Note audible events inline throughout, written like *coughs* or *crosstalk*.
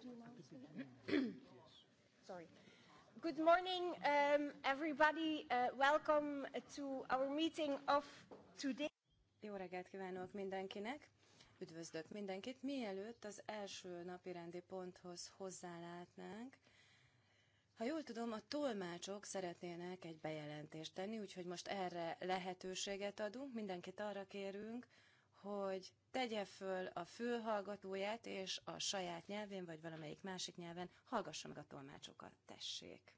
*coughs* Sorry. Good morning, um, everybody. Uh, welcome to our meeting of today. Jó reggelt kívánok mindenkinek! Üdvözlök mindenkit! Mielőtt az első napi rendi ponthoz hozzálátnánk, ha jól tudom, a tolmácsok szeretnének egy bejelentést tenni, úgyhogy most erre lehetőséget adunk. Mindenkit arra kérünk, hogy tegye föl a fülhallgatóját, és a saját nyelvén, vagy valamelyik másik nyelven hallgassa meg a tolmácsokat, tessék.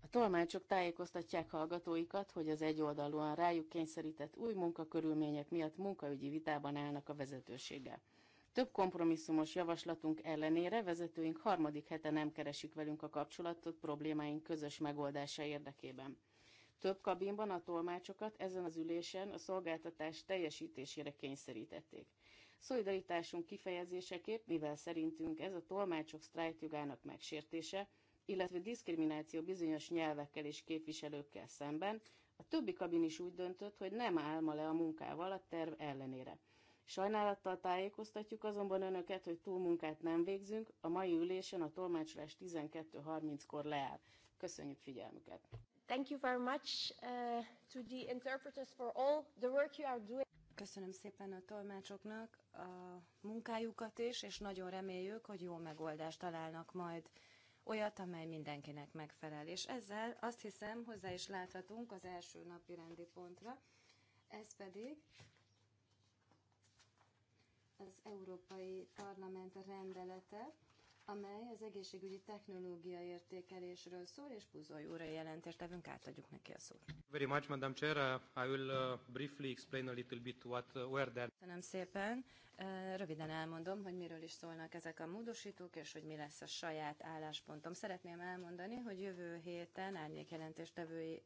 A tolmácsok tájékoztatják hallgatóikat, hogy az egyoldalúan rájuk kényszerített új munkakörülmények miatt munkaügyi vitában állnak a vezetőséggel. Több kompromisszumos javaslatunk ellenére vezetőink harmadik hete nem keresik velünk a kapcsolatot problémáink közös megoldása érdekében. Több kabinban a tolmácsokat ezen az ülésen a szolgáltatás teljesítésére kényszerítették. Szolidaritásunk kifejezéseképp, mivel szerintünk ez a tolmácsok sztrájkjogának megsértése, illetve diszkrimináció bizonyos nyelvekkel és képviselőkkel szemben, a többi kabin is úgy döntött, hogy nem álma le a munkával a terv ellenére. Sajnálattal tájékoztatjuk azonban önöket, hogy túlmunkát nem végzünk, a mai ülésen a tolmácsolás 12.30-kor leáll. Köszönjük figyelmüket! thank you very much uh, to the interpreters for all the work you are doing. Köszönöm szépen a tolmácsoknak a munkájukat is, és nagyon reméljük, hogy jó megoldást találnak majd olyat, amely mindenkinek megfelel. És ezzel azt hiszem hozzá is láthatunk az első napi rendi pontra, ez pedig az Európai Parlament rendelete, amely az egészségügyi technológia értékelésről szól, és Puzoly Jóra jelentést tevünk, átadjuk neki a szót. Very much, Madam Chair. Uh, I will uh, briefly explain a little bit what, uh, where that... Köszönöm szépen. Röviden elmondom, hogy miről is szólnak ezek a módosítók, és hogy mi lesz a saját álláspontom. Szeretném elmondani, hogy jövő héten árnyék jelentéstevői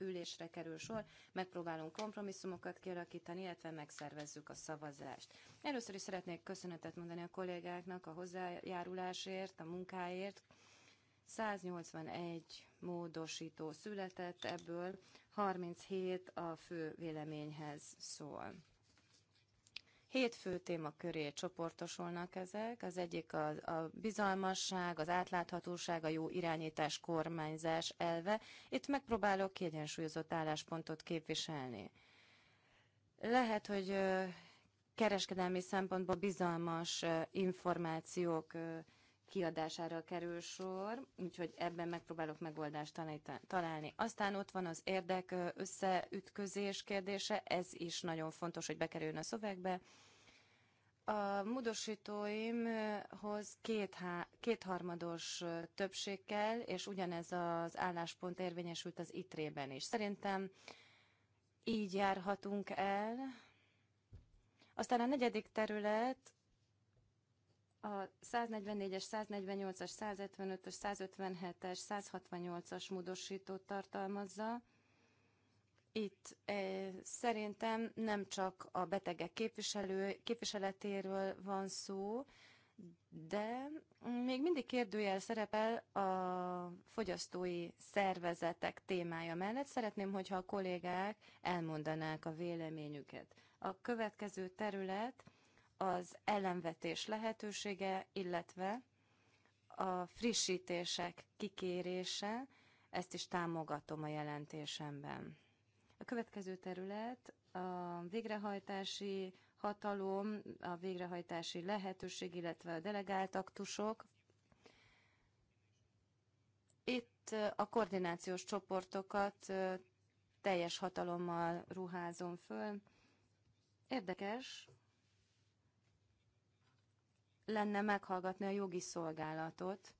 ülésre kerül sor, megpróbálunk kompromisszumokat kialakítani, illetve megszervezzük a szavazást. Először is szeretnék köszönetet mondani a kollégáknak a hozzájárulásért, a munkáért. 181 módosító született, ebből 37 a fő véleményhez szól. Hét fő témaköré csoportosulnak ezek. Az egyik a, a bizalmasság, az átláthatóság, a jó irányítás, kormányzás elve. Itt megpróbálok kiegyensúlyozott álláspontot képviselni. Lehet, hogy kereskedelmi szempontból bizalmas információk kiadására kerül sor, úgyhogy ebben megpróbálok megoldást találni. Aztán ott van az érdek összeütközés kérdése, ez is nagyon fontos, hogy bekerüljön a szövegbe. A módosítóimhoz két há, kétharmados többséggel, és ugyanez az álláspont érvényesült az ITRE-ben is. Szerintem így járhatunk el. Aztán a negyedik terület a 144-es, 148-as, 155-ös, 157-es, 168-as módosítót tartalmazza. Itt e, szerintem nem csak a betegek képviselő, képviseletéről van szó, de még mindig kérdőjel szerepel a fogyasztói szervezetek témája mellett. Szeretném, hogyha a kollégák elmondanák a véleményüket. A következő terület az ellenvetés lehetősége, illetve a frissítések kikérése, ezt is támogatom a jelentésemben. A következő terület a végrehajtási hatalom, a végrehajtási lehetőség, illetve a delegált aktusok. Itt a koordinációs csoportokat teljes hatalommal ruházom föl. Érdekes, lenne meghallgatni a jogi szolgálatot,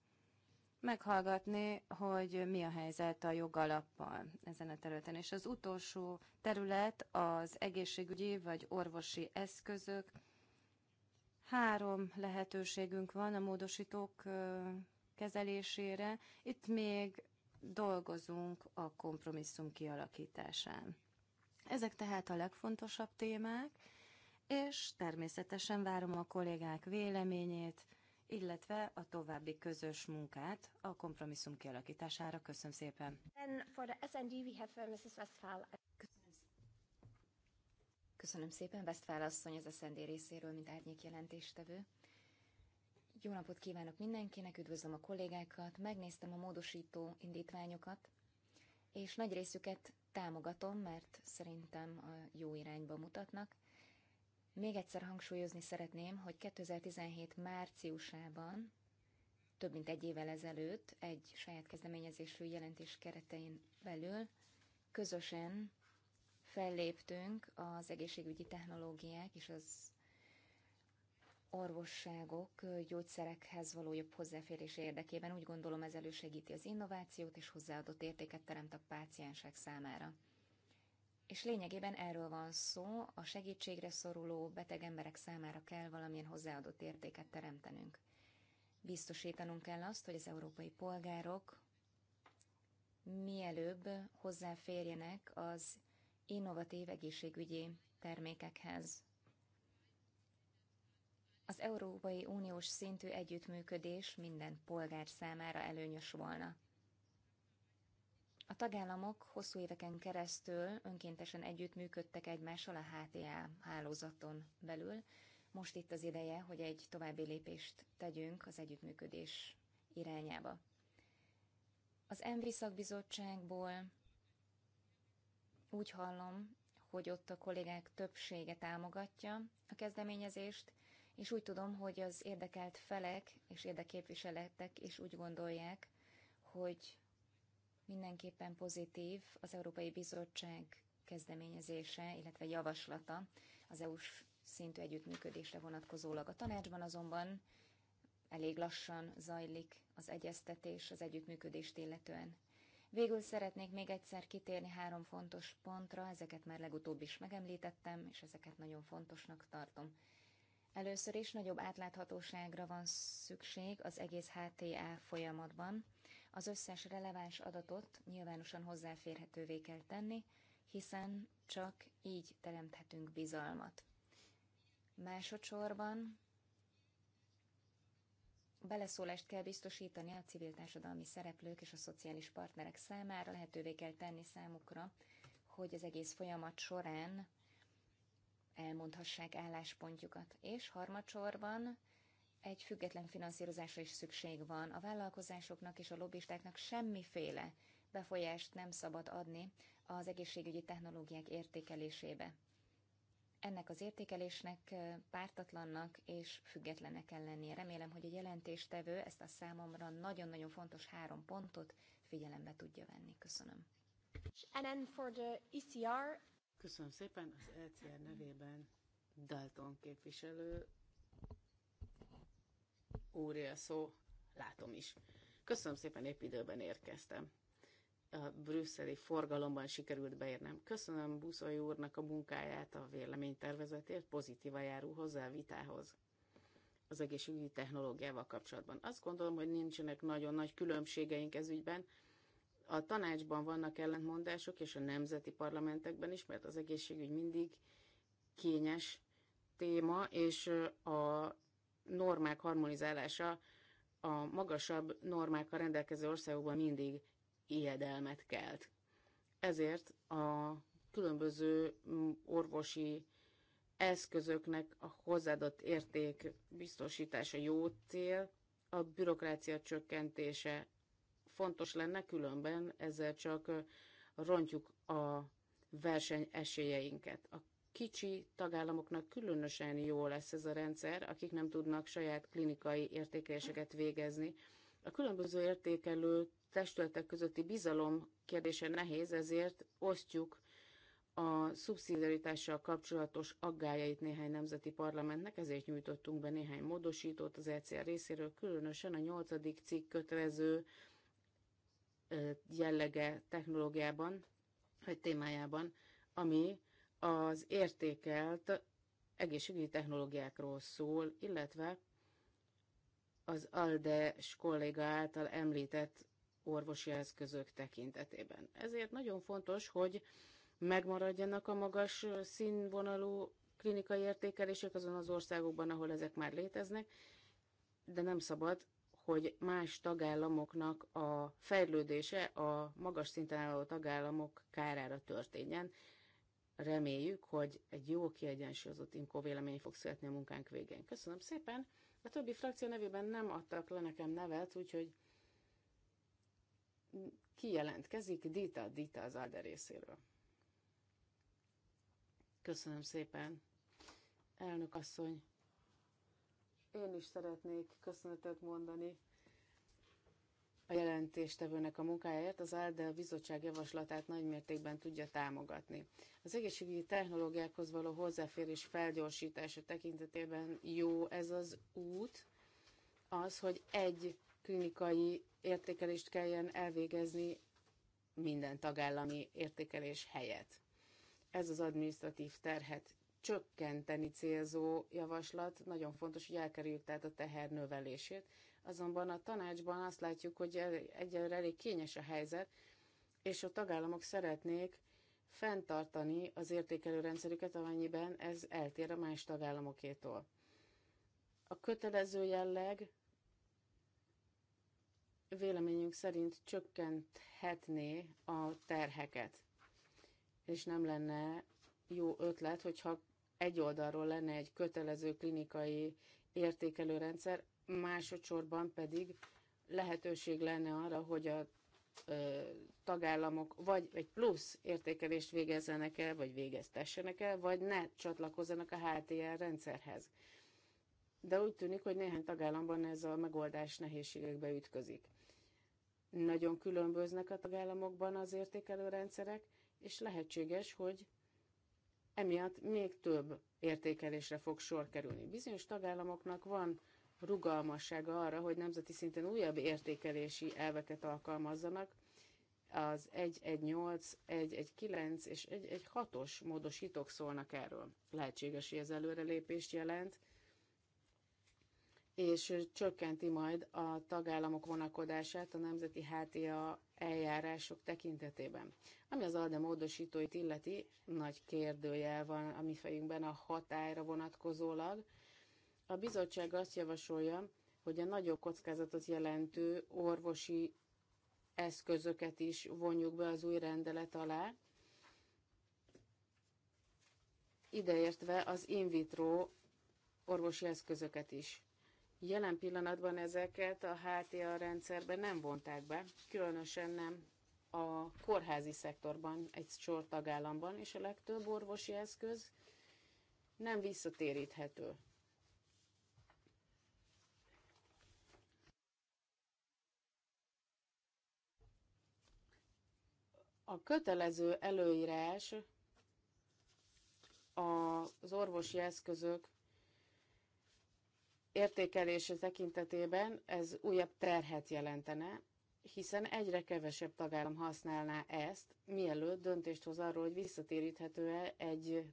meghallgatni, hogy mi a helyzet a jogalappal ezen a területen. És az utolsó terület az egészségügyi vagy orvosi eszközök. Három lehetőségünk van a módosítók kezelésére. Itt még dolgozunk a kompromisszum kialakításán. Ezek tehát a legfontosabb témák, és természetesen várom a kollégák véleményét, illetve a további közös munkát a kompromisszum kialakítására. Köszönöm szépen. Uh, Köszönöm szépen, Westphal asszony az SND részéről, mint árnyék jelentéstevő. Jó napot kívánok mindenkinek, üdvözlöm a kollégákat, megnéztem a módosító indítványokat, és nagy részüket támogatom, mert szerintem a uh, jó irányba mutatnak. Még egyszer hangsúlyozni szeretném, hogy 2017 márciusában, több mint egy évvel ezelőtt, egy saját kezdeményezésű jelentés keretein belül közösen felléptünk az egészségügyi technológiák és az orvosságok gyógyszerekhez való jobb hozzáférés érdekében. Úgy gondolom ez elősegíti az innovációt és hozzáadott értéket teremt a páciensek számára. És lényegében erről van szó, a segítségre szoruló beteg emberek számára kell valamilyen hozzáadott értéket teremtenünk. Biztosítanunk kell azt, hogy az európai polgárok mielőbb hozzáférjenek az innovatív egészségügyi termékekhez. Az Európai Uniós szintű együttműködés minden polgár számára előnyös volna. A tagállamok hosszú éveken keresztül önkéntesen együttműködtek egymással a HTA hálózaton belül. Most itt az ideje, hogy egy további lépést tegyünk az együttműködés irányába. Az ENVI szakbizottságból úgy hallom, hogy ott a kollégák többsége támogatja a kezdeményezést, és úgy tudom, hogy az érdekelt felek és érdeképviseletek is úgy gondolják, hogy Mindenképpen pozitív az Európai Bizottság kezdeményezése, illetve javaslata az EU-s szintű együttműködésre vonatkozólag. A tanácsban azonban elég lassan zajlik az egyeztetés az együttműködést illetően. Végül szeretnék még egyszer kitérni három fontos pontra, ezeket már legutóbb is megemlítettem, és ezeket nagyon fontosnak tartom. Először is nagyobb átláthatóságra van szükség az egész HTA folyamatban, az összes releváns adatot nyilvánosan hozzáférhetővé kell tenni, hiszen csak így teremthetünk bizalmat. Másodszorban beleszólást kell biztosítani a civil társadalmi szereplők és a szociális partnerek számára, lehetővé kell tenni számukra, hogy az egész folyamat során elmondhassák álláspontjukat. És harmadsorban egy független finanszírozásra is szükség van. A vállalkozásoknak és a lobbistáknak semmiféle befolyást nem szabad adni az egészségügyi technológiák értékelésébe. Ennek az értékelésnek pártatlannak és függetlenek kell lennie. Remélem, hogy a jelentéstevő ezt a számomra nagyon-nagyon fontos három pontot figyelembe tudja venni. Köszönöm. And then for the ECR... Köszönöm szépen az ECR nevében Dalton képviselő úré a szó, látom is. Köszönöm szépen, épp időben érkeztem. A brüsszeli forgalomban sikerült beérnem. Köszönöm Buszai úrnak a munkáját, a véleménytervezetért, pozitíva járul hozzá a vitához az egészségügyi technológiával kapcsolatban. Azt gondolom, hogy nincsenek nagyon nagy különbségeink ez ügyben. A tanácsban vannak ellentmondások, és a nemzeti parlamentekben is, mert az egészségügy mindig kényes téma, és a normák harmonizálása a magasabb normákkal rendelkező országokban mindig ijedelmet kelt. Ezért a különböző mm, orvosi eszközöknek a hozzáadott érték biztosítása jó cél, a bürokrácia csökkentése fontos lenne, különben ezzel csak rontjuk a verseny esélyeinket. A kicsi tagállamoknak különösen jó lesz ez a rendszer, akik nem tudnak saját klinikai értékeléseket végezni. A különböző értékelő testületek közötti bizalom kérdése nehéz, ezért osztjuk a szubszidiaritással kapcsolatos aggájait néhány nemzeti parlamentnek, ezért nyújtottunk be néhány módosítót az ECR részéről, különösen a nyolcadik cikk kötelező jellege technológiában, vagy témájában, ami az értékelt egészségügyi technológiákról szól, illetve az ALDES kolléga által említett orvosi eszközök tekintetében. Ezért nagyon fontos, hogy megmaradjanak a magas színvonalú klinikai értékelések azon az országokban, ahol ezek már léteznek, de nem szabad, hogy más tagállamoknak a fejlődése a magas szinten álló tagállamok kárára történjen, reméljük, hogy egy jó kiegyensúlyozott inkó vélemény fog születni a munkánk végén. Köszönöm szépen! A többi frakció nevében nem adtak le nekem nevet, úgyhogy ki jelentkezik? Dita, Dita az Alde részéről. Köszönöm szépen, elnök asszony. Én is szeretnék köszönetet mondani a jelentéstevőnek a munkájáért, az ALDE bizottság javaslatát nagymértékben tudja támogatni. Az egészségügyi technológiákhoz való hozzáférés felgyorsítása tekintetében jó ez az út, az, hogy egy klinikai értékelést kelljen elvégezni minden tagállami értékelés helyett. Ez az administratív terhet csökkenteni célzó javaslat. Nagyon fontos, hogy elkerüljük tehát a teher növelését, Azonban a tanácsban azt látjuk, hogy egyelőre elég kényes a helyzet, és a tagállamok szeretnék fenntartani az értékelő rendszerüket, amennyiben ez eltér a más tagállamokétól. A kötelező jelleg véleményünk szerint csökkenthetné a terheket, és nem lenne jó ötlet, hogyha egy oldalról lenne egy kötelező klinikai értékelő rendszer, másodszorban pedig lehetőség lenne arra, hogy a ö, tagállamok vagy egy plusz értékelést végezzenek el, vagy végeztessenek el, vagy ne csatlakozzanak a HTL rendszerhez. De úgy tűnik, hogy néhány tagállamban ez a megoldás nehézségekbe ütközik. Nagyon különböznek a tagállamokban az értékelő rendszerek, és lehetséges, hogy emiatt még több értékelésre fog sor kerülni. Bizonyos tagállamoknak van rugalmassága arra, hogy nemzeti szinten újabb értékelési elveket alkalmazzanak, az 118, 119 és 116-os módosítók szólnak erről. Lehetséges, hogy ez előrelépést jelent, és csökkenti majd a tagállamok vonakodását a nemzeti HTA eljárások tekintetében. Ami az ALDE módosítóit illeti, nagy kérdőjel van a mi fejünkben a hatályra vonatkozólag, a bizottság azt javasolja, hogy a nagyobb kockázatot jelentő orvosi eszközöket is vonjuk be az új rendelet alá, ideértve az in vitro orvosi eszközöket is. Jelen pillanatban ezeket a HTA rendszerben nem vonták be, különösen nem a kórházi szektorban, egy sor tagállamban, és a legtöbb orvosi eszköz nem visszatéríthető. A kötelező előírás az orvosi eszközök értékelése tekintetében ez újabb terhet jelentene, hiszen egyre kevesebb tagállam használná ezt, mielőtt döntést hoz arról, hogy visszatéríthető-e egy,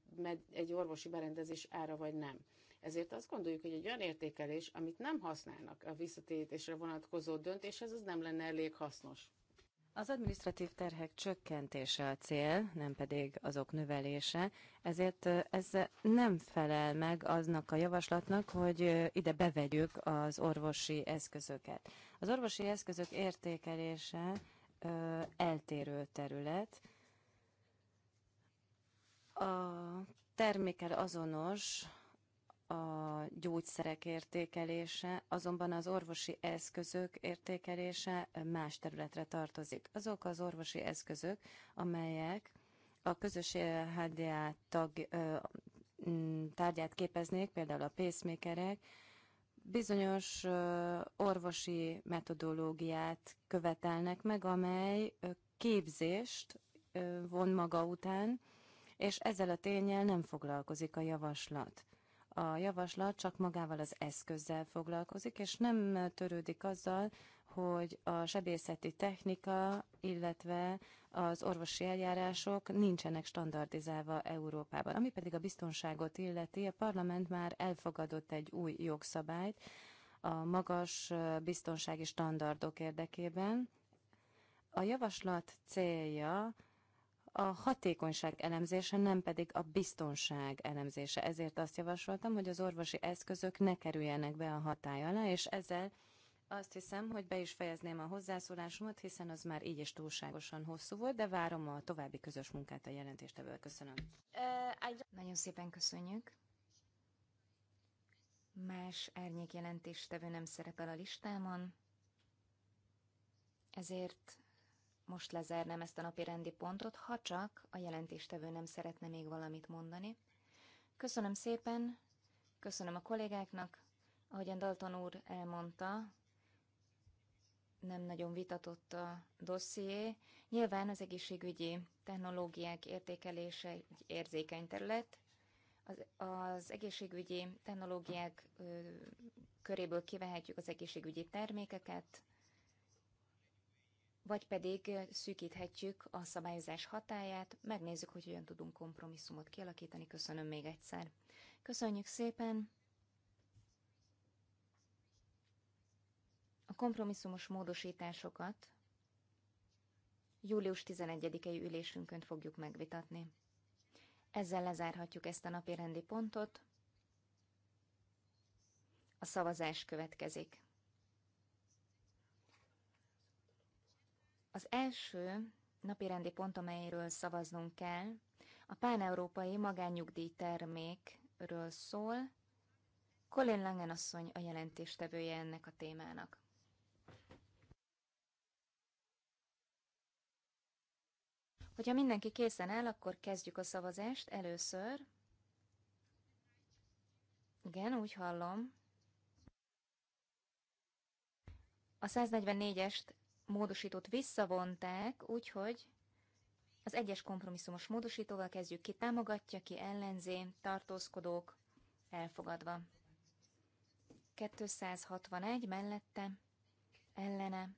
egy orvosi berendezés ára vagy nem. Ezért azt gondoljuk, hogy egy olyan értékelés, amit nem használnak a visszatérítésre vonatkozó döntéshez, az nem lenne elég hasznos. Az administratív terhek csökkentése a cél, nem pedig azok növelése, ezért ez nem felel meg aznak a javaslatnak, hogy ide bevegyük az orvosi eszközöket. Az orvosi eszközök értékelése ö, eltérő terület. A termékkel azonos a gyógyszerek értékelése, azonban az orvosi eszközök értékelése más területre tartozik. Azok az orvosi eszközök, amelyek a közös HDA tag, tárgyát képeznék, például a pacemakerek, bizonyos orvosi metodológiát követelnek meg, amely képzést von maga után, és ezzel a tényel nem foglalkozik a javaslat a javaslat csak magával az eszközzel foglalkozik, és nem törődik azzal, hogy a sebészeti technika, illetve az orvosi eljárások nincsenek standardizálva Európában. Ami pedig a biztonságot illeti, a parlament már elfogadott egy új jogszabályt a magas biztonsági standardok érdekében. A javaslat célja a hatékonyság elemzése, nem pedig a biztonság elemzése. Ezért azt javasoltam, hogy az orvosi eszközök ne kerüljenek be a hatály alá, és ezzel azt hiszem, hogy be is fejezném a hozzászólásomat, hiszen az már így is túlságosan hosszú volt, de várom a további közös munkát a jelentéstevővel. Köszönöm. Nagyon szépen köszönjük. Más árnyék jelentéstevő nem szerepel a listámon, ezért most lezárnám ezt a napi rendi pontot, ha csak a jelentéstevő nem szeretne még valamit mondani. Köszönöm szépen, köszönöm a kollégáknak, ahogyan Dalton úr elmondta, nem nagyon vitatott a dosszié. Nyilván az egészségügyi technológiák értékelése egy érzékeny terület. Az, az egészségügyi technológiák ö, köréből kivehetjük az egészségügyi termékeket, vagy pedig szűkíthetjük a szabályozás hatáját, megnézzük, hogy hogyan tudunk kompromisszumot kialakítani. Köszönöm még egyszer. Köszönjük szépen! A kompromisszumos módosításokat július 11-i ülésünkön fogjuk megvitatni. Ezzel lezárhatjuk ezt a napi rendi pontot. A szavazás következik. Az első napirendi pont, amelyről szavaznunk kell, a páneurópai magánnyugdíjtermékről szól. Colin Langen asszony a jelentéstevője ennek a témának. Hogyha mindenki készen áll, akkor kezdjük a szavazást először. Igen, úgy hallom. A 144-est módosítót visszavonták, úgyhogy az egyes kompromisszumos módosítóval kezdjük ki támogatja, ki ellenzé, tartózkodók, elfogadva. 261 mellette, ellene,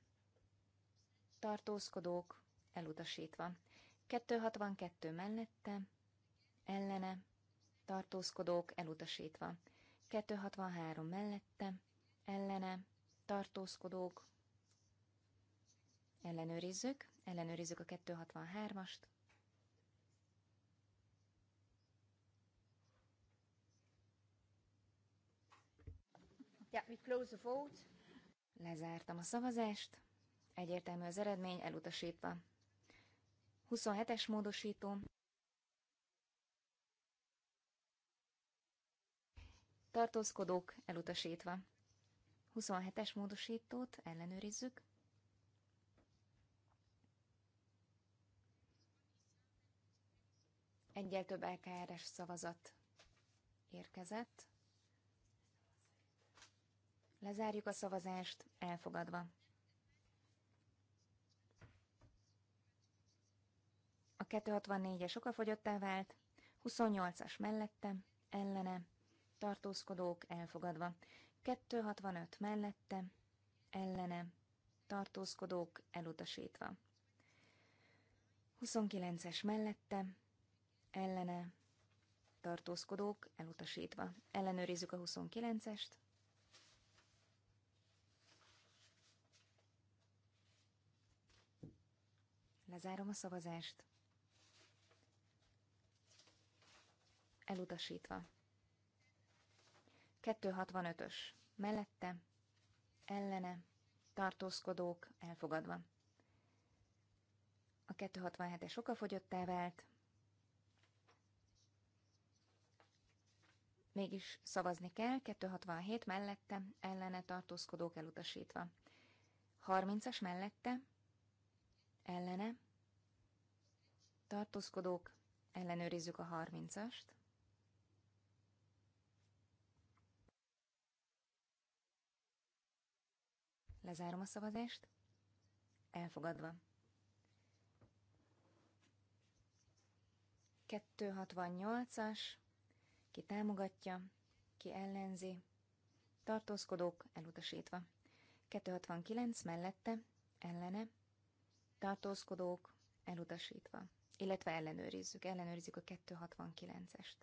tartózkodók, elutasítva. 262 mellette, ellene, tartózkodók, elutasítva. 263 mellette, ellene, tartózkodók, Ellenőrizzük. Ellenőrizzük a 263-ast. Yeah, we close the vote. Lezártam a szavazást. Egyértelmű az eredmény, elutasítva. 27-es módosító. Tartózkodók elutasítva. 27-es módosítót ellenőrizzük. egyel több LKR-es szavazat érkezett. Lezárjuk a szavazást, elfogadva. A 264-es okafogyottá vált, 28-as mellette, ellene, tartózkodók elfogadva. 265 mellette, ellene, tartózkodók elutasítva. 29-es mellette, ellene tartózkodók elutasítva. Ellenőrizzük a 29-est. Lezárom a szavazást. Elutasítva. 265-ös. Mellette, ellene, tartózkodók elfogadva. A 267-es okafogyottá vált, mégis szavazni kell, 267 mellette, ellene tartózkodók elutasítva. 30-as mellette, ellene, tartózkodók, ellenőrizzük a 30-ast. Lezárom a szavazást. Elfogadva. 268-as, ki támogatja, ki ellenzi, tartózkodók elutasítva. 269 mellette, ellene, tartózkodók elutasítva, illetve ellenőrizzük, ellenőrizzük a 269-est.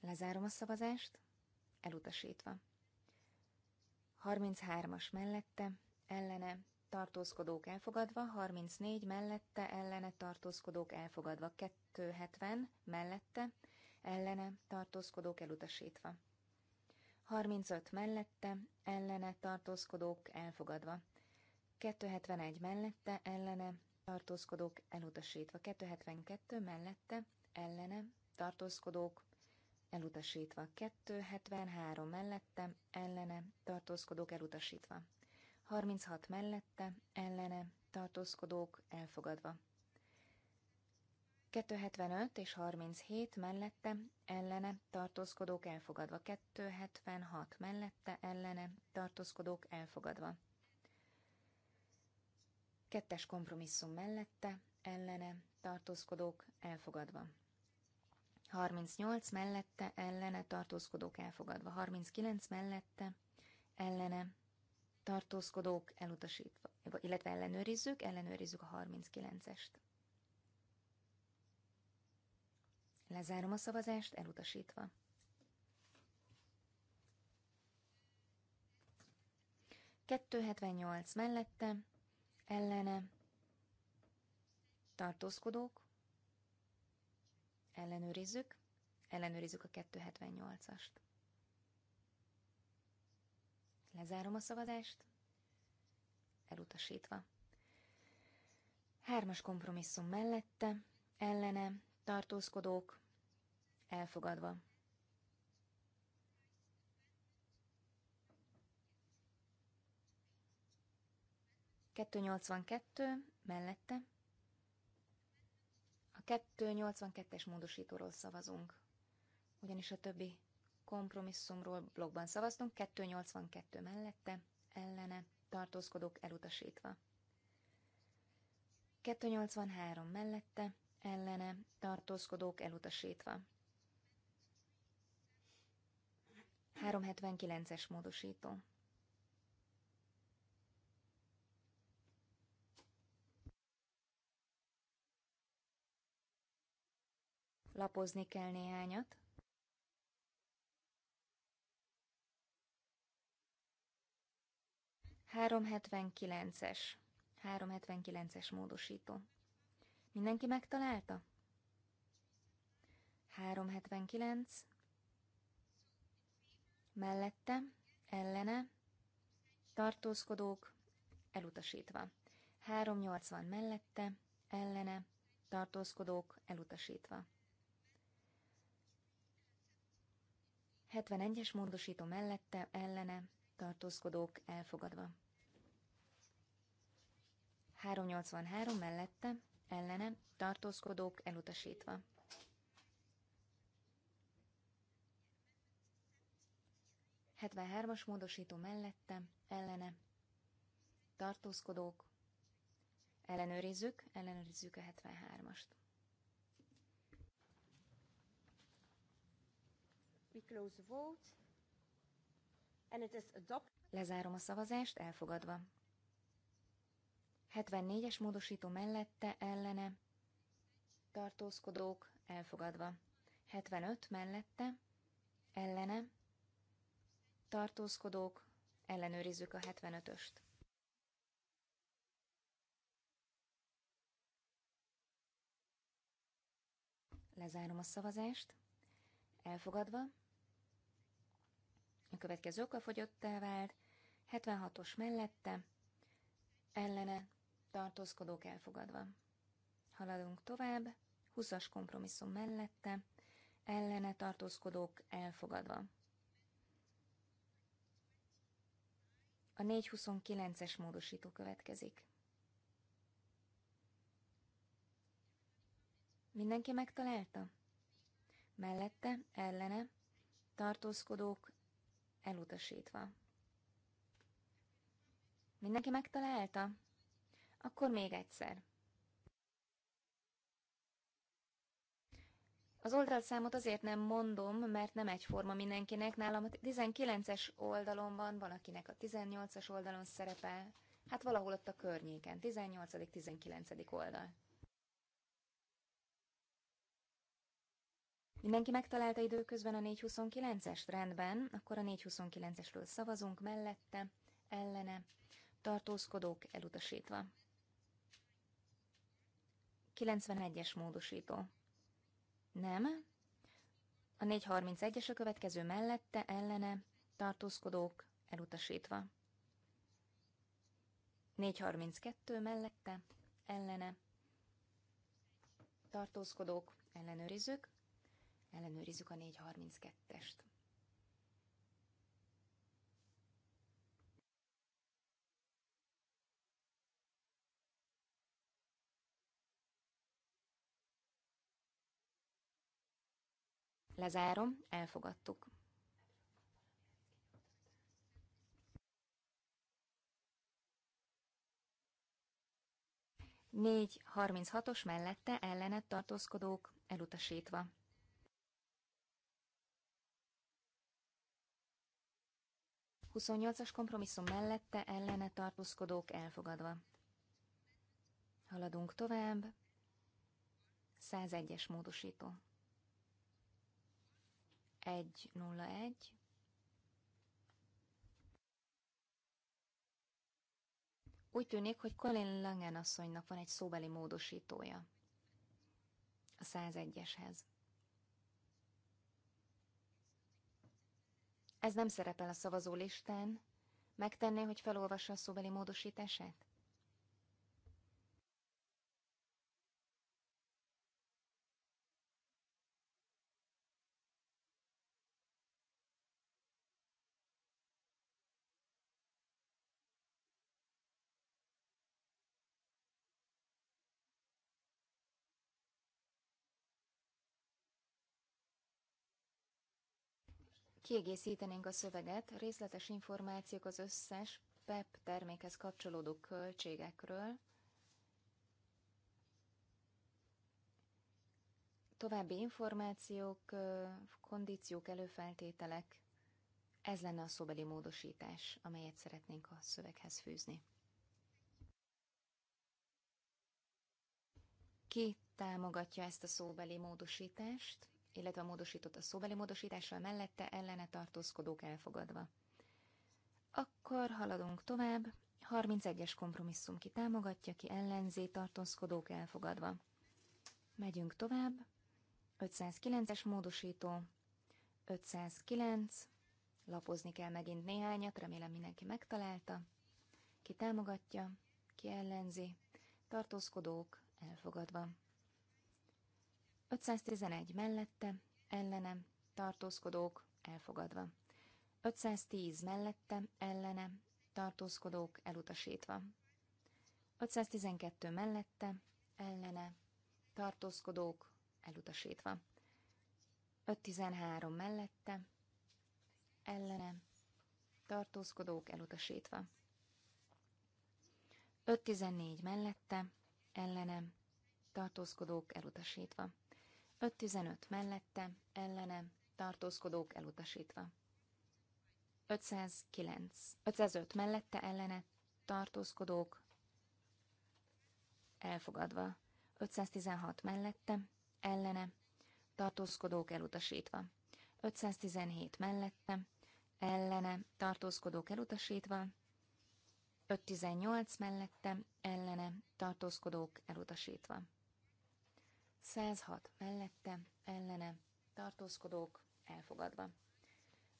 Lezárom a szavazást, elutasítva. 33-as mellette, ellene, tartózkodók elfogadva, 34 mellette ellene tartózkodók elfogadva, 270 mellette ellene tartózkodók elutasítva. 35 mellette ellene tartózkodók elfogadva. 271 mellette ellene tartózkodók elutasítva. 272 mellette ellene tartózkodók elutasítva. 273 mellette ellene tartózkodók elutasítva. 36 mellette, ellene, tartózkodók elfogadva. 275 és 37 mellette, ellene, tartózkodók elfogadva. 276 mellette, ellene, tartózkodók elfogadva. Kettes kompromisszum mellette, ellene, tartózkodók elfogadva. 38 mellette, ellene, tartózkodók elfogadva. 39 mellette, ellene, tartózkodók elutasítva, illetve ellenőrizzük, ellenőrizzük a 39-est. Lezárom a szavazást, elutasítva. ...278 mellette, ellene, tartózkodók, ellenőrizzük, ellenőrizzük a 278-ast. Lezárom a szavazást. Elutasítva. Hármas kompromisszum mellette, ellene, tartózkodók, elfogadva. Kettő kettő mellette. A nyolcvan es módosítóról szavazunk, ugyanis a többi kompromisszumról blogban szavaztunk, 282 mellette, ellene, tartózkodók elutasítva. 283 mellette, ellene, tartózkodók elutasítva. 379-es módosító. Lapozni kell néhányat. 379-es. 379-es módosító. Mindenki megtalálta? 379. Mellette, ellene, tartózkodók, elutasítva. 380 mellette, ellene, tartózkodók, elutasítva. 71-es módosító mellette, ellene, tartózkodók, elfogadva. 383 mellette, ellene, tartózkodók elutasítva. as módosító mellette, ellene, tartózkodók, ellenőrizzük, ellenőrizzük a 73-ast. Lezárom a szavazást, elfogadva. 74-es módosító mellette ellene tartózkodók elfogadva. 75 mellette ellene tartózkodók ellenőrizzük a 75-öst. Lezárom a szavazást. Elfogadva. A következő okafogyottá vált. 76-os mellette. Ellene tartózkodók elfogadva. Haladunk tovább, 20-as kompromisszum mellette, ellene tartózkodók elfogadva. A 429-es módosító következik. Mindenki megtalálta? Mellette, ellene, tartózkodók elutasítva. Mindenki megtalálta? Akkor még egyszer. Az oldalszámot azért nem mondom, mert nem egyforma mindenkinek. Nálam a 19-es oldalon van, valakinek a 18-as oldalon szerepel. Hát valahol ott a környéken, 18.-19. oldal. Mindenki megtalálta időközben a 429-est? Rendben, akkor a 429-esről szavazunk mellette, ellene, tartózkodók elutasítva. 91-es módosító. Nem. A 431-es a következő mellette, ellene, tartózkodók, elutasítva. 432 mellette, ellene, tartózkodók, ellenőrizők. ellenőrizzük a 432-est. Lezárom, elfogadtuk. Négy 36-os mellette ellenet tartózkodók elutasítva. Huszonnyolcas kompromisszum mellette ellene tartózkodók elfogadva. Haladunk tovább. 101-es módosító. 101, Úgy tűnik, hogy Colin Langen asszonynak van egy szóbeli módosítója. A 101-eshez. Ez nem szerepel a szavazólistán. Megtenné, hogy felolvassa a szóbeli módosítását? Kiegészítenénk a szöveget, részletes információk az összes PEP e termékhez kapcsolódó költségekről, további információk, kondíciók, előfeltételek, ez lenne a szóbeli módosítás, amelyet szeretnénk a szöveghez fűzni. Ki támogatja ezt a szóbeli módosítást? illetve a módosított a szóbeli módosítással mellette ellene tartózkodók elfogadva. Akkor haladunk tovább. 31-es kompromisszum ki támogatja, ki ellenzé tartózkodók elfogadva. Megyünk tovább. 509-es módosító. 509. Lapozni kell megint néhányat, remélem mindenki megtalálta. Ki támogatja, ki ellenzi, tartózkodók elfogadva. 511 mellette, ellenem, tartózkodók, elfogadva. 510 mellette, ellenem, tartózkodók, elutasítva. 512 mellette, ellene, tartózkodók, elutasítva. 513 mellette, ellene, tartózkodók, elutasítva. 514 mellette, ellenem, tartózkodók, elutasítva. 5.15 mellette, ellene, tartózkodók elutasítva. 509. 505 mellette, ellene, tartózkodók elfogadva. 516 mellette, ellene, tartózkodók elutasítva. 517 mellette, ellene, tartózkodók elutasítva. 518 mellette, ellene, tartózkodók elutasítva. 106 mellette, ellene, tartózkodók, elfogadva.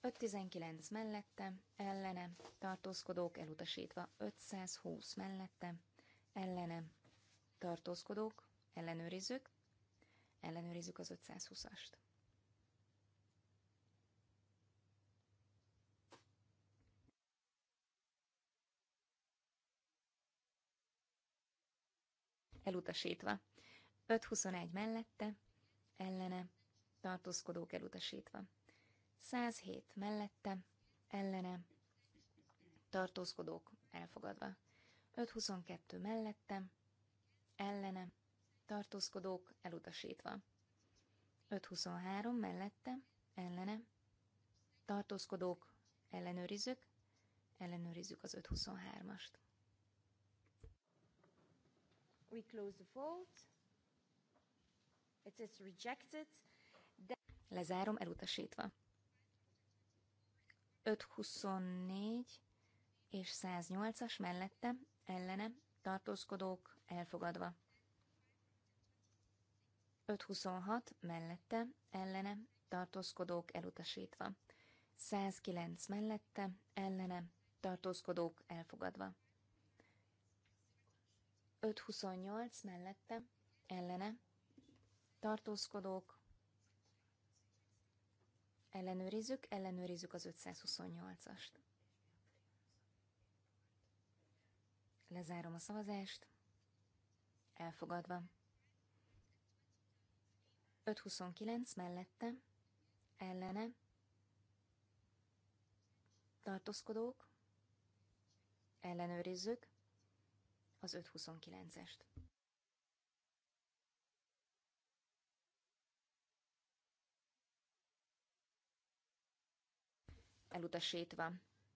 519 mellette, ellene, tartózkodók, elutasítva. 520 mellette, ellene, tartózkodók, ellenőrizzük, ellenőrizzük az 520-ast. Elutasítva. 521 mellette, ellene, tartózkodók elutasítva. 107 mellette, ellene, tartózkodók elfogadva. 522 mellette, ellene, tartózkodók elutasítva. 523 mellette, ellene, tartózkodók ellenőrizzük, ellenőrizzük az 523-ast. We close the vote. It is rejected. Lezárom, elutasítva. 524 és 108-as mellette, ellene, tartózkodók elfogadva. 526 mellette, ellene, tartózkodók elutasítva. 109 mellette, ellene, tartózkodók elfogadva. 528 mellette, ellene, tartózkodók, ellenőrizzük, ellenőrizzük az 528-ast. Lezárom a szavazást. Elfogadva. 529 mellette, ellene, tartózkodók, ellenőrizzük az 529-est. elutasítva.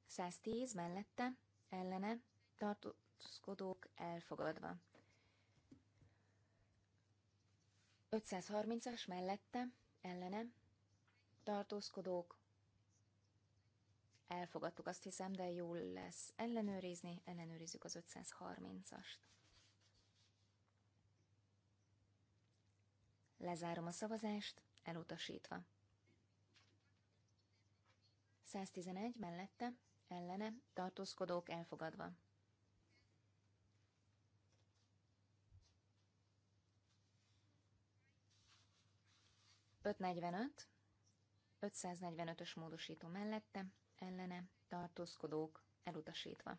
110 mellette, ellene, tartózkodók elfogadva. 530-as mellette, ellene, tartózkodók elfogadtuk, azt hiszem, de jól lesz ellenőrizni, ellenőrizzük az 530-ast. Lezárom a szavazást, elutasítva. 111 mellette, ellene, tartózkodók elfogadva. Ötnegyvenöt, 545-ös módosító mellette, ellene, tartózkodók elutasítva.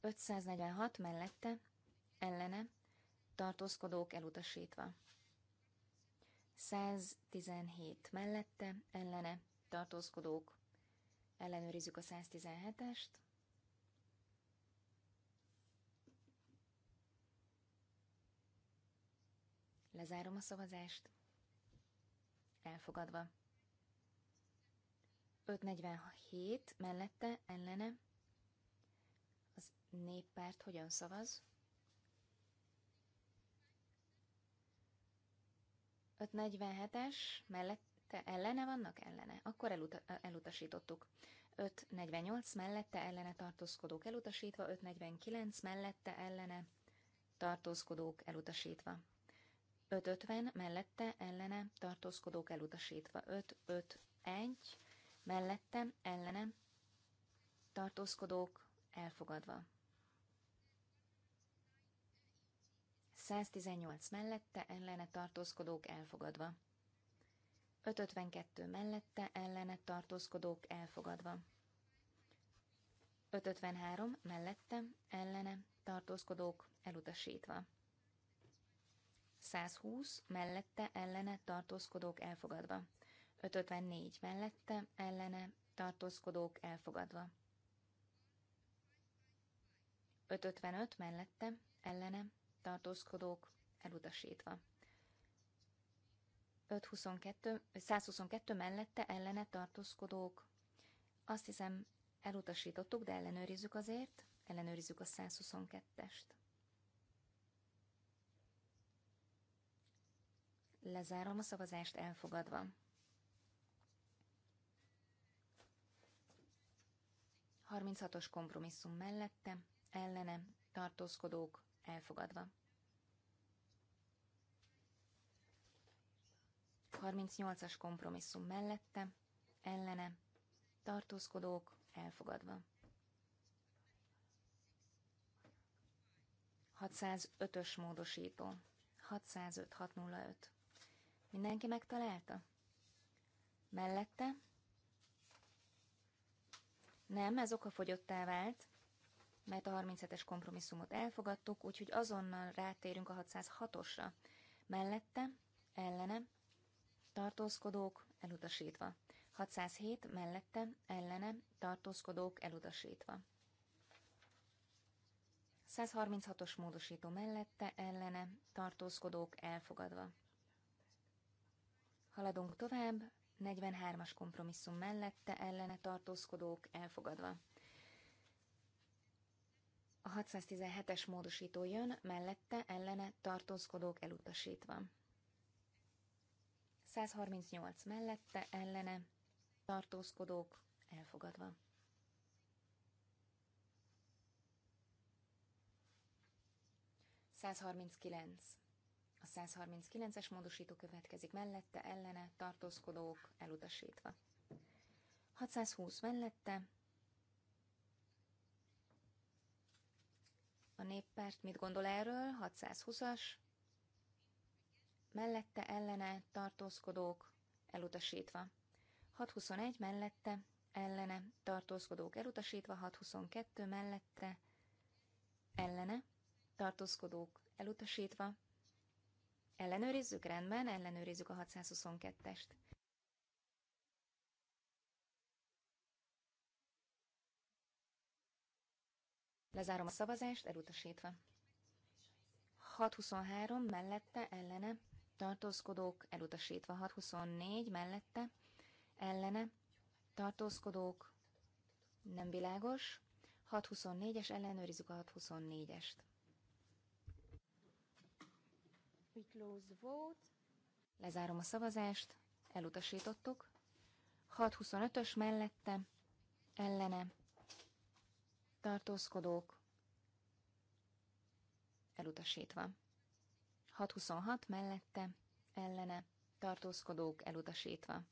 546 mellette, ellene, tartózkodók elutasítva. 117 mellette, ellene, tartózkodók Ellenőrizzük a 117-est. Lezárom a szavazást. Elfogadva. 547 mellette, ellene. Az néppárt hogyan szavaz? 547-es mellett mellette, ellene vannak, ellene. Akkor eluta, elutasítottuk. 548 mellette, ellene tartózkodók elutasítva, 549 mellette, ellene tartózkodók elutasítva. 550 mellette, ellene tartózkodók elutasítva. 551 mellette, ellene tartózkodók elfogadva. 118 mellette ellene tartózkodók elfogadva. 552 mellette ellene tartózkodók elfogadva. 553 mellette ellene tartózkodók elutasítva. 120 mellette ellene tartózkodók elfogadva. 554 mellette ellene tartózkodók elfogadva. 555 mellette ellene tartózkodók elutasítva. 522, 122 mellette ellene tartózkodók. Azt hiszem, elutasítottuk, de ellenőrizzük azért. Ellenőrizzük a 122-est. Lezárom a szavazást elfogadva. 36-os kompromisszum mellette, ellene, tartózkodók, elfogadva. 38-as kompromisszum mellette, ellene, tartózkodók elfogadva. 605-ös módosító. 605-605. Mindenki megtalálta? Mellette? Nem, ez okafogyottá vált, mert a 37-es kompromisszumot elfogadtuk, úgyhogy azonnal rátérünk a 606-osra. Mellette, ellene, tartózkodók elutasítva. 607 mellette, ellene, tartózkodók elutasítva. 136-os módosító mellette, ellene, tartózkodók elfogadva. Haladunk tovább, 43-as kompromisszum mellette, ellene, tartózkodók elfogadva. A 617-es módosító jön, mellette, ellene, tartózkodók elutasítva. 138 mellette, ellene, tartózkodók, elfogadva. Százharminckilenc. A 139-es módosító következik mellette, ellene, tartózkodók, elutasítva. 620 mellette. A néppárt mit gondol erről? 620-as mellette ellene tartózkodók elutasítva. 621 mellette ellene tartózkodók elutasítva, 622 mellette ellene tartózkodók elutasítva. Ellenőrizzük rendben, ellenőrizzük a 622-est. Lezárom a szavazást, elutasítva. 623 mellette ellene tartózkodók elutasítva 624 mellette, ellene, tartózkodók nem világos, 624-es ellenőrizzük a 624-est. We close the vote. Lezárom a szavazást, elutasítottuk. 625-ös mellette, ellene, tartózkodók, elutasítva. 626 mellette, ellene, tartózkodók elutasítva.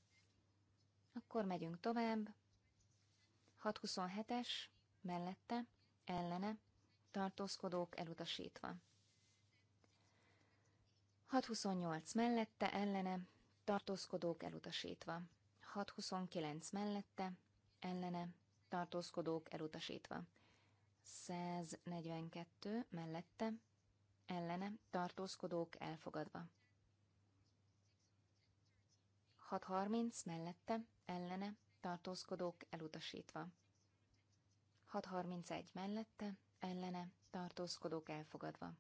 Akkor megyünk tovább. 627-es, mellette, ellene, tartózkodók elutasítva. 628 mellette, ellene, tartózkodók elutasítva. 629 mellette, ellene, tartózkodók elutasítva. 142 mellette, ellene tartózkodók elfogadva. 6.30 mellette ellene tartózkodók elutasítva. 6.31 mellette ellene tartózkodók elfogadva.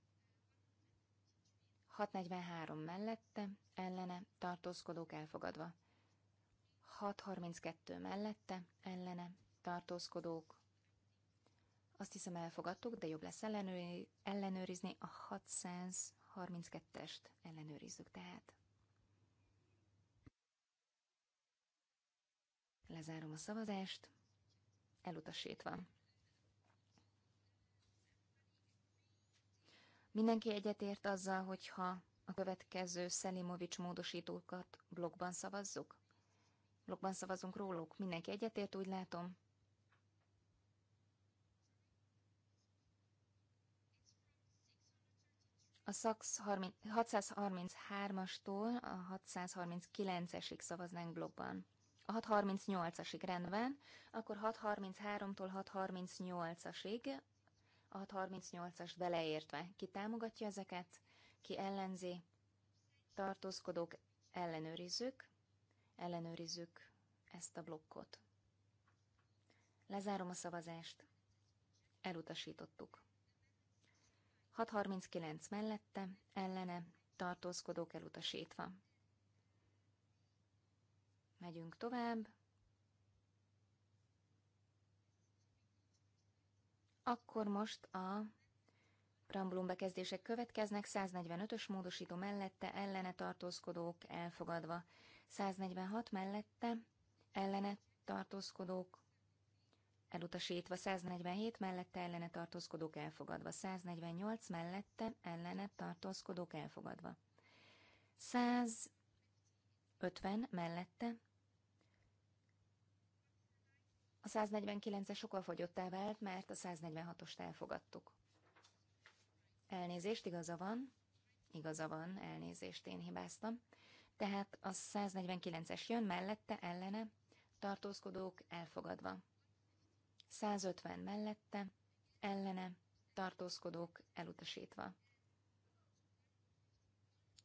6.43 mellette ellene tartózkodók elfogadva. 6.32 mellette ellene tartózkodók azt hiszem elfogadtuk, de jobb lesz ellenőrizni a 632-est. Ellenőrizzük tehát. Lezárom a szavazást. Elutasítva. Mindenki egyetért azzal, hogyha a következő Szelimovics módosítókat blogban szavazzuk? Blogban szavazunk róluk. Mindenki egyetért, úgy látom. a SZAX 633-astól a 639-esig szavaznánk blogban. A 638-asig rendben, akkor 633-tól 638-asig, a 638-as beleértve. Ki támogatja ezeket, ki ellenzi, tartózkodók, ellenőrizzük, ellenőrizzük ezt a blokkot. Lezárom a szavazást. Elutasítottuk. 639 mellette, ellene, tartózkodók elutasítva. Megyünk tovább. Akkor most a Ramblum bekezdések következnek, 145-ös módosító mellette, ellene tartózkodók elfogadva, 146 mellette, ellene tartózkodók elutasítva 147 mellette ellene tartózkodók elfogadva, 148 mellette ellene tartózkodók elfogadva. 150 mellette a 149-es sokkal fogyottá vált, mert a 146-ost elfogadtuk. Elnézést, igaza van. Igaza van, elnézést, én hibáztam. Tehát a 149-es jön mellette, ellene, tartózkodók elfogadva. 150 mellette, ellene, tartózkodók elutasítva.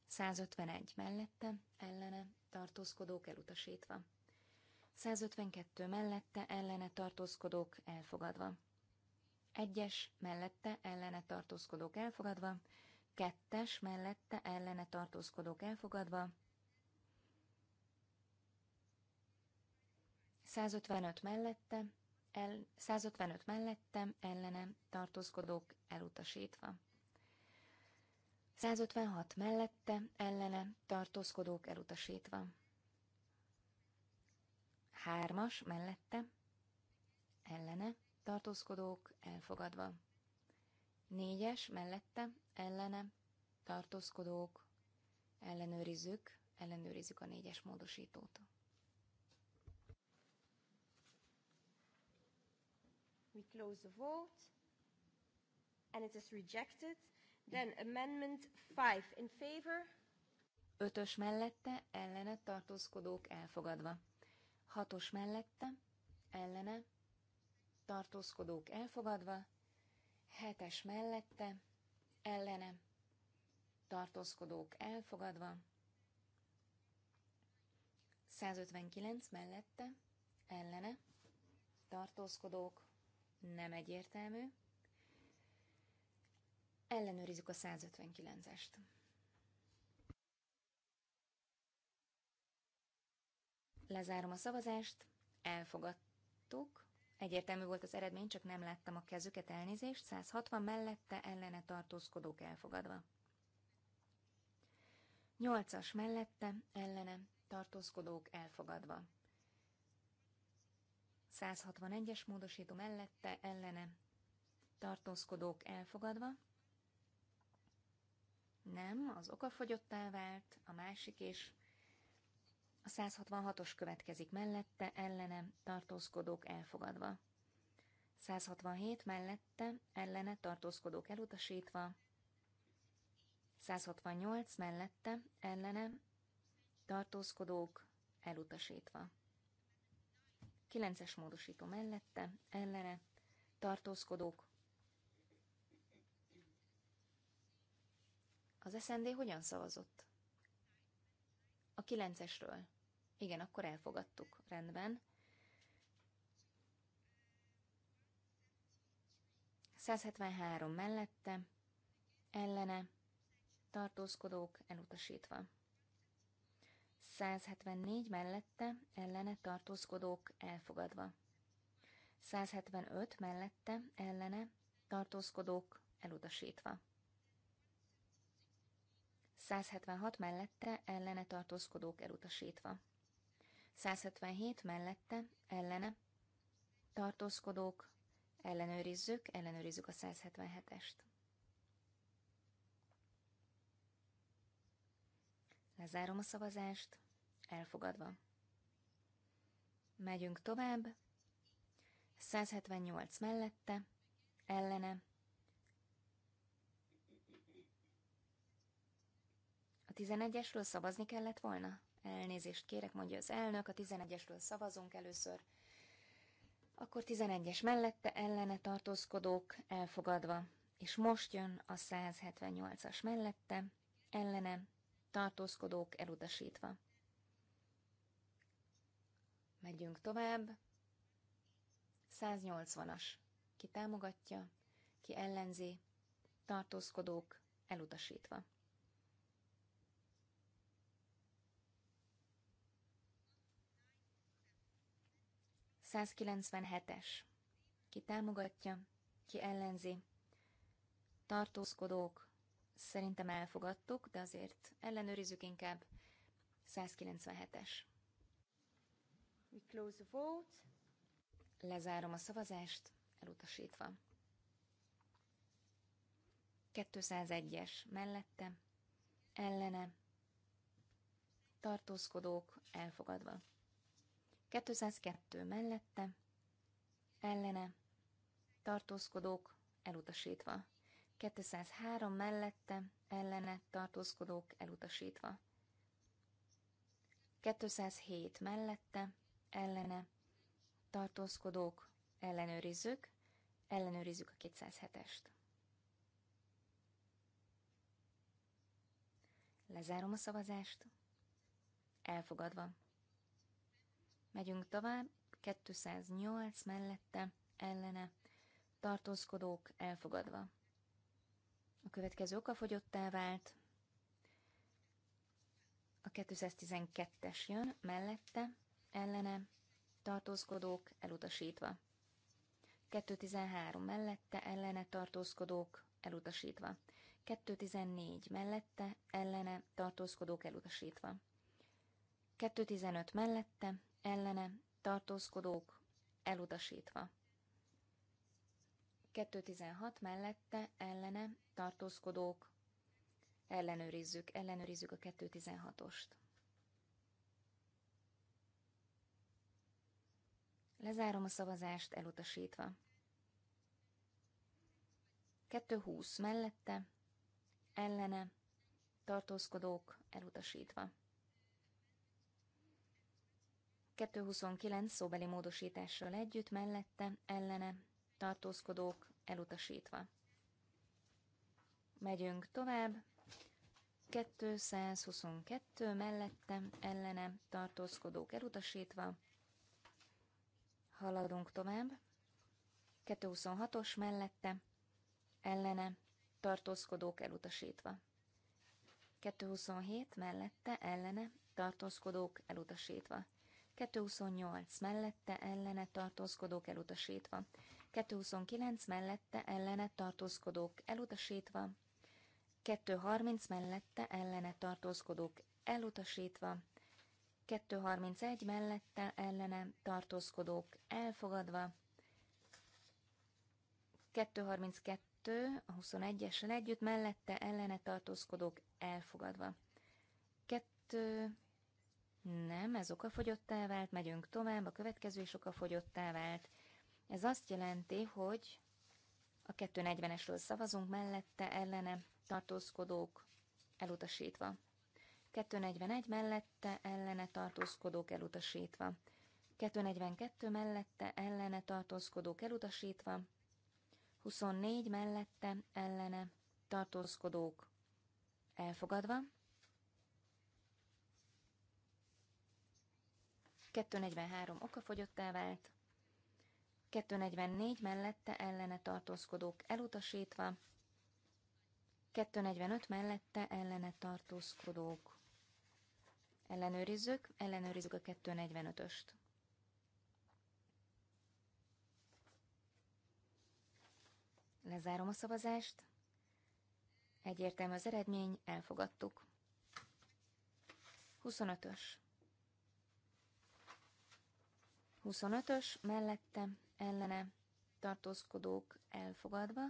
151 mellette, ellene, tartózkodók elutasítva. 152 mellette, ellene, tartózkodók elfogadva. 1-es mellette, ellene, tartózkodók elfogadva. 2-es mellette, ellene, tartózkodók elfogadva. 155 mellette, el, 155 mellettem, ellenem, tartózkodók elutasítva. 156 mellette, ellene, tartózkodók elutasítva. 3-as mellette, ellene, tartózkodók elfogadva. 4-es mellette, ellene, tartózkodók, ellenőrizzük, ellenőrizzük a 4-es módosítót. We close the vote. And it is rejected. Then amendment 5 in favor. Ötös mellette, ellene tartózkodók elfogadva. Hatos mellette, ellene tartózkodók elfogadva. Hetes mellette, ellene tartózkodók elfogadva. 159 mellette, ellene, tartózkodók, nem egyértelmű. Ellenőrizzük a 159-est. Lezárom a szavazást, elfogadtuk. Egyértelmű volt az eredmény, csak nem láttam a kezüket, elnézést. 160 mellette ellene tartózkodók elfogadva. 8-as mellette ellene tartózkodók elfogadva. 161-es módosító mellette ellene tartózkodók elfogadva. Nem, az okafogyottá vált, a másik is. A 166-os következik mellette, ellene tartózkodók elfogadva. 167 mellette, ellene tartózkodók elutasítva. 168 mellette, ellene tartózkodók elutasítva. 9-es módosító mellette, ellene, tartózkodók. Az SND hogyan szavazott? A 9-esről. Igen, akkor elfogadtuk. Rendben. 173 mellette, ellene, tartózkodók elutasítva. 174 mellette ellene tartózkodók elfogadva. 175 mellette ellene tartózkodók elutasítva. 176 mellette ellene tartózkodók elutasítva. 177 mellette ellene tartózkodók ellenőrizzük, ellenőrizzük a 177-est. Lezárom a szavazást. Elfogadva. Megyünk tovább. 178 mellette, ellene. A 11-esről szavazni kellett volna? Elnézést kérek, mondja az elnök, a 11-esről szavazunk először. Akkor 11-es mellette ellene tartózkodók elfogadva. És most jön a 178-as mellette, ellene tartózkodók elutasítva. Megyünk tovább. 180-as. Ki támogatja, ki ellenzi, tartózkodók elutasítva. 197-es. Ki támogatja, ki ellenzi, tartózkodók Szerintem elfogadtuk, de azért ellenőrizzük inkább. 197-es. We close the vote. Lezárom a szavazást, elutasítva. 201-es mellette, ellene, tartózkodók elfogadva. 202 mellette, ellene, tartózkodók elutasítva. 203 mellette ellene tartózkodók elutasítva. 207 mellette ellene tartózkodók ellenőrizzük, ellenőrizzük a 207-est. Lezárom a szavazást. Elfogadva. Megyünk tovább, 208 mellette, ellene, tartózkodók elfogadva. A következő okafogyottá vált. A 212-es jön, mellette, ellene, tartózkodók elutasítva. 213 mellette, ellene tartózkodók elutasítva. 214 mellette, ellene tartózkodók elutasítva. 215 mellette, ellene tartózkodók elutasítva. 216 mellette ellene tartózkodók. Ellenőrizzük, ellenőrizzük a 216-ost. Lezárom a szavazást elutasítva. 220 mellette ellene tartózkodók elutasítva. 229 szóbeli módosítással együtt mellette ellene tartózkodók elutasítva. Megyünk tovább. 222 mellette ellene tartózkodók elutasítva. Haladunk tovább. 226-os mellette ellene tartózkodók elutasítva. 227 mellette ellene tartózkodók elutasítva. 228 mellette ellene tartózkodók elutasítva. 229 mellette ellene tartózkodók elutasítva, 230 mellette ellene tartózkodók elutasítva, 231 mellette ellene tartózkodók elfogadva, 232 a 21-essel együtt mellette ellene tartózkodók elfogadva. 2 nem, ez okafogyottá vált, megyünk tovább, a következő is okafogyottá vált. Ez azt jelenti, hogy a 240-esről szavazunk, mellette ellene tartózkodók elutasítva. 241 mellette ellene tartózkodók elutasítva. 242 mellette ellene tartózkodók elutasítva. 24 mellette ellene tartózkodók elfogadva. 243 okafogyottá vált. 244 mellette ellene tartózkodók elutasítva, 245 mellette ellene tartózkodók. Ellenőrizzük, ellenőrizzük a 245-öst. Lezárom a szavazást. Egyértelmű az eredmény, elfogadtuk. 25-ös. 25-ös mellette ellene tartózkodók elfogadva,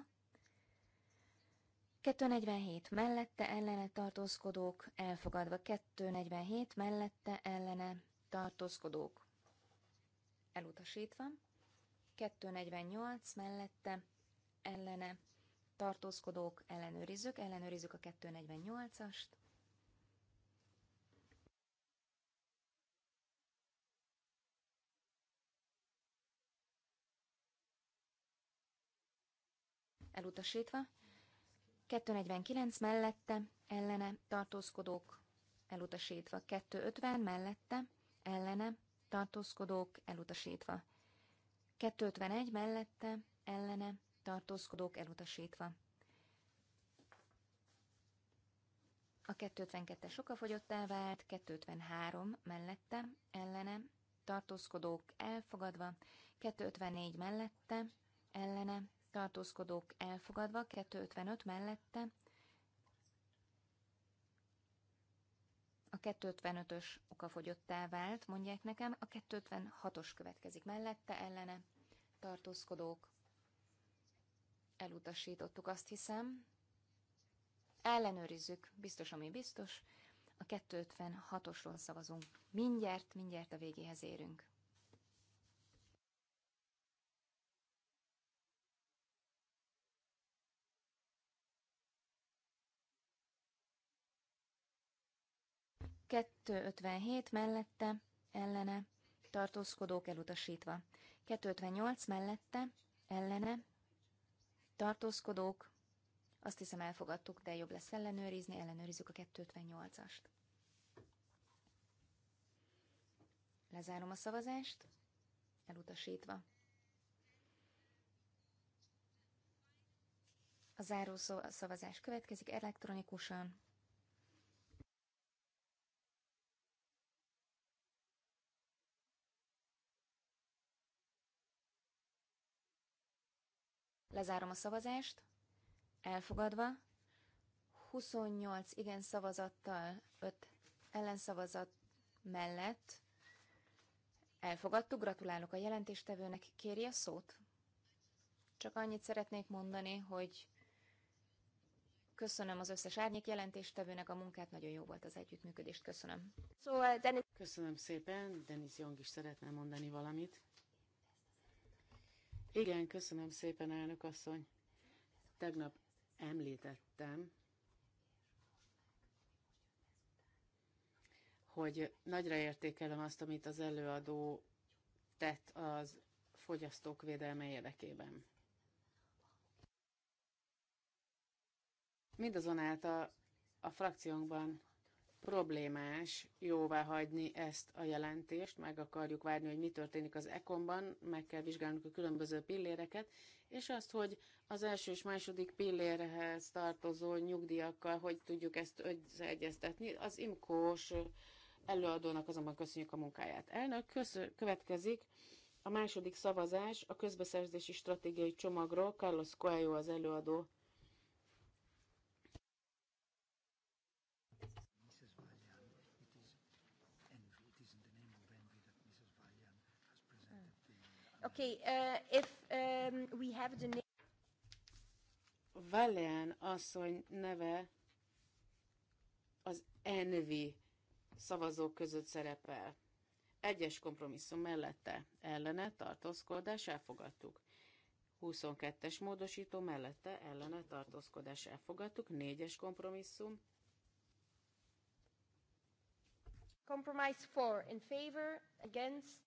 247 mellette ellene tartózkodók elfogadva, 247 mellette ellene tartózkodók elutasítva, 248 mellette ellene tartózkodók ellenőrizzük, ellenőrizzük a 248-ast, elutasítva. 249 mellette, ellene tartózkodók elutasítva. 250 mellette, ellene tartózkodók elutasítva. 251 mellette, ellene tartózkodók elutasítva. A 252-es sokafogyottá vált, 253 mellette, ellene, tartózkodók elfogadva, 254 mellette, ellene, tartózkodók elfogadva, 255 mellette, a 255-ös okafogyottá vált, mondják nekem, a 256-os következik mellette, ellene, tartózkodók, elutasítottuk azt hiszem, ellenőrizzük, biztos, ami biztos, a 256-osról szavazunk. Mindjárt, mindjárt a végéhez érünk. 257 mellette, ellene, tartózkodók elutasítva. 258 mellette, ellene, tartózkodók, azt hiszem elfogadtuk, de jobb lesz ellenőrizni, ellenőrizzük a 258-ast. Lezárom a szavazást, elutasítva. A záró szavazás következik elektronikusan. Lezárom a szavazást. Elfogadva. 28 igen szavazattal, 5 ellenszavazat mellett elfogadtuk. Gratulálok a jelentéstevőnek. Kéri a szót? Csak annyit szeretnék mondani, hogy köszönöm az összes árnyék jelentéstevőnek a munkát, nagyon jó volt az együttműködést, köszönöm. Szóval, Denis... Köszönöm szépen, Denis Jong is szeretne mondani valamit. Igen, köszönöm szépen, elnök asszony. Tegnap említettem, hogy nagyra értékelem azt, amit az előadó tett az fogyasztók védelme érdekében. Mindazonáltal a frakciónkban problémás jóvá hagyni ezt a jelentést, meg akarjuk várni, hogy mi történik az ekonban, meg kell vizsgálnunk a különböző pilléreket, és azt, hogy az első és második pillérhez tartozó nyugdíjakkal hogy tudjuk ezt összeegyeztetni. Az imkós előadónak azonban köszönjük a munkáját. Elnök, köszön, következik a második szavazás a közbeszerzési stratégiai csomagról. Carlos Coelho az előadó. Okay, uh, if um, we have the name... Valéan asszony neve az Envi szavazók között szerepel. Egyes kompromisszum mellette ellene tartózkodás elfogadtuk. 22-es módosító mellette ellene tartózkodás elfogadtuk. 4-es kompromisszum. Compromise 4 in favor, against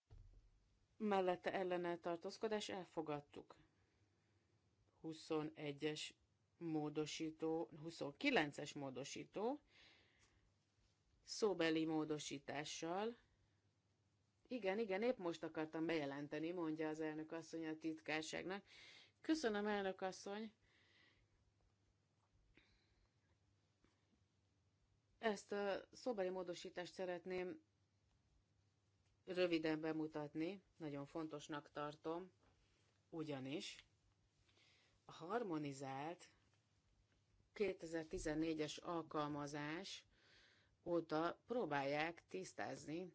mellette ellene tartózkodás elfogadtuk. 21-es módosító, 29-es módosító, szóbeli módosítással. Igen, igen, épp most akartam bejelenteni, mondja az elnök asszony a titkárságnak. Köszönöm, elnök asszony. Ezt a szóbeli módosítást szeretném röviden bemutatni, nagyon fontosnak tartom, ugyanis a harmonizált 2014-es alkalmazás óta próbálják tisztázni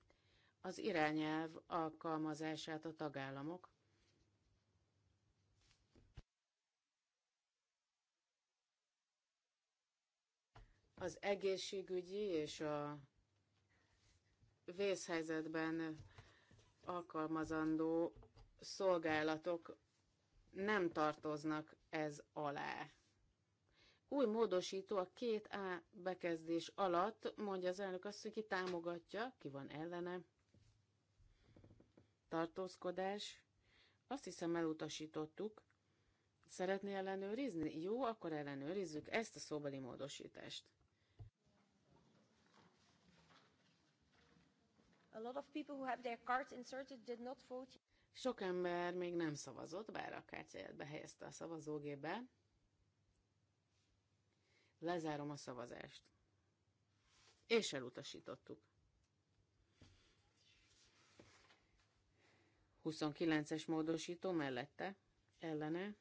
az irányelv alkalmazását a tagállamok, az egészségügyi és a vészhelyzetben alkalmazandó szolgálatok nem tartoznak ez alá. Új módosító a 2A bekezdés alatt, mondja az elnök azt, hogy ki támogatja, ki van ellene. Tartózkodás. Azt hiszem elutasítottuk. Szeretné ellenőrizni? Jó, akkor ellenőrizzük ezt a szóbeli módosítást. Sok ember még nem szavazott, bár a kártyáját behelyezte a szavazógébe. Lezárom a szavazást. És elutasítottuk. 29-es módosító mellette, ellene,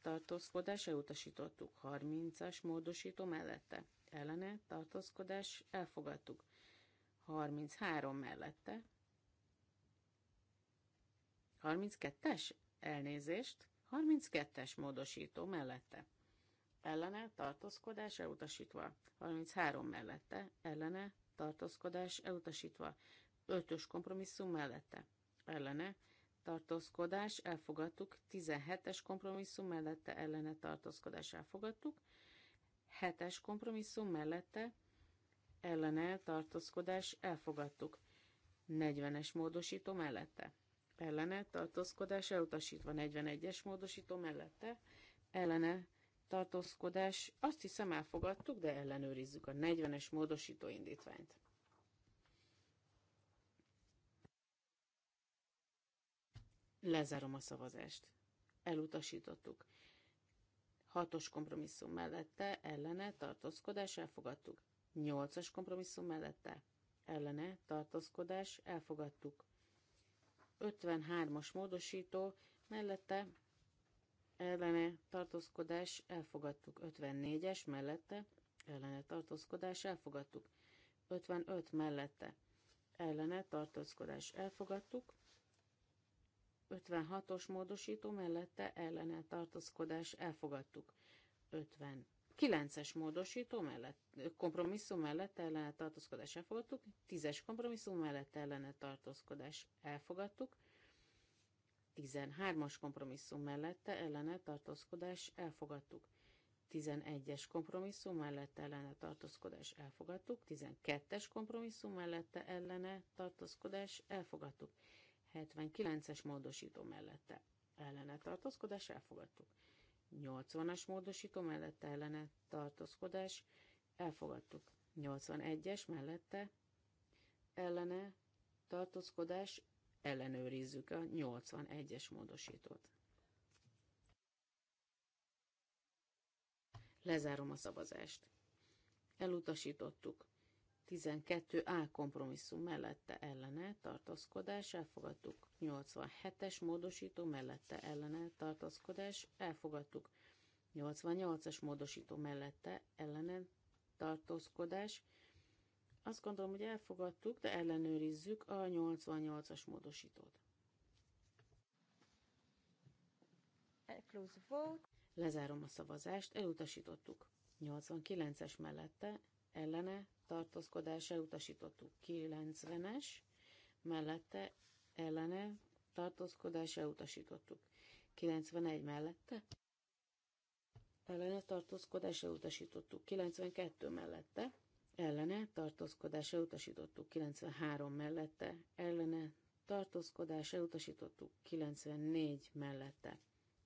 tartózkodás, elutasítottuk. 30-as módosító mellette, ellene, tartózkodás, elfogadtuk. 33 mellette. 32-es? Elnézést. 32-es módosító mellette. Ellene tartózkodás elutasítva. 33 mellette. Ellene tartózkodás elutasítva. 5-ös kompromisszum mellette. Ellene tartózkodás elfogadtuk. 17-es kompromisszum mellette. Ellene tartózkodás elfogadtuk. 7-es kompromisszum mellette ellene tartózkodás elfogadtuk. 40-es módosító mellette. Ellene tartózkodás elutasítva 41-es módosító mellette. Ellene tartózkodás, azt hiszem elfogadtuk, de ellenőrizzük a 40-es módosító indítványt. Lezárom a szavazást. Elutasítottuk. Hatos kompromisszum mellette ellene tartózkodás elfogadtuk. 8-as kompromisszum mellette ellene tartózkodás elfogadtuk. 53-as módosító mellette ellene tartózkodás elfogadtuk. 54-es mellette ellene tartózkodás elfogadtuk. 55 mellette ellene tartózkodás elfogadtuk. 56-os módosító mellette ellene tartózkodás elfogadtuk. 9-es módosító mellett, kompromisszum mellett ellene tartózkodás elfogadtuk, 10-es kompromisszum mellett ellene tartózkodás elfogadtuk, 13-as kompromisszum mellette ellene tartózkodás elfogadtuk. 11-es kompromisszum mellette ellene tartózkodás elfogadtuk, 12-es kompromisszum mellette ellene tartózkodás elfogadtuk, 79-es módosító mellette ellene tartózkodás elfogadtuk, 80-as módosító mellette ellene tartózkodás, elfogadtuk. 81-es mellette ellene tartózkodás, ellenőrizzük a 81-es módosítót. Lezárom a szavazást. Elutasítottuk. 12A kompromisszum mellette ellene tartózkodás, elfogadtuk. 87-es módosító mellette ellene tartózkodás, elfogadtuk. 88-as módosító mellette ellene tartózkodás. Azt gondolom, hogy elfogadtuk, de ellenőrizzük a 88-as módosítót. Lezárom a szavazást, elutasítottuk. 89-es mellette ellene tartózkodás elutasítottuk 90-es, mellette ellene tartózkodás elutasítottuk 91 mellette, ellene tartózkodás elutasítottuk 92 mellette, ellene tartózkodás elutasítottuk 93 mellette, ellene tartózkodás elutasítottuk 94 mellette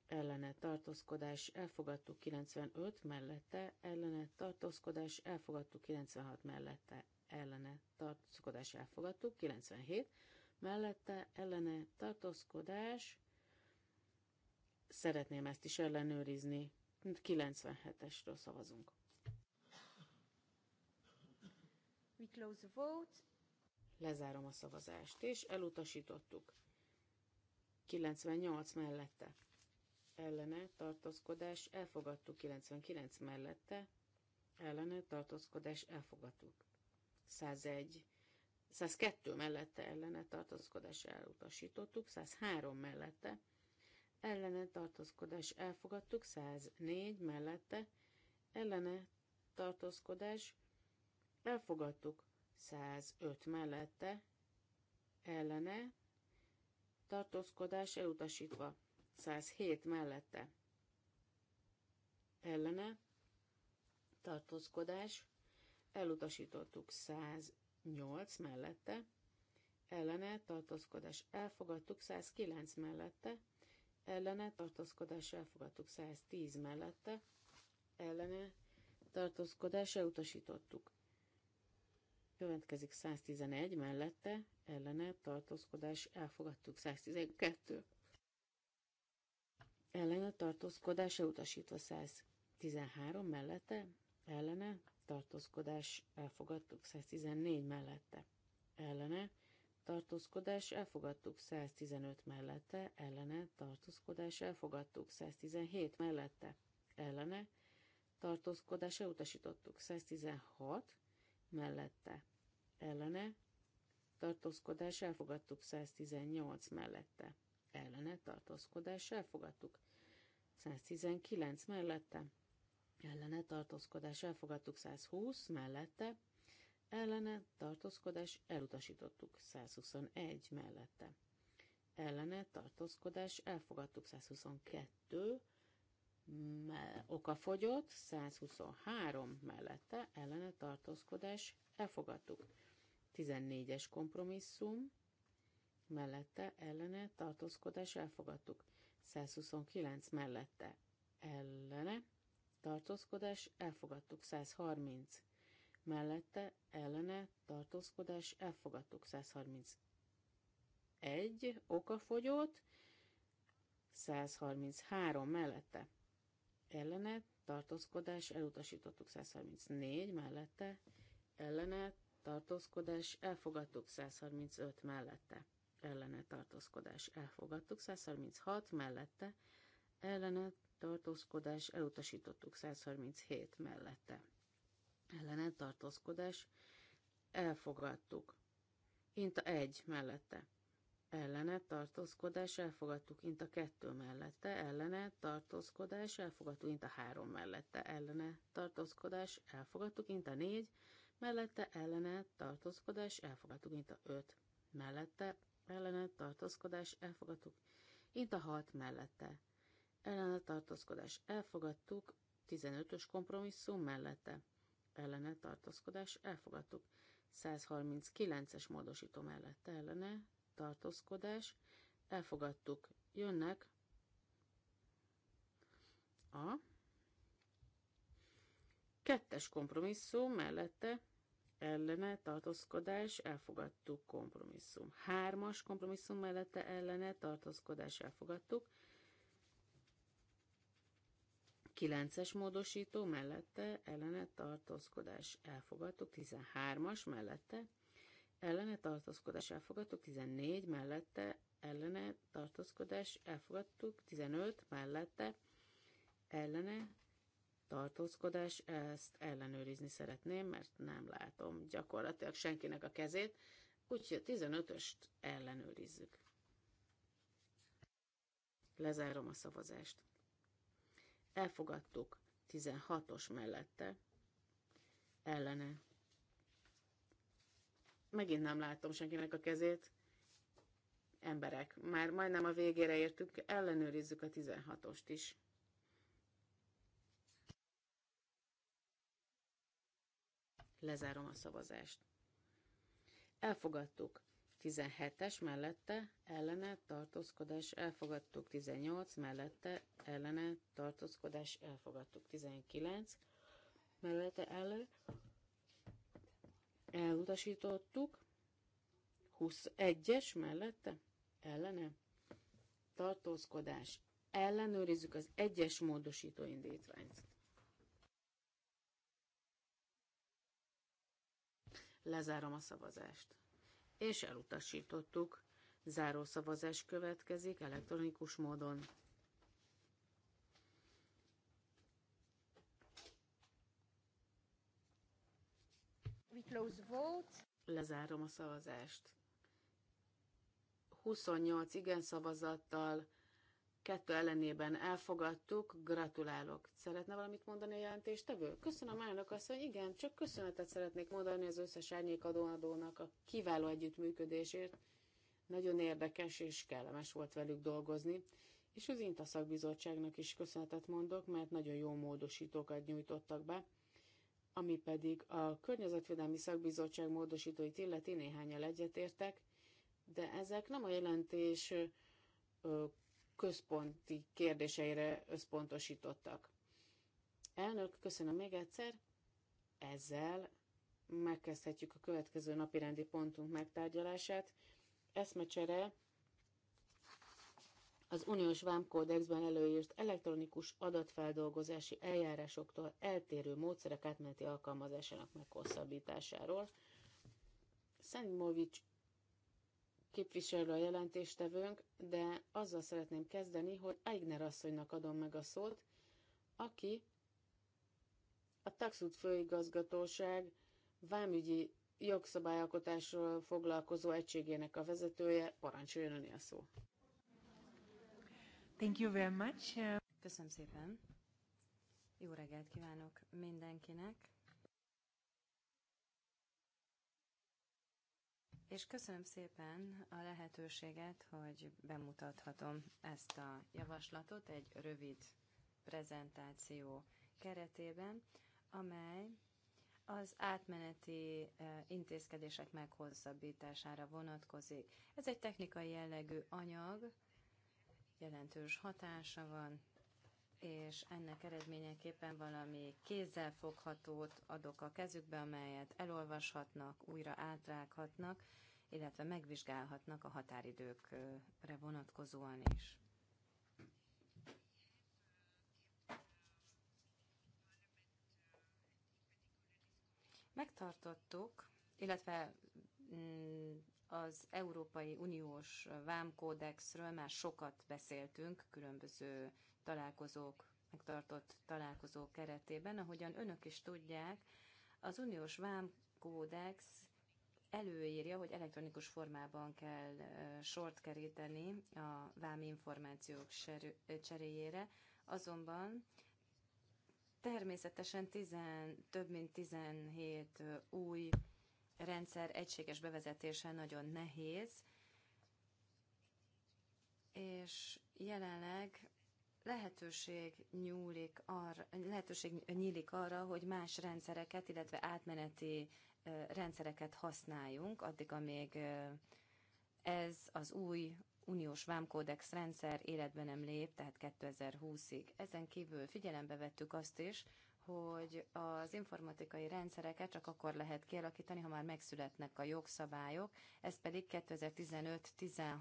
ellene tartózkodás elfogadtuk 95 mellette, ellene tartózkodás elfogadtuk 96 mellette, ellene tartózkodás elfogadtuk 97 mellette, ellene tartózkodás szeretném ezt is ellenőrizni 97-esről szavazunk. We close the vote. Lezárom a szavazást, és elutasítottuk. 98 mellette ellene tartózkodás elfogadtuk, 99 mellette ellene tartózkodás elfogadtuk. 101, 102 mellette ellene tartózkodás elutasítottuk, 103 mellette ellene tartózkodás elfogadtuk, 104 mellette ellene tartózkodás elfogadtuk, 105 mellette ellene tartózkodás elutasítva, 107 mellette ellene tartózkodás, elutasítottuk 108 mellette, ellene tartózkodás, elfogadtuk 109 mellette, ellene tartózkodás, elfogadtuk 110 mellette, ellene tartózkodás, elutasítottuk. Következik 111 mellette, ellene tartózkodás, elfogadtuk 112 ellene tartózkodás elutasítva 113 mellette, ellene tartózkodás elfogadtuk 114 mellette, ellene tartózkodás elfogadtuk 115 mellette, ellene tartózkodás elfogadtuk 117 mellette, ellene tartózkodás elutasítottuk 116 mellette, ellene tartózkodás elfogadtuk 118 mellette, ellene tartózkodás elfogadtuk. 119 mellette ellene tartózkodás elfogadtuk. 120 mellette ellene tartózkodás elutasítottuk. 121 mellette ellene tartózkodás elfogadtuk. 122 okafogyott, 123 mellette ellene tartózkodás elfogadtuk. 14-es kompromisszum mellette ellene tartózkodás elfogadtuk. 129 mellette ellene tartózkodás elfogadtuk. 130 mellette ellene tartózkodás elfogadtuk. 131 okafogyót, 133 mellette ellene tartózkodás elutasítottuk. 134 mellette ellene tartózkodás elfogadtuk. 135 mellette ellene tartózkodás elfogadtuk, 136 mellette ellene tartózkodás elutasítottuk, 137 mellette ellene tartózkodás elfogadtuk. Inta 1 mellette ellene tartózkodás elfogadtuk, inta 2 mellette ellene tartózkodás elfogadtuk, inta 3 mellette ellene tartózkodás elfogadtuk, inta 4 mellette ellene tartózkodás elfogadtuk, inta 5 mellette ellene tartózkodás elfogadtuk. a halt mellette. Ellene tartózkodás elfogadtuk. 15-ös kompromisszum mellette. Ellene tartózkodás elfogadtuk. 139-es módosító mellette ellene tartózkodás elfogadtuk. Jönnek a kettes kompromisszum mellette ellene tartózkodás, elfogadtuk kompromisszum. Hármas kompromisszum mellette ellene tartózkodás, elfogadtuk. Kilences módosító mellette ellene tartózkodás, elfogadtuk. Tizenhármas mellette ellene tartózkodás, elfogadtuk. tizennégy mellette ellene tartózkodás, elfogadtuk. tizenöt mellette ellene tartózkodás, ezt ellenőrizni szeretném, mert nem látom gyakorlatilag senkinek a kezét, úgyhogy a 15-öst ellenőrizzük. Lezárom a szavazást. Elfogadtuk 16-os mellette, ellene. Megint nem látom senkinek a kezét. Emberek, már majdnem a végére értük, ellenőrizzük a 16-ost is. Lezárom a szavazást. Elfogadtuk. 17-es mellette ellene tartózkodás elfogadtuk, 18 mellette ellene tartózkodás elfogadtuk, 19 mellette ellen elutasítottuk, 21-es mellette ellene tartózkodás ellenőrizzük az egyes módosító indítványt. Lezárom a szavazást. És elutasítottuk. Záró szavazás következik elektronikus módon. We close vote. Lezárom a szavazást. 28 igen szavazattal, kettő ellenében elfogadtuk, gratulálok. Szeretne valamit mondani a jelentéstevő? Köszönöm elnök azt, hogy igen, csak köszönetet szeretnék mondani az összes árnyékadóadónak a kiváló együttműködésért. Nagyon érdekes és kellemes volt velük dolgozni, és az INTA szakbizottságnak is köszönetet mondok, mert nagyon jó módosítókat nyújtottak be, ami pedig a Környezetvédelmi Szakbizottság módosítóit illeti néhányal egyetértek, de ezek nem a jelentés központi kérdéseire összpontosítottak. Elnök, köszönöm még egyszer. Ezzel megkezdhetjük a következő napirendi pontunk megtárgyalását. Eszmecsere az uniós vámkódexben előírt elektronikus adatfeldolgozási eljárásoktól eltérő módszerek átmeneti alkalmazásának meghosszabbításáról. Szentmovics képviselő a jelentéstevőnk, de azzal szeretném kezdeni, hogy Eigner asszonynak adom meg a szót, aki a Taxud főigazgatóság vámügyi jogszabályalkotásról foglalkozó egységének a vezetője, parancsoljon öné a szó. Thank you very much. Köszönöm szépen. Jó reggelt kívánok mindenkinek. és köszönöm szépen a lehetőséget, hogy bemutathatom ezt a javaslatot egy rövid prezentáció keretében, amely az átmeneti eh, intézkedések meghosszabbítására vonatkozik. Ez egy technikai jellegű anyag, jelentős hatása van és ennek eredményeképpen valami foghatót adok a kezükbe, amelyet elolvashatnak, újra átrághatnak, illetve megvizsgálhatnak a határidőkre vonatkozóan is. Megtartottuk, illetve mm, az Európai Uniós Vámkódexről már sokat beszéltünk különböző találkozók, megtartott találkozók keretében. Ahogyan önök is tudják, az uniós vámkódex előírja, hogy elektronikus formában kell sort keríteni a váminformációk cseréjére, azonban természetesen tizen, több mint 17 új rendszer egységes bevezetése nagyon nehéz, és jelenleg lehetőség nyúlik arra, lehetőség nyílik arra, hogy más rendszereket, illetve átmeneti rendszereket használjunk, addig, amíg ez az új uniós vámkódex rendszer életben nem lép, tehát 2020-ig. Ezen kívül figyelembe vettük azt is, hogy az informatikai rendszereket csak akkor lehet kialakítani, ha már megszületnek a jogszabályok, ez pedig 2015-16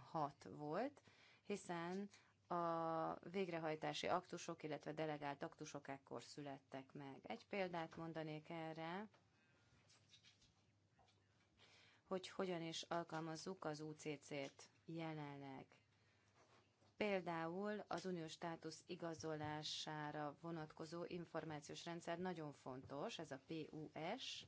volt, hiszen a végrehajtási aktusok, illetve delegált aktusok ekkor születtek meg. Egy példát mondanék erre, hogy hogyan is alkalmazzuk az UCC-t jelenleg. Például az uniós státusz igazolására vonatkozó információs rendszer nagyon fontos, ez a PUS,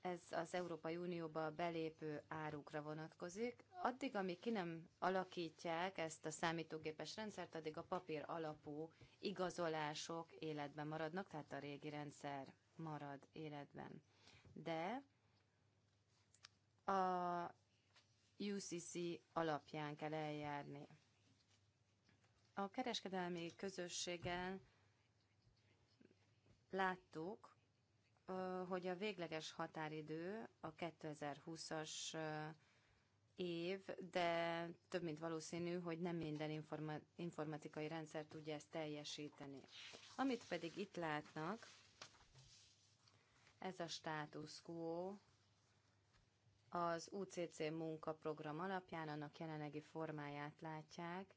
ez az Európai Unióba belépő árukra vonatkozik. Addig, amíg ki nem alakítják ezt a számítógépes rendszert, addig a papír alapú igazolások életben maradnak, tehát a régi rendszer marad életben. De a UCC alapján kell eljárni. A kereskedelmi közösségen láttuk, hogy a végleges határidő a 2020-as év, de több mint valószínű, hogy nem minden informa- informatikai rendszer tudja ezt teljesíteni. Amit pedig itt látnak, ez a status quo az UCC munkaprogram alapján annak jelenlegi formáját látják.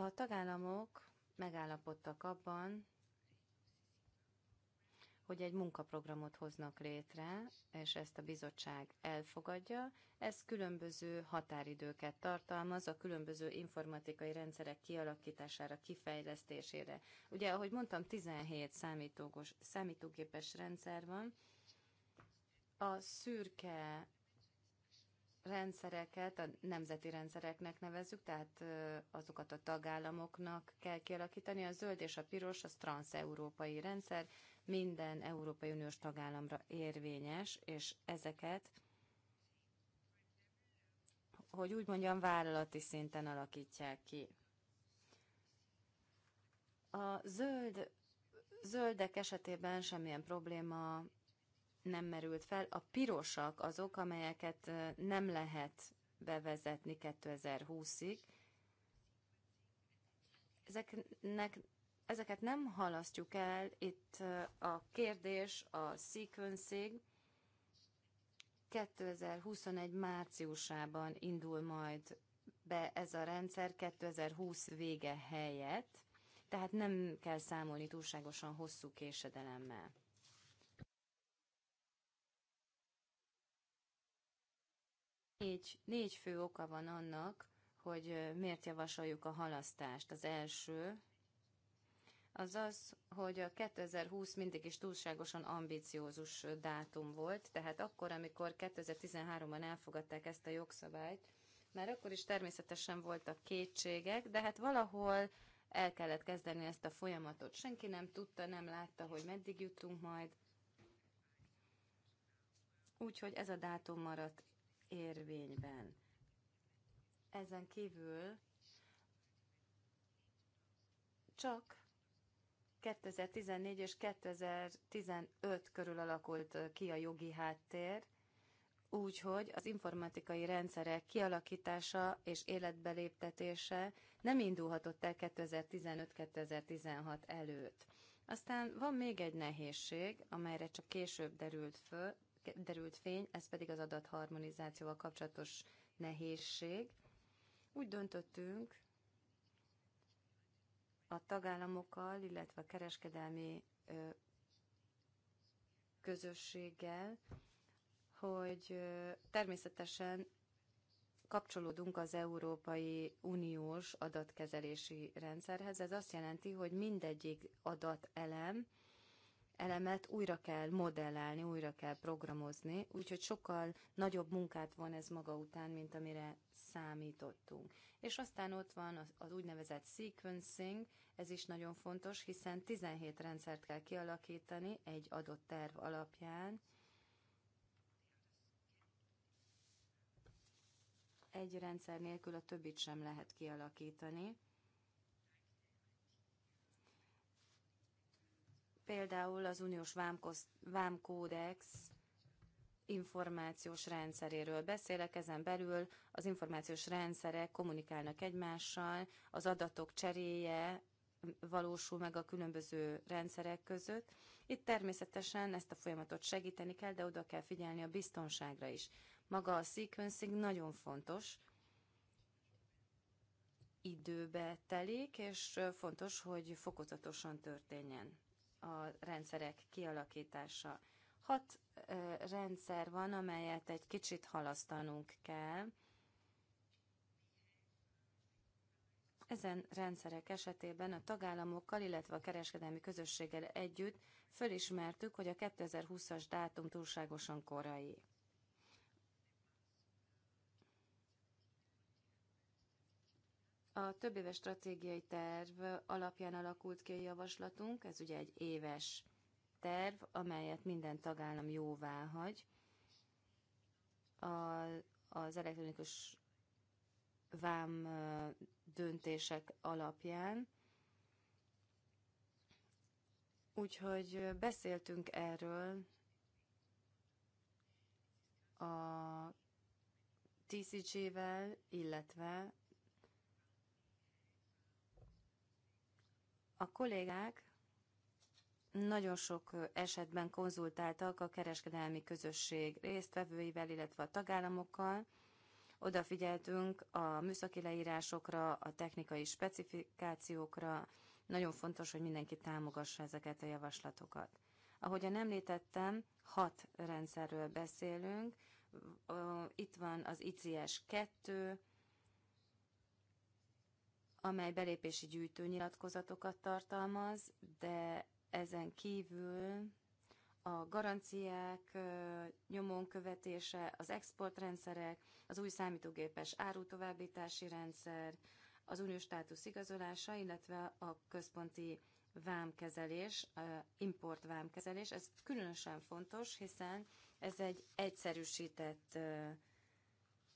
A tagállamok megállapodtak abban, hogy egy munkaprogramot hoznak létre, és ezt a bizottság elfogadja. Ez különböző határidőket tartalmaz a különböző informatikai rendszerek kialakítására, kifejlesztésére. Ugye, ahogy mondtam, 17 számítógos, számítógépes rendszer van. A szürke rendszereket a nemzeti rendszereknek nevezzük, tehát azokat a tagállamoknak kell kialakítani. A zöld és a piros az transeurópai rendszer, minden Európai Uniós tagállamra érvényes, és ezeket, hogy úgy mondjam, vállalati szinten alakítják ki. A zöld, zöldek esetében semmilyen probléma nem merült fel. A pirosak azok, amelyeket nem lehet bevezetni 2020-ig. Ezeknek, ezeket nem halasztjuk el. Itt a kérdés a sequencing 2021 márciusában indul majd be ez a rendszer 2020 vége helyett, tehát nem kell számolni túlságosan hosszú késedelemmel. Négy, négy fő oka van annak, hogy miért javasoljuk a halasztást. Az első az az, hogy a 2020 mindig is túlságosan ambiciózus dátum volt, tehát akkor, amikor 2013-ban elfogadták ezt a jogszabályt, már akkor is természetesen voltak kétségek, de hát valahol el kellett kezdeni ezt a folyamatot. Senki nem tudta, nem látta, hogy meddig jutunk majd. Úgyhogy ez a dátum maradt érvényben. Ezen kívül csak 2014 és 2015 körül alakult ki a jogi háttér, úgyhogy az informatikai rendszerek kialakítása és életbeléptetése nem indulhatott el 2015-2016 előtt. Aztán van még egy nehézség, amelyre csak később derült föl, derült fény, ez pedig az adatharmonizációval kapcsolatos nehézség. Úgy döntöttünk a tagállamokkal, illetve a kereskedelmi közösséggel, hogy természetesen kapcsolódunk az Európai Uniós adatkezelési rendszerhez. Ez azt jelenti, hogy mindegyik adatelem elemet újra kell modellálni, újra kell programozni, úgyhogy sokkal nagyobb munkát van ez maga után, mint amire számítottunk. És aztán ott van az, az úgynevezett sequencing, ez is nagyon fontos, hiszen 17 rendszert kell kialakítani egy adott terv alapján. Egy rendszer nélkül a többit sem lehet kialakítani. Például az uniós vámkódex információs rendszeréről beszélek, ezen belül az információs rendszerek kommunikálnak egymással, az adatok cseréje valósul meg a különböző rendszerek között. Itt természetesen ezt a folyamatot segíteni kell, de oda kell figyelni a biztonságra is. Maga a sequencing nagyon fontos, időbe telik, és fontos, hogy fokozatosan történjen a rendszerek kialakítása. Hat rendszer van, amelyet egy kicsit halasztanunk kell. Ezen rendszerek esetében a tagállamokkal, illetve a kereskedelmi közösséggel együtt fölismertük, hogy a 2020-as dátum túlságosan korai. A több éves stratégiai terv alapján alakult ki a javaslatunk, ez ugye egy éves terv, amelyet minden tagállam jóvá hagy. A, az elektronikus vám döntések alapján. Úgyhogy beszéltünk erről a TCG-vel, illetve A kollégák nagyon sok esetben konzultáltak a kereskedelmi közösség résztvevőivel, illetve a tagállamokkal. Odafigyeltünk a műszaki leírásokra, a technikai specifikációkra. Nagyon fontos, hogy mindenki támogassa ezeket a javaslatokat. Ahogyan említettem, hat rendszerről beszélünk. Itt van az ICS 2, amely belépési gyűjtőnyilatkozatokat tartalmaz, de ezen kívül a garanciák nyomon követése, az exportrendszerek, az új számítógépes árutovábbítási rendszer, az uniós státusz igazolása, illetve a központi vámkezelés, import vámkezelés. Ez különösen fontos, hiszen ez egy egyszerűsített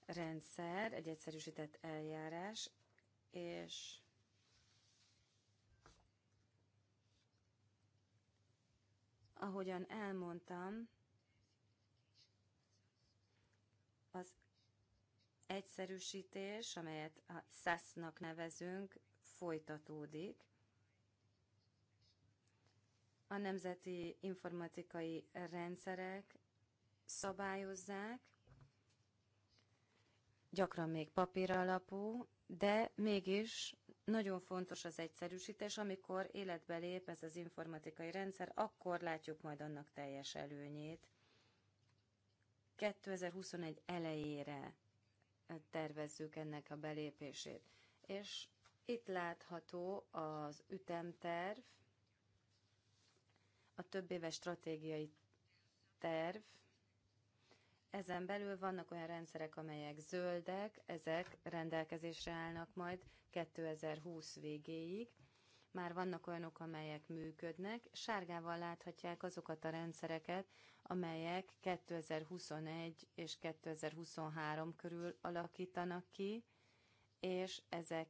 rendszer, egy egyszerűsített eljárás, és ahogyan elmondtam, az egyszerűsítés, amelyet a SASZ-nak nevezünk, folytatódik. A nemzeti informatikai rendszerek szabályozzák, gyakran még papír alapú, de mégis nagyon fontos az egyszerűsítés, amikor életbe lép ez az informatikai rendszer, akkor látjuk majd annak teljes előnyét. 2021 elejére tervezzük ennek a belépését. És itt látható az ütemterv, a több éves stratégiai terv, ezen belül vannak olyan rendszerek, amelyek zöldek, ezek rendelkezésre állnak majd 2020 végéig. Már vannak olyanok, amelyek működnek. Sárgával láthatják azokat a rendszereket, amelyek 2021 és 2023 körül alakítanak ki, és ezek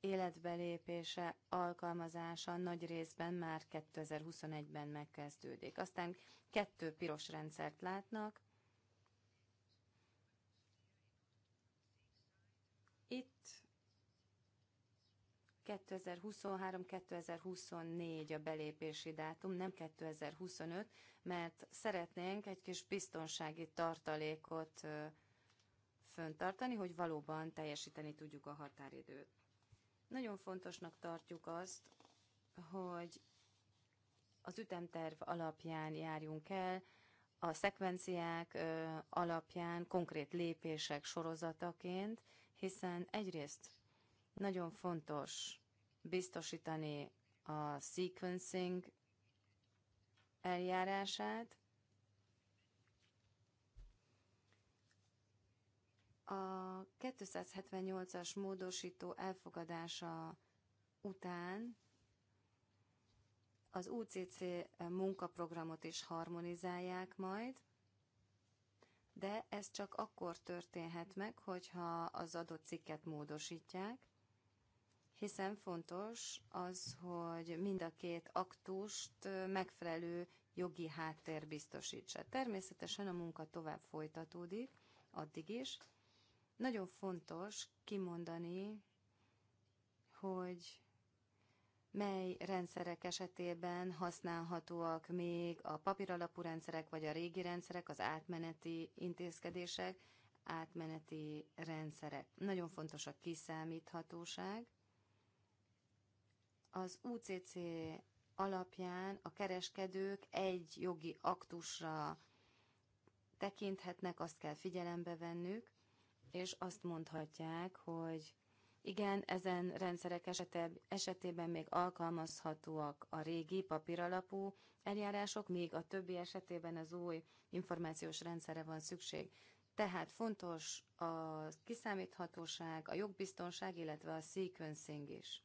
életbelépése, alkalmazása nagy részben már 2021-ben megkezdődik. Aztán kettő piros rendszert látnak, Itt 2023-2024 a belépési dátum, nem 2025, mert szeretnénk egy kis biztonsági tartalékot föntartani, hogy valóban teljesíteni tudjuk a határidőt. Nagyon fontosnak tartjuk azt, hogy az ütemterv alapján járjunk el, a szekvenciák alapján, konkrét lépések sorozataként, hiszen egyrészt nagyon fontos biztosítani a sequencing eljárását, A 278-as módosító elfogadása után az UCC munkaprogramot is harmonizálják majd, de ez csak akkor történhet meg, hogyha az adott cikket módosítják, hiszen fontos az, hogy mind a két aktust megfelelő jogi háttér biztosítsa. Természetesen a munka tovább folytatódik, addig is. Nagyon fontos kimondani, hogy mely rendszerek esetében használhatóak még a papíralapú rendszerek, vagy a régi rendszerek, az átmeneti intézkedések, átmeneti rendszerek. Nagyon fontos a kiszámíthatóság. Az UCC alapján a kereskedők egy jogi aktusra tekinthetnek, azt kell figyelembe vennük, és azt mondhatják, hogy igen, ezen rendszerek esetében még alkalmazhatóak a régi papíralapú eljárások, míg a többi esetében az új információs rendszerre van szükség. Tehát fontos a kiszámíthatóság, a jogbiztonság, illetve a sequencing is.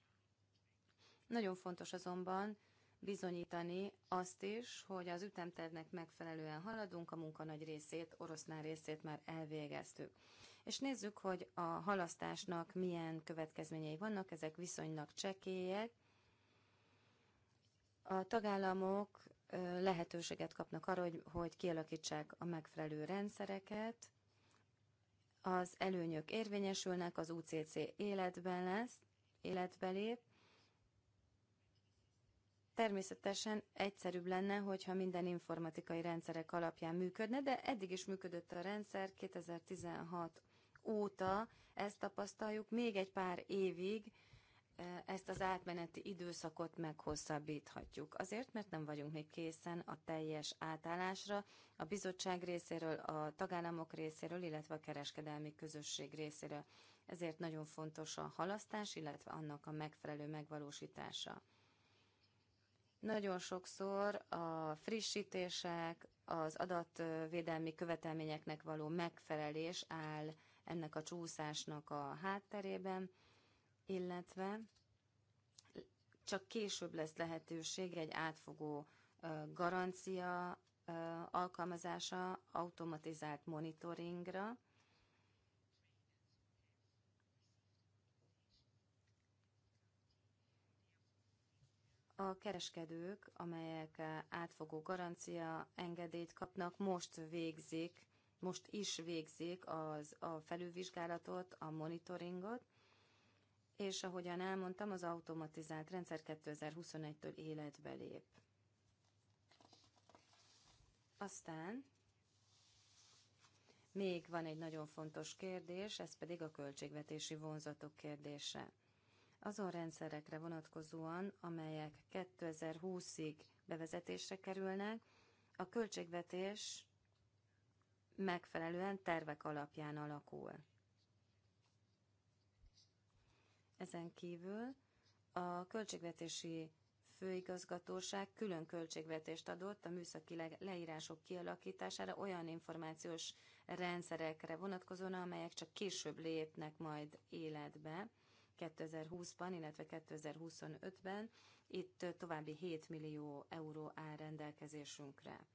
Nagyon fontos azonban bizonyítani azt is, hogy az ütemtervnek megfelelően haladunk, a munka nagy részét, oroszlán részét már elvégeztük és nézzük, hogy a halasztásnak milyen következményei vannak, ezek viszonylag csekélyek. A tagállamok lehetőséget kapnak arra, hogy, hogy kialakítsák a megfelelő rendszereket, az előnyök érvényesülnek, az UCC életben lesz, életbe lép. Természetesen egyszerűbb lenne, hogyha minden informatikai rendszerek alapján működne, de eddig is működött a rendszer 2016 óta ezt tapasztaljuk, még egy pár évig e, ezt az átmeneti időszakot meghosszabbíthatjuk. Azért, mert nem vagyunk még készen a teljes átállásra, a bizottság részéről, a tagállamok részéről, illetve a kereskedelmi közösség részéről. Ezért nagyon fontos a halasztás, illetve annak a megfelelő megvalósítása. Nagyon sokszor a frissítések, az adatvédelmi követelményeknek való megfelelés áll ennek a csúszásnak a hátterében, illetve csak később lesz lehetőség egy átfogó garancia alkalmazása automatizált monitoringra, A kereskedők, amelyek átfogó garancia engedélyt kapnak, most végzik most is végzik az, a felülvizsgálatot, a monitoringot, és ahogyan elmondtam, az automatizált rendszer 2021-től életbe lép. Aztán még van egy nagyon fontos kérdés, ez pedig a költségvetési vonzatok kérdése. Azon rendszerekre vonatkozóan, amelyek 2020-ig bevezetésre kerülnek, a költségvetés megfelelően tervek alapján alakul. Ezen kívül a költségvetési főigazgatóság külön költségvetést adott a műszaki leírások kialakítására olyan információs rendszerekre vonatkozóan, amelyek csak később lépnek majd életbe 2020-ban, illetve 2025-ben. Itt további 7 millió euró áll rendelkezésünkre.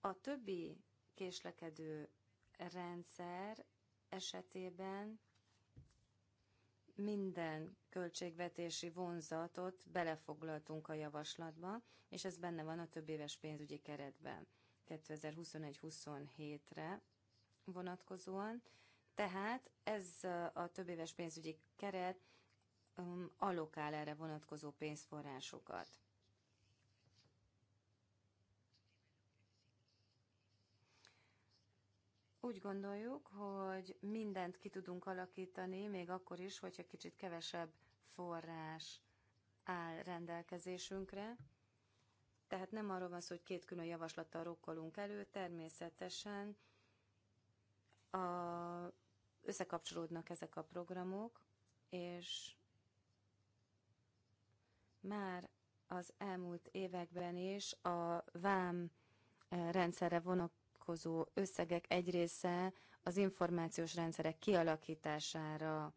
A többi késlekedő rendszer esetében minden költségvetési vonzatot belefoglaltunk a javaslatba, és ez benne van a több éves pénzügyi keretben 2021-27-re vonatkozóan. Tehát ez a több éves pénzügyi keret um, alokál erre vonatkozó pénzforrásokat. Úgy gondoljuk, hogy mindent ki tudunk alakítani, még akkor is, hogyha kicsit kevesebb forrás áll rendelkezésünkre. Tehát nem arról van szó, hogy két külön javaslattal rokkolunk elő, természetesen a, összekapcsolódnak ezek a programok, és már az elmúlt években is a vám eh, rendszerre vonok, vonatkozó összegek egy része az információs rendszerek kialakítására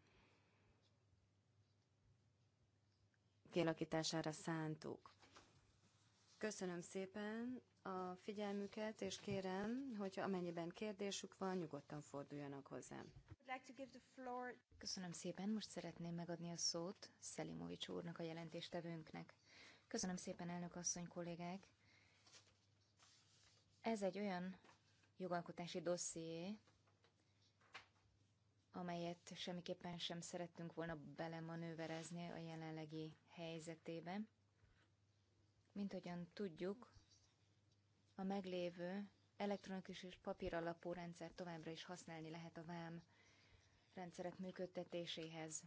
kialakítására szántuk. Köszönöm szépen a figyelmüket, és kérem, hogy amennyiben kérdésük van, nyugodtan forduljanak hozzám. Köszönöm szépen, most szeretném megadni a szót Szelimovics úrnak, a jelentéstevőnknek. Köszönöm szépen, elnök asszony kollégák! Ez egy olyan jogalkotási dosszié, amelyet semmiképpen sem szerettünk volna belemanőverezni a jelenlegi helyzetébe. Mint ahogyan tudjuk, a meglévő elektronikus és papíralapú rendszer továbbra is használni lehet a vám rendszerek működtetéséhez.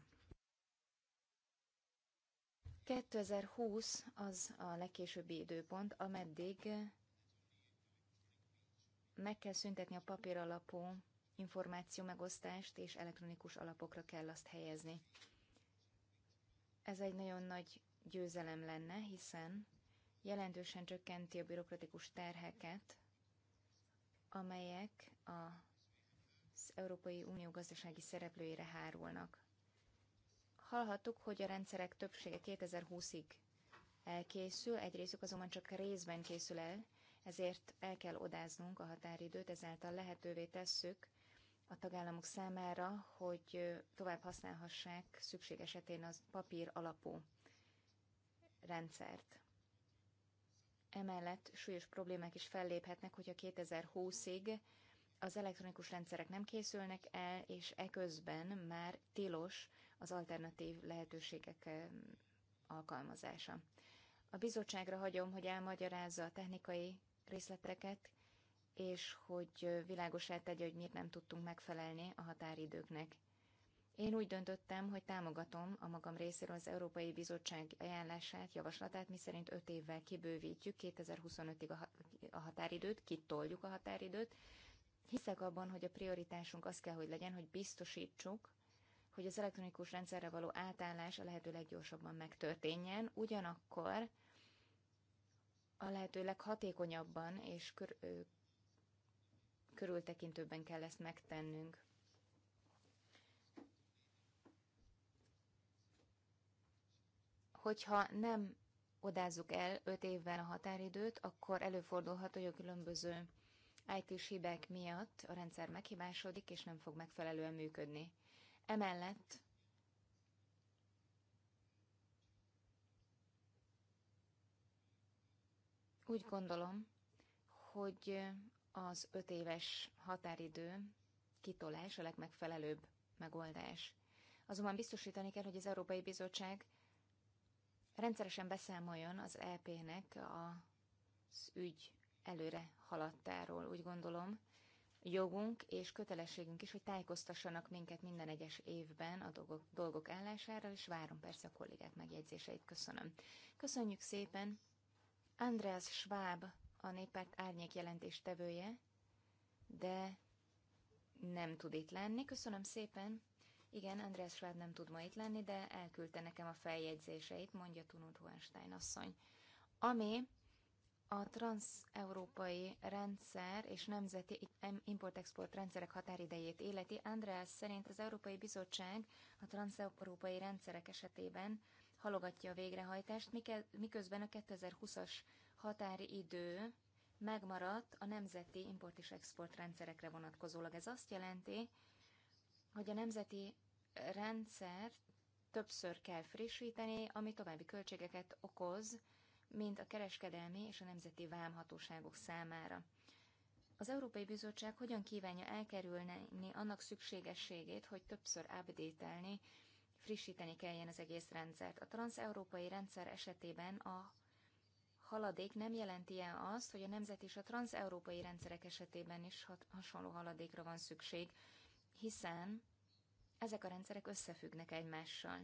2020 az a legkésőbbi időpont, ameddig meg kell szüntetni a papír alapú információ megosztást, és elektronikus alapokra kell azt helyezni. Ez egy nagyon nagy győzelem lenne, hiszen jelentősen csökkenti a bürokratikus terheket, amelyek az Európai Unió gazdasági szereplőire hárulnak. Hallhattuk, hogy a rendszerek többsége 2020-ig elkészül, egy részük azonban csak részben készül el, ezért el kell odáznunk a határidőt, ezáltal lehetővé tesszük a tagállamok számára, hogy tovább használhassák szükség esetén az papír alapú rendszert. Emellett súlyos problémák is felléphetnek, hogyha 2020-ig az elektronikus rendszerek nem készülnek el, és eközben már tilos az alternatív lehetőségek eh, alkalmazása. A bizottságra hagyom, hogy elmagyarázza a technikai részleteket, és hogy világosá tegye, hogy miért nem tudtunk megfelelni a határidőknek. Én úgy döntöttem, hogy támogatom a magam részéről az Európai Bizottság ajánlását, javaslatát, miszerint 5 évvel kibővítjük 2025-ig a határidőt, kitoljuk a határidőt. Hiszek abban, hogy a prioritásunk az kell, hogy legyen, hogy biztosítsuk, hogy az elektronikus rendszerre való átállás a lehető leggyorsabban megtörténjen, ugyanakkor a lehető leghatékonyabban és kör, ö, körültekintőbben kell ezt megtennünk. Hogyha nem odázzuk el 5 évvel a határidőt, akkor előfordulhat, hogy a különböző IT-s hibák miatt a rendszer meghibásodik, és nem fog megfelelően működni. Emellett Úgy gondolom, hogy az öt éves határidő kitolás a legmegfelelőbb megoldás. Azonban biztosítani kell, hogy az Európai Bizottság rendszeresen beszámoljon az EP-nek az ügy előre haladtáról. Úgy gondolom, jogunk és kötelességünk is, hogy tájékoztassanak minket minden egyes évben a dolgok, dolgok és várom persze a kollégák megjegyzéseit. Köszönöm. Köszönjük szépen! Andreas Schwab a néppárt árnyék jelentéstevője, de nem tud itt lenni. Köszönöm szépen. Igen, Andreas Schwab nem tud ma itt lenni, de elküldte nekem a feljegyzéseit, mondja Tunut Hohenstein asszony. Ami a transeurópai rendszer és nemzeti import-export rendszerek határidejét életi, Andreas szerint az Európai Bizottság a transeurópai rendszerek esetében halogatja a végrehajtást, miközben a 2020-as határidő megmaradt a nemzeti import és export rendszerekre vonatkozólag. Ez azt jelenti, hogy a nemzeti rendszer többször kell frissíteni, ami további költségeket okoz, mint a kereskedelmi és a nemzeti vámhatóságok számára. Az Európai Bizottság hogyan kívánja elkerülni annak szükségességét, hogy többször updatelni frissíteni kelljen az egész rendszert. A transeurópai rendszer esetében a haladék nem jelenti el azt, hogy a nemzet és a transeurópai rendszerek esetében is hasonló haladékra van szükség, hiszen ezek a rendszerek összefüggnek egymással.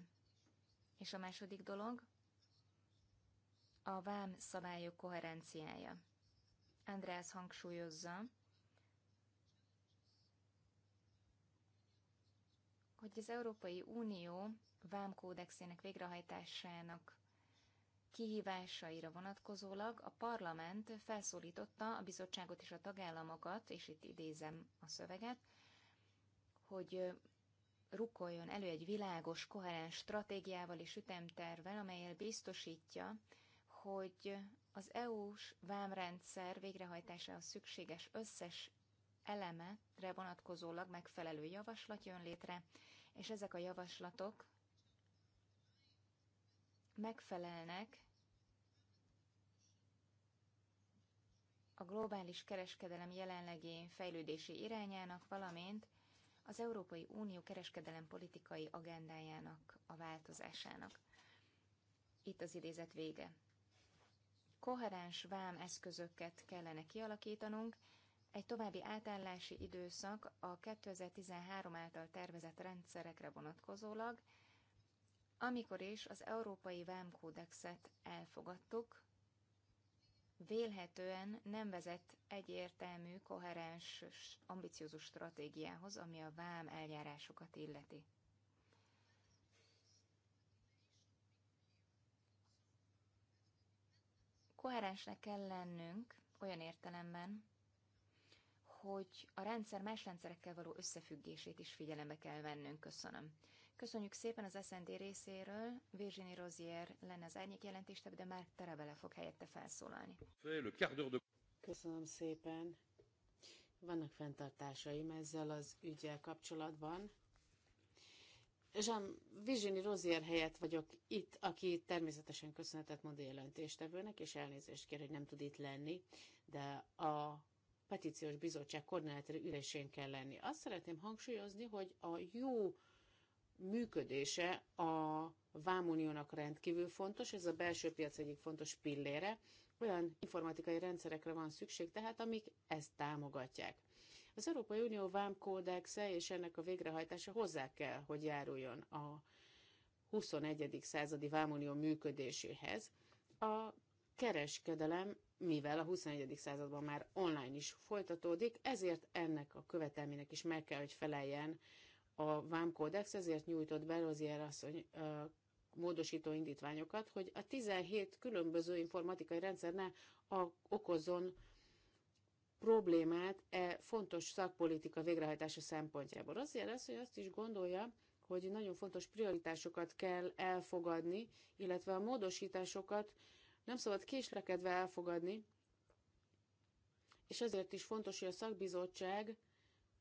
És a második dolog a vám szabályok koherenciája. András hangsúlyozza, hogy az Európai Unió vámkódexének végrehajtásának kihívásaira vonatkozólag a parlament felszólította a bizottságot és a tagállamokat, és itt idézem a szöveget, hogy rukkoljon elő egy világos, koherens stratégiával és ütemtervel, amelyel biztosítja, hogy az EU-s vámrendszer végrehajtásához szükséges összes elemre vonatkozólag megfelelő javaslat jön létre, és ezek a javaslatok megfelelnek a globális kereskedelem jelenlegi fejlődési irányának, valamint az Európai Unió kereskedelem politikai agendájának a változásának. Itt az idézet vége. Koherens vám eszközöket kellene kialakítanunk, egy további átállási időszak a 2013 által tervezett rendszerekre vonatkozólag, amikor is az Európai Vámkódexet elfogadtuk, vélhetően nem vezet egyértelmű, koherens, ambiciózus stratégiához, ami a vám eljárásokat illeti. Koherensnek kell lennünk olyan értelemben, hogy a rendszer más rendszerekkel való összefüggését is figyelembe kell vennünk. Köszönöm. Köszönjük szépen az SND részéről. Virginie Rozier lenne az árnyék jelentéstebb, de már Terebele fog helyette felszólalni. Köszönöm szépen. Vannak fenntartásaim ezzel az ügyel kapcsolatban. Jean Virginie Rozier helyett vagyok itt, aki természetesen köszönetet mond a jelentéstevőnek, és elnézést kér, hogy nem tud itt lenni, de a petíciós bizottság koordinátori ülésén kell lenni. Azt szeretném hangsúlyozni, hogy a jó működése a vámuniónak rendkívül fontos, ez a belső piac egyik fontos pillére, olyan informatikai rendszerekre van szükség, tehát amik ezt támogatják. Az Európai Unió vámkódexe és ennek a végrehajtása hozzá kell, hogy járuljon a 21. századi vámunió működéséhez. A kereskedelem mivel a 21. században már online is folytatódik, ezért ennek a követelménynek is meg kell, hogy feleljen a vámkódex, ezért nyújtott be Rozier asszony módosító indítványokat, hogy a 17 különböző informatikai rendszer ne a, okozon problémát e fontos szakpolitika végrehajtása szempontjából. Azért lesz, hogy azt is gondolja, hogy nagyon fontos prioritásokat kell elfogadni, illetve a módosításokat nem szabad késlekedve elfogadni, és ezért is fontos, hogy a szakbizottság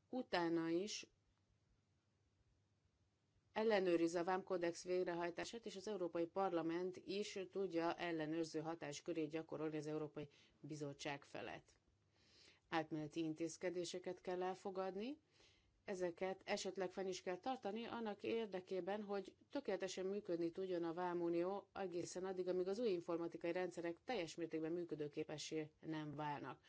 utána is ellenőrizze a vámkódex végrehajtását, és az Európai Parlament is tudja ellenőrző hatáskörét gyakorolni az Európai Bizottság felett. Átmeneti intézkedéseket kell elfogadni, ezeket esetleg fenn is kell tartani, annak érdekében, hogy tökéletesen működni tudjon a vámunió egészen addig, amíg az új informatikai rendszerek teljes mértékben működőképessé nem válnak.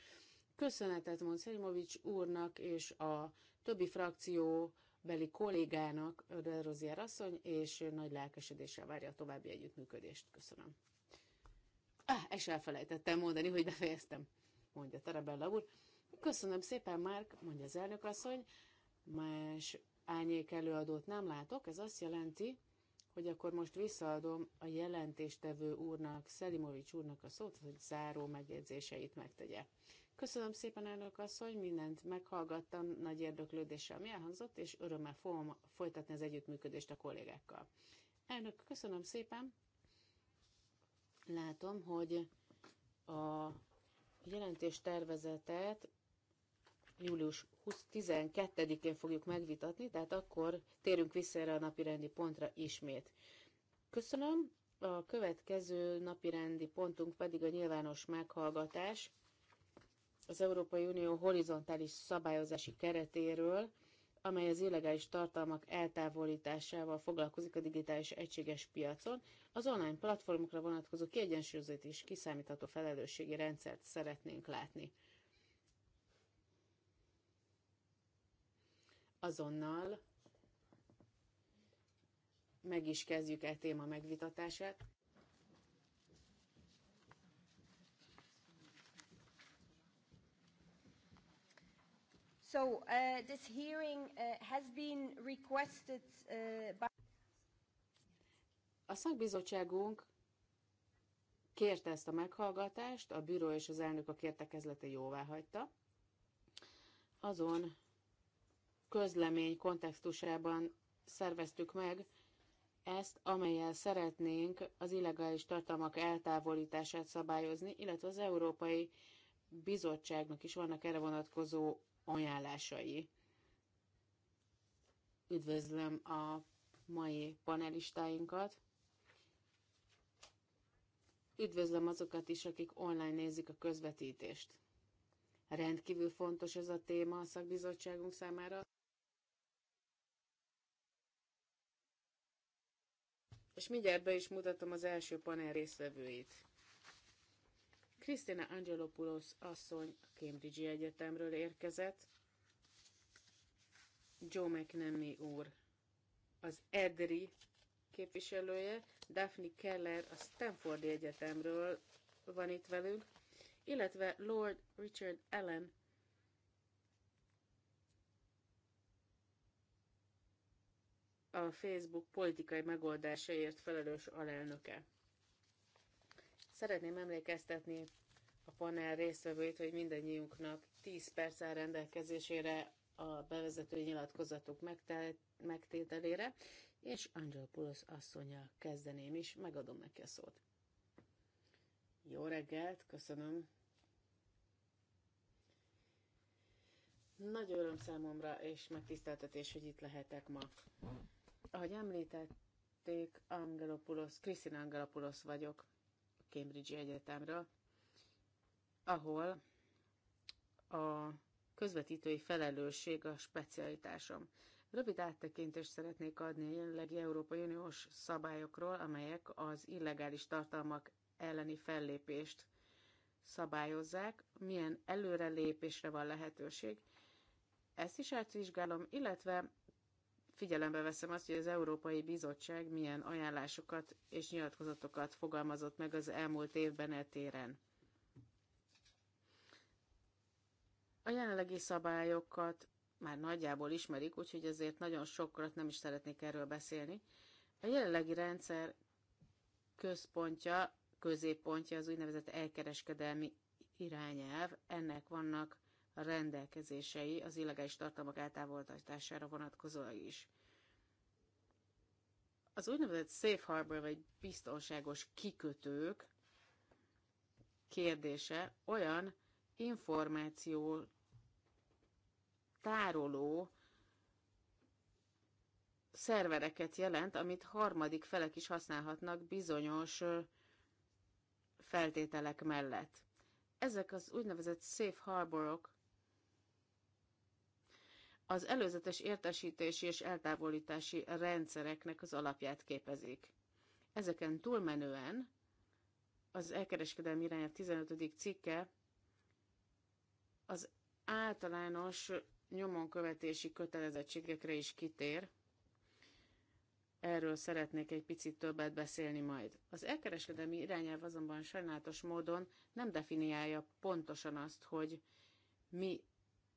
Köszönetet mond Szelimovics úrnak és a többi frakció beli kollégának, de Rozier asszony, és nagy lelkesedéssel várja a további együttműködést. Köszönöm. Ah, és elfelejtettem mondani, hogy befejeztem, mondja Tarabella úr. Köszönöm szépen, Márk, mondja az elnök asszony. Más ányék előadót nem látok, ez azt jelenti, hogy akkor most visszaadom a jelentéstevő úrnak, Szelimovics úrnak a szót, hogy záró megjegyzéseit megtegye. Köszönöm szépen, elnök asszony, mindent meghallgattam, nagy érdeklődéssel mi elhangzott, és örömmel fogom folytatni az együttműködést a kollégákkal. Elnök, köszönöm szépen. Látom, hogy a jelentés tervezetet július 12-én fogjuk megvitatni, tehát akkor térünk vissza erre a napirendi pontra ismét. Köszönöm. A következő napirendi pontunk pedig a nyilvános meghallgatás az Európai Unió horizontális szabályozási keretéről, amely az illegális tartalmak eltávolításával foglalkozik a digitális egységes piacon, az online platformokra vonatkozó kiegyensúlyozott és kiszámítható felelősségi rendszert szeretnénk látni. azonnal meg is kezdjük e téma megvitatását. So uh, this hearing uh, has been requested uh, by a szakbizottságunk kérte ezt a meghallgatást, a bűró és az elnök a kértekezlete jóvá hagyta. Azon közlemény kontextusában szerveztük meg ezt, amelyel szeretnénk az illegális tartalmak eltávolítását szabályozni, illetve az Európai Bizottságnak is vannak erre vonatkozó ajánlásai. Üdvözlöm a mai panelistáinkat. Üdvözlöm azokat is, akik online nézik a közvetítést. Rendkívül fontos ez a téma a szakbizottságunk számára. és mindjárt be is mutatom az első panel részvevőit. Krisztina Angelopoulos asszony a Cambridge Egyetemről érkezett, Joe McNamee úr az EDRI képviselője, Daphne Keller a Stanford Egyetemről van itt velünk, illetve Lord Richard Allen a Facebook politikai megoldásaiért felelős alelnöke. Szeretném emlékeztetni a panel résztvevőit, hogy mindannyiunknak 10 perc áll rendelkezésére a bevezető nyilatkozatok megtételére, és Pulos asszonya kezdeném is, megadom neki a szót. Jó reggelt, köszönöm. Nagy öröm számomra, és megtiszteltetés, hogy itt lehetek ma. Ahogy említették, Angelopoulos, Krisztina Angelopoulos vagyok, a Cambridge Egyetemről, ahol a közvetítői felelősség a specialitásom. Rövid áttekintést szeretnék adni a jelenlegi Európai Uniós szabályokról, amelyek az illegális tartalmak elleni fellépést szabályozzák, milyen előrelépésre van lehetőség. Ezt is átvizsgálom, illetve figyelembe veszem azt, hogy az Európai Bizottság milyen ajánlásokat és nyilatkozatokat fogalmazott meg az elmúlt évben eltéren. A jelenlegi szabályokat már nagyjából ismerik, úgyhogy ezért nagyon sokat nem is szeretnék erről beszélni. A jelenlegi rendszer központja, középpontja az úgynevezett elkereskedelmi irányelv. Ennek vannak rendelkezései az illegális tartalmak eltávolítására vonatkozóan is. Az úgynevezett safe harbor, vagy biztonságos kikötők kérdése olyan információ tároló szervereket jelent, amit harmadik felek is használhatnak bizonyos feltételek mellett. Ezek az úgynevezett safe harborok az előzetes értesítési és eltávolítási rendszereknek az alapját képezik. Ezeken túlmenően az elkereskedelmi irányelv 15. cikke az általános nyomonkövetési kötelezettségekre is kitér. Erről szeretnék egy picit többet beszélni majd. Az elkereskedelmi irányelv azonban sajnálatos módon nem definiálja pontosan azt, hogy mi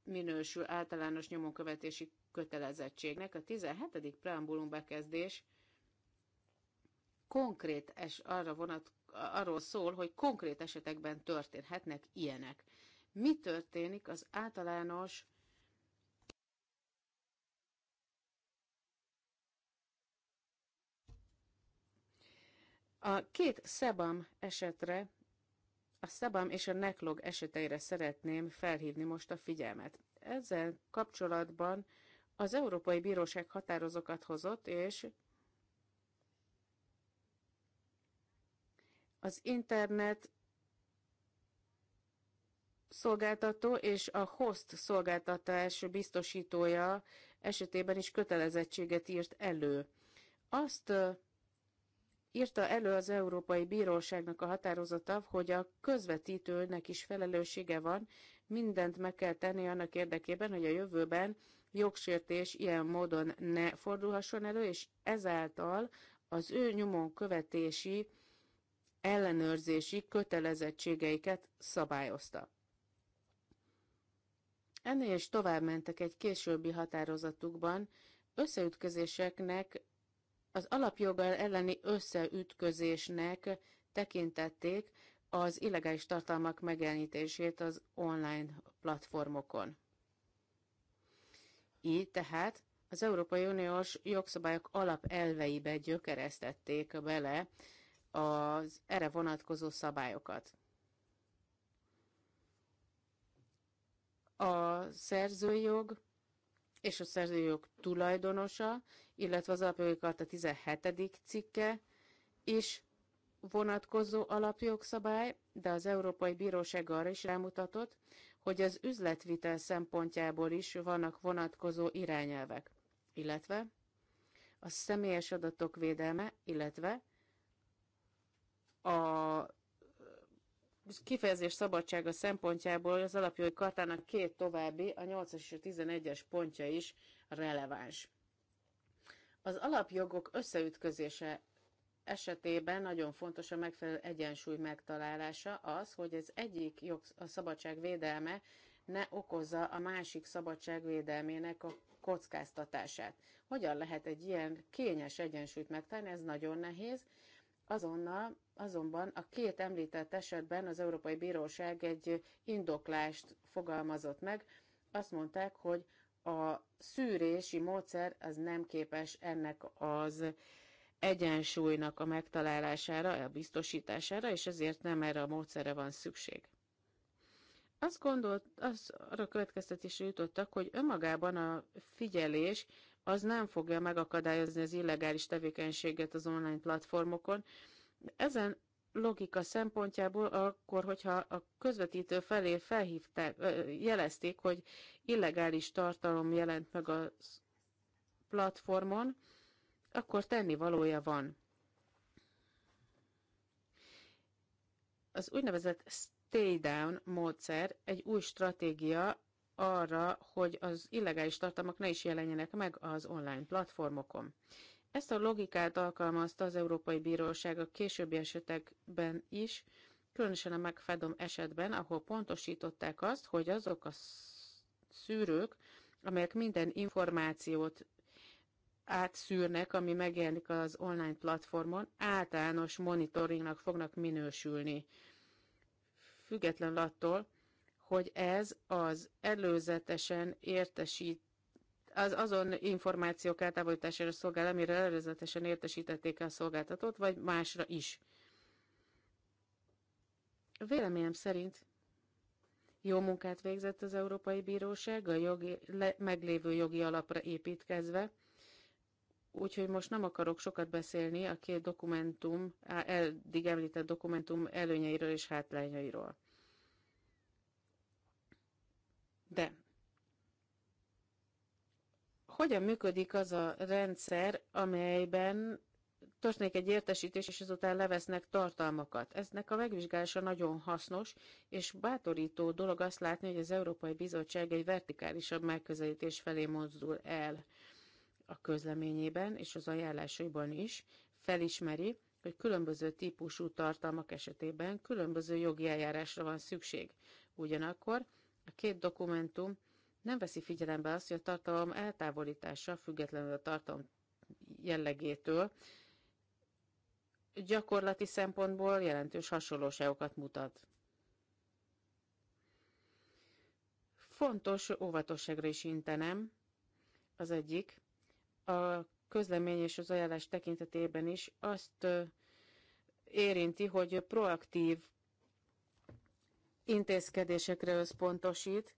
minősül általános nyomonkövetési kötelezettségnek. A 17. preambulum bekezdés konkrét es, arra vonat, arról szól, hogy konkrét esetekben történhetnek ilyenek. Mi történik az általános A két szebam esetre a szabam és a neklog eseteire szeretném felhívni most a figyelmet. Ezzel kapcsolatban az Európai Bíróság határozokat hozott, és az internet szolgáltató és a host szolgáltatás biztosítója esetében is kötelezettséget írt elő. Azt írta elő az Európai Bíróságnak a határozata, hogy a közvetítőnek is felelőssége van, mindent meg kell tenni annak érdekében, hogy a jövőben jogsértés ilyen módon ne fordulhasson elő, és ezáltal az ő nyomon követési ellenőrzési kötelezettségeiket szabályozta. Ennél is tovább mentek egy későbbi határozatukban, összeütközéseknek az alapjogal elleni összeütközésnek tekintették az illegális tartalmak megjelenítését az online platformokon. Így tehát az Európai Uniós jogszabályok alapelveibe gyökeresztették bele az erre vonatkozó szabályokat. A szerzőjog és a szerzőjog tulajdonosa illetve az alapjogi karta 17. cikke is vonatkozó alapjogszabály, de az Európai Bíróság arra is rámutatott, hogy az üzletvitel szempontjából is vannak vonatkozó irányelvek, illetve a személyes adatok védelme, illetve a kifejezés szabadsága szempontjából az alapjogi kartának két további, a 8-as és a 11-es pontja is releváns. Az alapjogok összeütközése esetében nagyon fontos a megfelelő egyensúly megtalálása az, hogy az egyik jog, a szabadság védelme ne okozza a másik szabadság védelmének a kockáztatását. Hogyan lehet egy ilyen kényes egyensúlyt megtalálni, ez nagyon nehéz. Azonnal, azonban a két említett esetben az Európai Bíróság egy indoklást fogalmazott meg. Azt mondták, hogy a szűrési módszer az nem képes ennek az egyensúlynak a megtalálására, a biztosítására, és ezért nem erre a módszerre van szükség. Azt gondolt, az arra következtetésre jutottak, hogy önmagában a figyelés az nem fogja megakadályozni az illegális tevékenységet az online platformokon. Ezen logika szempontjából akkor, hogyha a közvetítő felé felhívták, jelezték, hogy illegális tartalom jelent meg a platformon, akkor tenni valója van. Az úgynevezett stay down módszer egy új stratégia arra, hogy az illegális tartalmak ne is jelenjenek meg az online platformokon. Ezt a logikát alkalmazta az Európai Bíróság a későbbi esetekben is, különösen a megfedom esetben, ahol pontosították azt, hogy azok a szűrők, amelyek minden információt átszűrnek, ami megjelenik az online platformon, általános monitoringnak fognak minősülni. Függetlenül attól, hogy ez az előzetesen értesít az azon információk eltávolítására szolgál, amire előzetesen értesítették el a szolgáltatót, vagy másra is. Véleményem szerint jó munkát végzett az Európai Bíróság, a jogi, le, meglévő jogi alapra építkezve, úgyhogy most nem akarok sokat beszélni a két dokumentum, eddig említett dokumentum előnyeiről és hátrányairól. De hogyan működik az a rendszer, amelyben törzsnék egy értesítés, és azután levesznek tartalmakat. Eznek a megvizsgálása nagyon hasznos, és bátorító dolog azt látni, hogy az Európai Bizottság egy vertikálisabb megközelítés felé mozdul el a közleményében, és az ajánlásaiban is felismeri, hogy különböző típusú tartalmak esetében különböző jogi eljárásra van szükség. Ugyanakkor a két dokumentum nem veszi figyelembe azt, hogy a tartalom eltávolítása, függetlenül a tartalom jellegétől, gyakorlati szempontból jelentős hasonlóságokat mutat. Fontos óvatosságra is intenem, az egyik. A közlemény és az ajánlás tekintetében is azt érinti, hogy proaktív intézkedésekre összpontosít,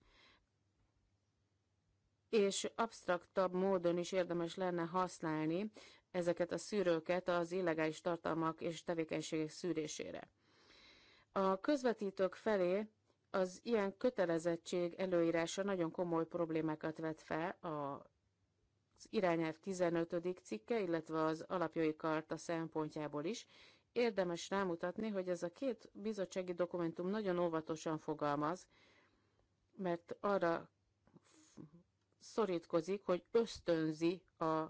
és absztraktabb módon is érdemes lenne használni ezeket a szűrőket az illegális tartalmak és tevékenységek szűrésére. A közvetítők felé az ilyen kötelezettség előírása nagyon komoly problémákat vet fel a az irányelv 15. cikke, illetve az alapjai karta szempontjából is. Érdemes rámutatni, hogy ez a két bizottsági dokumentum nagyon óvatosan fogalmaz, mert arra szorítkozik, hogy ösztönzi a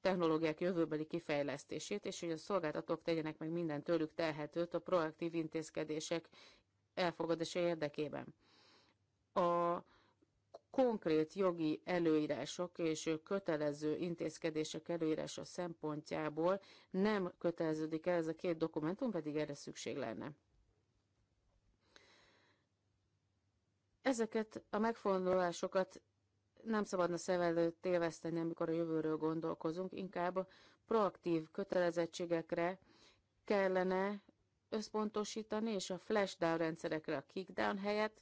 technológiák jövőbeli kifejlesztését, és hogy a szolgáltatók tegyenek meg minden tőlük telhetőt a proaktív intézkedések elfogadása érdekében. A konkrét jogi előírások és kötelező intézkedések előírása szempontjából nem köteleződik el ez a két dokumentum, pedig erre szükség lenne. Ezeket a megfondolásokat nem szabadna szem előtt élveszteni, amikor a jövőről gondolkozunk, inkább proaktív kötelezettségekre kellene összpontosítani, és a flashdown rendszerekre a kickdown helyett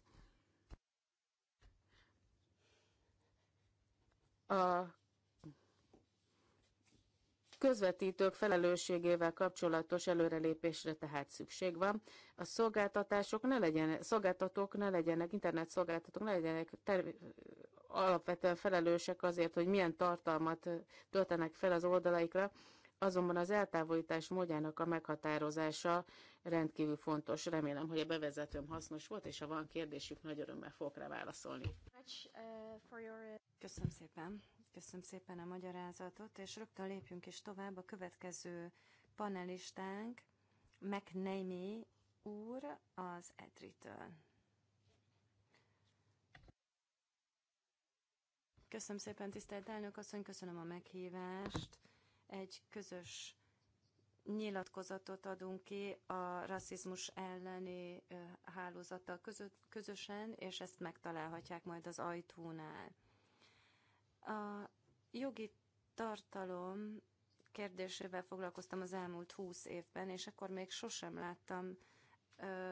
a közvetítők felelősségével kapcsolatos előrelépésre tehát szükség van. A szolgáltatások ne legyenek, szolgáltatók ne legyenek, internet szolgáltatók ne legyenek ter- alapvetően felelősek azért, hogy milyen tartalmat töltenek fel az oldalaikra, azonban az eltávolítás módjának a meghatározása rendkívül fontos. Remélem, hogy a bevezetőm hasznos volt, és ha van kérdésük, nagy örömmel fogok rá válaszolni. Köszönöm szépen. Köszönöm szépen a magyarázatot, és rögtön lépjünk is tovább. A következő panelistánk McNamee úr az Edritől. Köszönöm szépen, tisztelt elnök asszony, köszönöm a meghívást. Egy közös nyilatkozatot adunk ki a rasszizmus elleni hálózattal közösen, és ezt megtalálhatják majd az ajtónál. A jogi tartalom kérdésével foglalkoztam az elmúlt húsz évben, és akkor még sosem láttam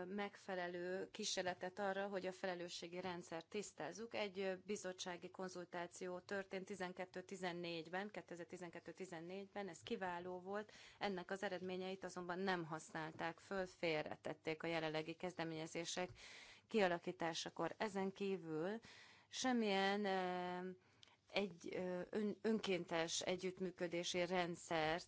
megfelelő kísérletet arra, hogy a felelősségi rendszert tisztázzuk. Egy bizottsági konzultáció történt 12-14-ben, 2012-14-ben, ez kiváló volt, ennek az eredményeit azonban nem használták föl, félretették a jelenlegi kezdeményezések kialakításakor. Ezen kívül semmilyen egy önkéntes együttműködési rendszert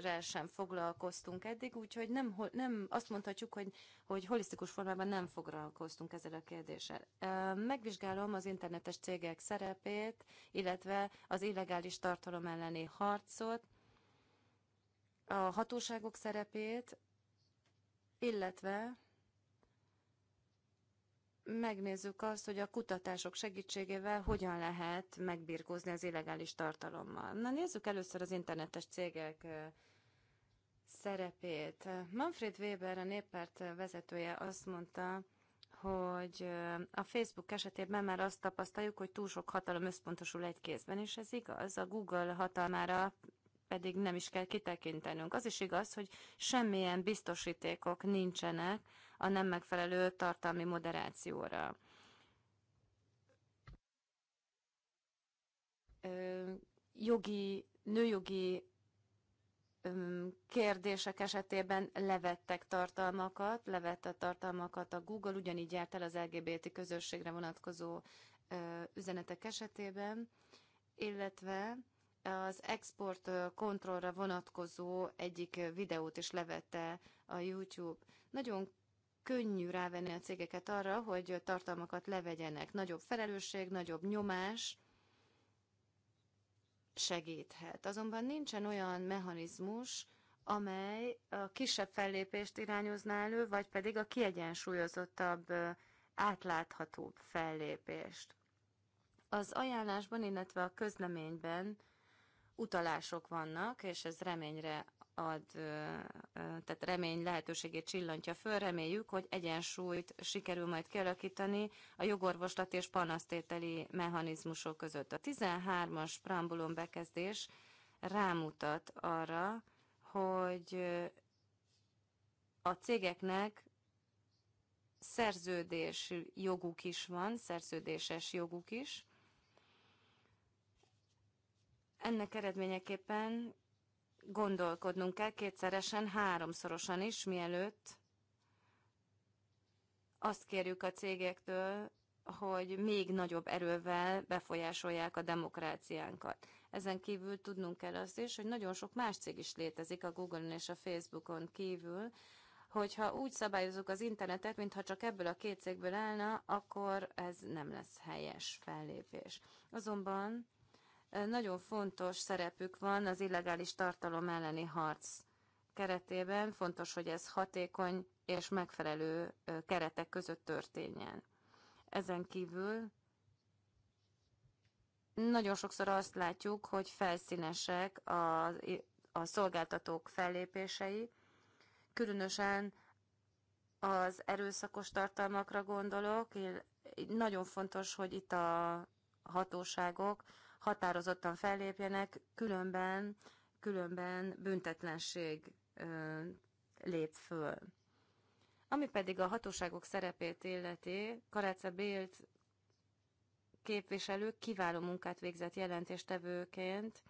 rá sem foglalkoztunk eddig, úgyhogy nem, nem azt mondhatjuk, hogy, hogy holisztikus formában nem foglalkoztunk ezzel a kérdéssel. Megvizsgálom az internetes cégek szerepét, illetve az illegális tartalom elleni harcot, a hatóságok szerepét, illetve megnézzük azt, hogy a kutatások segítségével hogyan lehet megbirkózni az illegális tartalommal. Na nézzük először az internetes cégek szerepét. Manfred Weber, a néppárt vezetője azt mondta, hogy a Facebook esetében már azt tapasztaljuk, hogy túl sok hatalom összpontosul egy kézben, és ez igaz. A Google hatalmára pedig nem is kell kitekintenünk. Az is igaz, hogy semmilyen biztosítékok nincsenek a nem megfelelő tartalmi moderációra. Ö, jogi, nőjogi kérdések esetében levettek tartalmakat, levette tartalmakat a Google, ugyanígy járt el az LGBT közösségre vonatkozó üzenetek esetében, illetve az export kontrollra vonatkozó egyik videót is levette a YouTube. Nagyon könnyű rávenni a cégeket arra, hogy tartalmakat levegyenek. Nagyobb felelősség, nagyobb nyomás, segíthet. Azonban nincsen olyan mechanizmus, amely a kisebb fellépést irányozná elő, vagy pedig a kiegyensúlyozottabb, átláthatóbb fellépést. Az ajánlásban, illetve a közleményben utalások vannak, és ez reményre ad, tehát remény lehetőségét csillantja föl, reméljük, hogy egyensúlyt sikerül majd kialakítani a jogorvoslat és panasztételi mechanizmusok között. A 13-as prambulum bekezdés rámutat arra, hogy a cégeknek szerződés joguk is van, szerződéses joguk is. Ennek eredményeképpen gondolkodnunk kell kétszeresen, háromszorosan is, mielőtt azt kérjük a cégektől, hogy még nagyobb erővel befolyásolják a demokráciánkat. Ezen kívül tudnunk kell azt is, hogy nagyon sok más cég is létezik a Google-on és a Facebookon kívül, hogyha úgy szabályozunk az internetet, mintha csak ebből a két cégből állna, akkor ez nem lesz helyes fellépés. Azonban nagyon fontos szerepük van az illegális tartalom elleni harc keretében. Fontos, hogy ez hatékony és megfelelő keretek között történjen. Ezen kívül nagyon sokszor azt látjuk, hogy felszínesek a, a szolgáltatók fellépései, különösen az erőszakos tartalmakra gondolok. Nagyon fontos, hogy itt a hatóságok határozottan fellépjenek, különben, különben büntetlenség lép föl. Ami pedig a hatóságok szerepét illeti, Karáca Bélt képviselők kiváló munkát végzett jelentéstevőként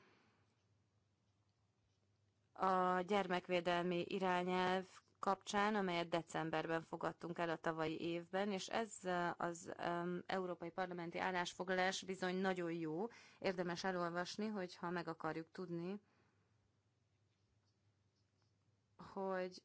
a gyermekvédelmi irányelv kapcsán, amelyet decemberben fogadtunk el a tavalyi évben, és ez az Európai Parlamenti állásfoglalás bizony nagyon jó, érdemes elolvasni, hogyha meg akarjuk tudni, hogy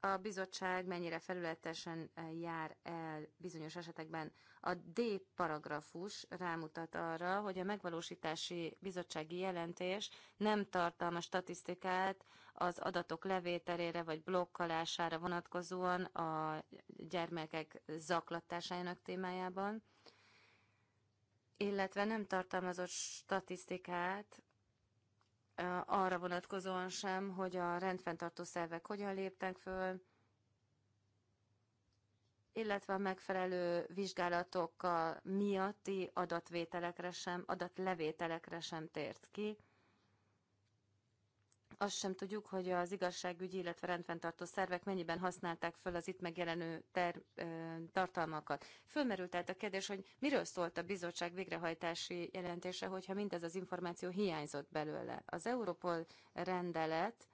a bizottság mennyire felületesen eh, jár el bizonyos esetekben. A D paragrafus rámutat arra, hogy a megvalósítási bizottsági jelentés nem tartalmaz statisztikát az adatok levételére vagy blokkolására vonatkozóan a gyermekek zaklatásának témájában, illetve nem tartalmazott statisztikát arra vonatkozóan sem, hogy a rendfenntartó szervek hogyan léptek föl, illetve a megfelelő vizsgálatok miatti adatvételekre sem, adatlevételekre sem tért ki. Azt sem tudjuk, hogy az igazságügyi, illetve rendfenntartó szervek mennyiben használták föl az itt megjelenő ter, tartalmakat. Fölmerült tehát a kérdés, hogy miről szólt a bizottság végrehajtási jelentése, hogyha mindez az információ hiányzott belőle. Az Europol rendelet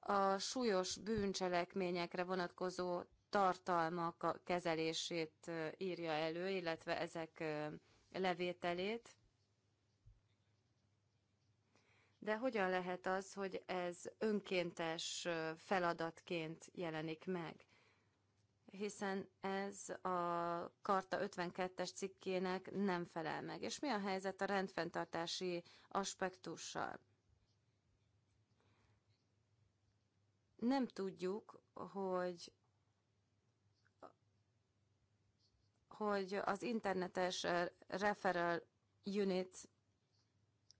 a súlyos bűncselekményekre vonatkozó tartalmak kezelését írja elő, illetve ezek levételét. De hogyan lehet az, hogy ez önkéntes feladatként jelenik meg? hiszen ez a Karta 52-es cikkének nem felel meg. És mi a helyzet a rendfenntartási aspektussal? Nem tudjuk, hogy hogy az internetes referral unit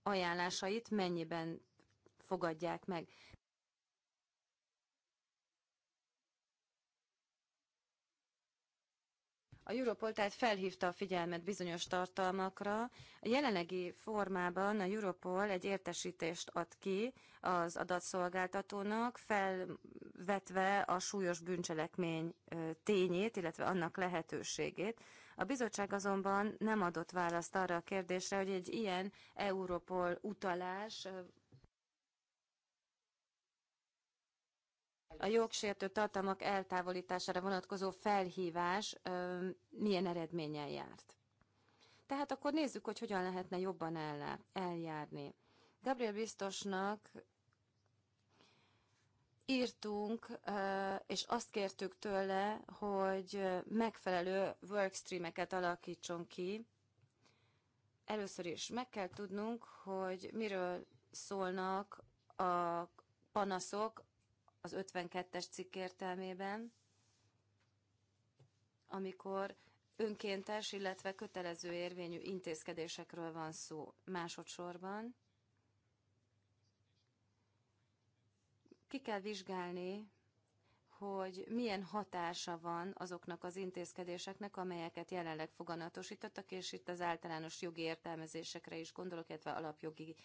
ajánlásait mennyiben fogadják meg. A Europol tehát felhívta a figyelmet bizonyos tartalmakra. A jelenlegi formában a Europol egy értesítést ad ki az adatszolgáltatónak, felvetve a súlyos bűncselekmény tényét, illetve annak lehetőségét. A bizottság azonban nem adott választ arra a kérdésre, hogy egy ilyen Europol utalás a jogsértő tartalmak eltávolítására vonatkozó felhívás milyen eredménnyel járt. Tehát akkor nézzük, hogy hogyan lehetne jobban el, eljárni. Gabriel biztosnak írtunk, és azt kértük tőle, hogy megfelelő workstreameket alakítson ki. Először is meg kell tudnunk, hogy miről szólnak a panaszok az 52-es cikk értelmében, amikor önkéntes, illetve kötelező érvényű intézkedésekről van szó másodszorban. Ki kell vizsgálni, hogy milyen hatása van azoknak az intézkedéseknek, amelyeket jelenleg foganatosítottak, és itt az általános jogi értelmezésekre is gondolok, illetve alapjogi,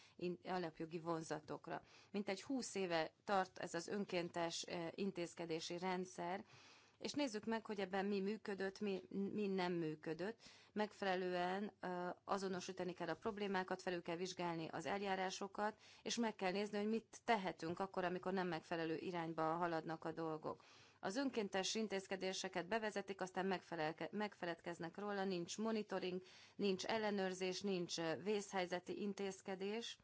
alapjogi vonzatokra. Mintegy 20 éve tart ez az önkéntes eh, intézkedési rendszer, és nézzük meg, hogy ebben mi működött, mi, mi nem működött. Megfelelően azonosítani kell a problémákat, felül kell vizsgálni az eljárásokat, és meg kell nézni, hogy mit tehetünk akkor, amikor nem megfelelő irányba haladnak a dolgok. Az önkéntes intézkedéseket bevezetik, aztán megfeledkeznek róla, nincs monitoring, nincs ellenőrzés, nincs vészhelyzeti intézkedés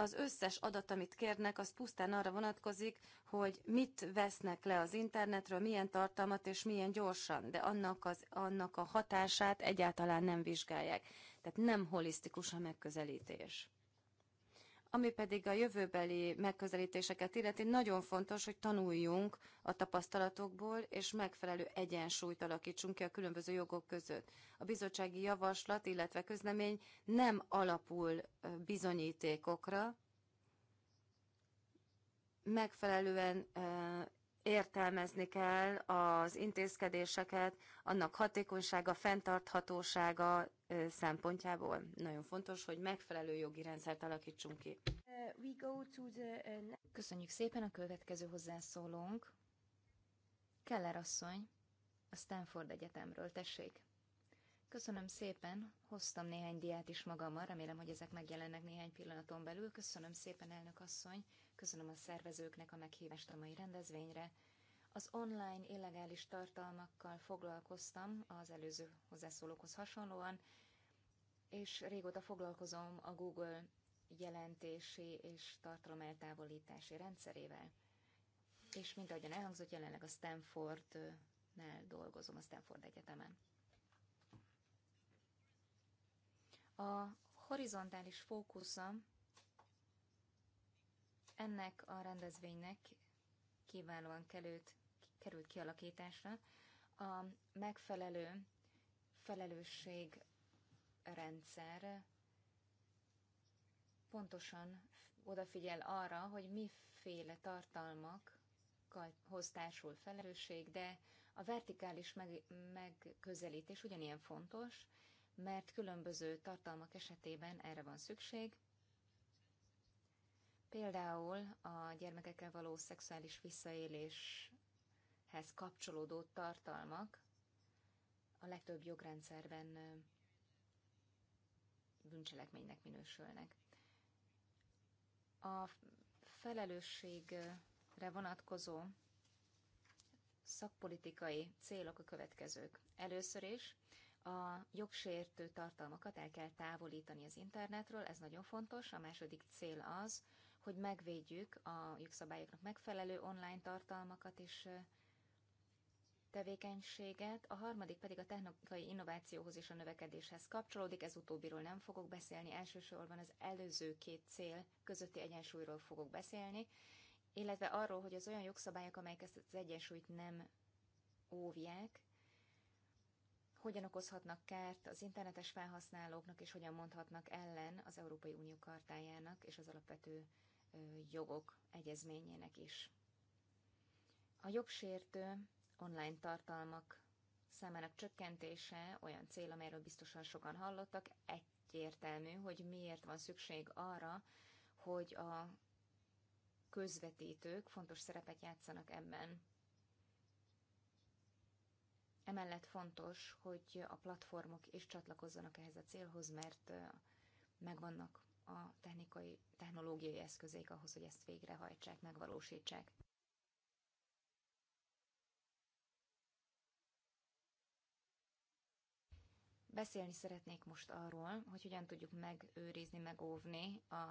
az összes adat, amit kérnek, az pusztán arra vonatkozik, hogy mit vesznek le az internetről, milyen tartalmat és milyen gyorsan, de annak, az, annak a hatását egyáltalán nem vizsgálják. Tehát nem holisztikus a megközelítés. Ami pedig a jövőbeli megközelítéseket illeti, nagyon fontos, hogy tanuljunk a tapasztalatokból, és megfelelő egyensúlyt alakítsunk ki a különböző jogok között. A bizottsági javaslat, illetve közlemény nem alapul bizonyítékokra, megfelelően értelmezni kell az intézkedéseket, annak hatékonysága, fenntarthatósága szempontjából nagyon fontos, hogy megfelelő jogi rendszert alakítsunk ki. Uh, uh, Köszönjük szépen a következő hozzászólónk. Keller asszony, a Stanford Egyetemről, tessék. Köszönöm szépen, hoztam néhány diát is magammal, remélem, hogy ezek megjelennek néhány pillanaton belül. Köszönöm szépen, elnök asszony, köszönöm a szervezőknek a meghívást a mai rendezvényre, az online illegális tartalmakkal foglalkoztam az előző hozzászólókhoz hasonlóan, és régóta foglalkozom a Google jelentési és tartalomeltávolítási rendszerével. És mint ahogyan elhangzott, jelenleg a Stanfordnál dolgozom, a Stanford Egyetemen. A horizontális fókuszom ennek a rendezvénynek kiválóan kelőtt került kialakításra, a megfelelő felelősségrendszer pontosan odafigyel arra, hogy miféle tartalmak társul felelősség, de a vertikális meg, megközelítés ugyanilyen fontos, mert különböző tartalmak esetében erre van szükség. Például a gyermekekkel való szexuális visszaélés hez kapcsolódó tartalmak a legtöbb jogrendszerben bűncselekménynek minősülnek. A felelősségre vonatkozó szakpolitikai célok a következők. Először is a jogsértő tartalmakat el kell távolítani az internetről, ez nagyon fontos. A második cél az, hogy megvédjük a jogszabályoknak megfelelő online tartalmakat, és tevékenységet, a harmadik pedig a technikai innovációhoz és a növekedéshez kapcsolódik, ez utóbbiról nem fogok beszélni, elsősorban az előző két cél közötti egyensúlyról fogok beszélni, illetve arról, hogy az olyan jogszabályok, amelyek ezt az egyensúlyt nem óvják, hogyan okozhatnak kárt az internetes felhasználóknak, és hogyan mondhatnak ellen az Európai Unió kartájának és az alapvető jogok egyezményének is. A jogsértő online tartalmak számának csökkentése olyan cél, amelyről biztosan sokan hallottak. Egyértelmű, hogy miért van szükség arra, hogy a közvetítők fontos szerepet játszanak ebben. Emellett fontos, hogy a platformok is csatlakozzanak ehhez a célhoz, mert megvannak a technikai, technológiai eszközék ahhoz, hogy ezt végrehajtsák, megvalósítsák. Beszélni szeretnék most arról, hogy hogyan tudjuk megőrizni, megóvni a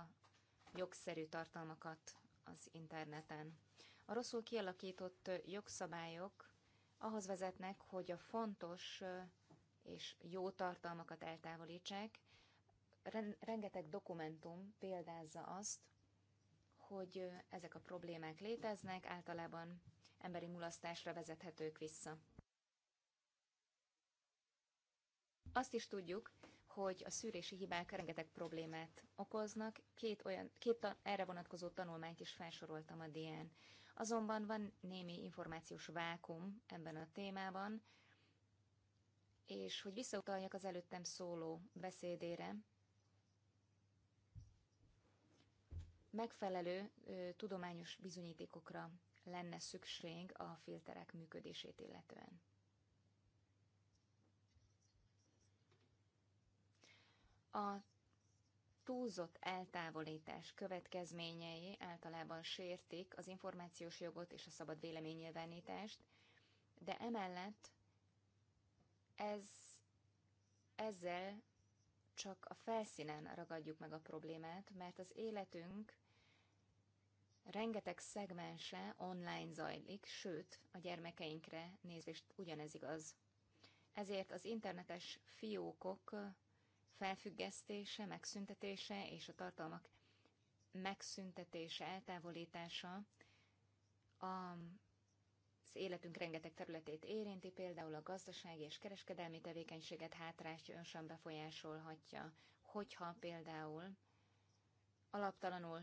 jogszerű tartalmakat az interneten. A rosszul kialakított jogszabályok ahhoz vezetnek, hogy a fontos és jó tartalmakat eltávolítsák. Rengeteg dokumentum példázza azt, hogy ezek a problémák léteznek, általában emberi mulasztásra vezethetők vissza. Azt is tudjuk, hogy a szűrési hibák rengeteg problémát okoznak, két, olyan, két erre vonatkozó tanulmányt is felsoroltam a dián. Azonban van némi információs vákum ebben a témában, és hogy visszautaljak az előttem szóló beszédére, megfelelő ö, tudományos bizonyítékokra lenne szükség a filterek működését illetően. A túlzott eltávolítás következményei általában sértik az információs jogot és a szabad véleménynyilvánítást, de emellett ez, ezzel csak a felszínen ragadjuk meg a problémát, mert az életünk rengeteg szegmense online zajlik, sőt, a gyermekeinkre nézést ugyanez igaz. Ezért az internetes fiókok felfüggesztése, megszüntetése és a tartalmak megszüntetése, eltávolítása az életünk rengeteg területét érinti, például a gazdasági és kereskedelmi tevékenységet hátrányosan befolyásolhatja, hogyha például alaptalanul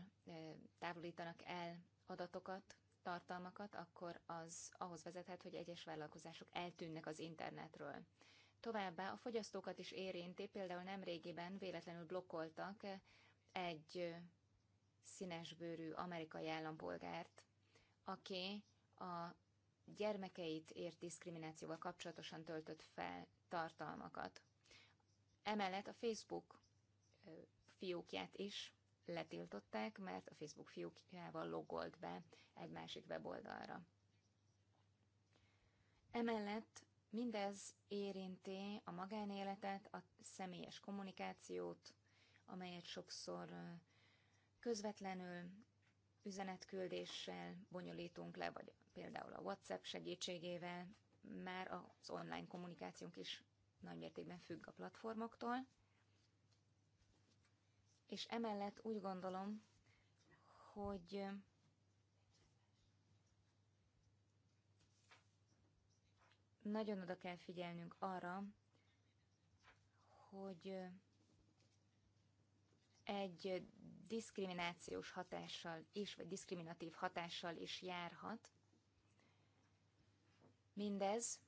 távolítanak el adatokat, tartalmakat, akkor az ahhoz vezethet, hogy egyes vállalkozások eltűnnek az internetről. Továbbá a fogyasztókat is érinti, például nemrégiben véletlenül blokkoltak egy színesbőrű amerikai állampolgárt, aki a gyermekeit ért diszkriminációval kapcsolatosan töltött fel tartalmakat. Emellett a Facebook fiókját is letiltották, mert a Facebook fiókjával logolt be egy másik weboldalra. Emellett Mindez érinti a magánéletet, a személyes kommunikációt, amelyet sokszor közvetlenül üzenetküldéssel bonyolítunk le, vagy például a WhatsApp segítségével, már az online kommunikációnk is nagymértékben függ a platformoktól. És emellett úgy gondolom, hogy nagyon oda kell figyelnünk arra, hogy egy diszkriminációs hatással is, vagy diszkriminatív hatással is járhat. Mindez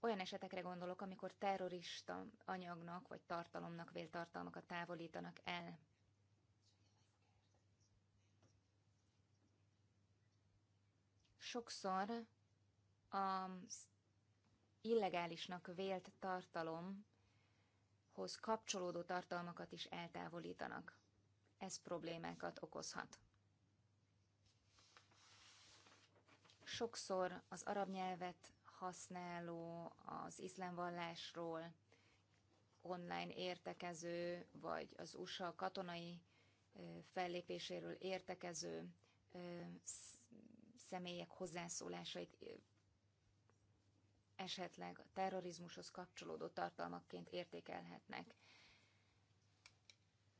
olyan esetekre gondolok, amikor terrorista anyagnak vagy tartalomnak vélt tartalmakat távolítanak el sokszor az illegálisnak vélt tartalomhoz kapcsolódó tartalmakat is eltávolítanak. Ez problémákat okozhat. Sokszor az arab nyelvet használó, az iszlámvallásról online értekező, vagy az USA katonai fellépéséről értekező személyek hozzászólásait esetleg a terrorizmushoz kapcsolódó tartalmakként értékelhetnek.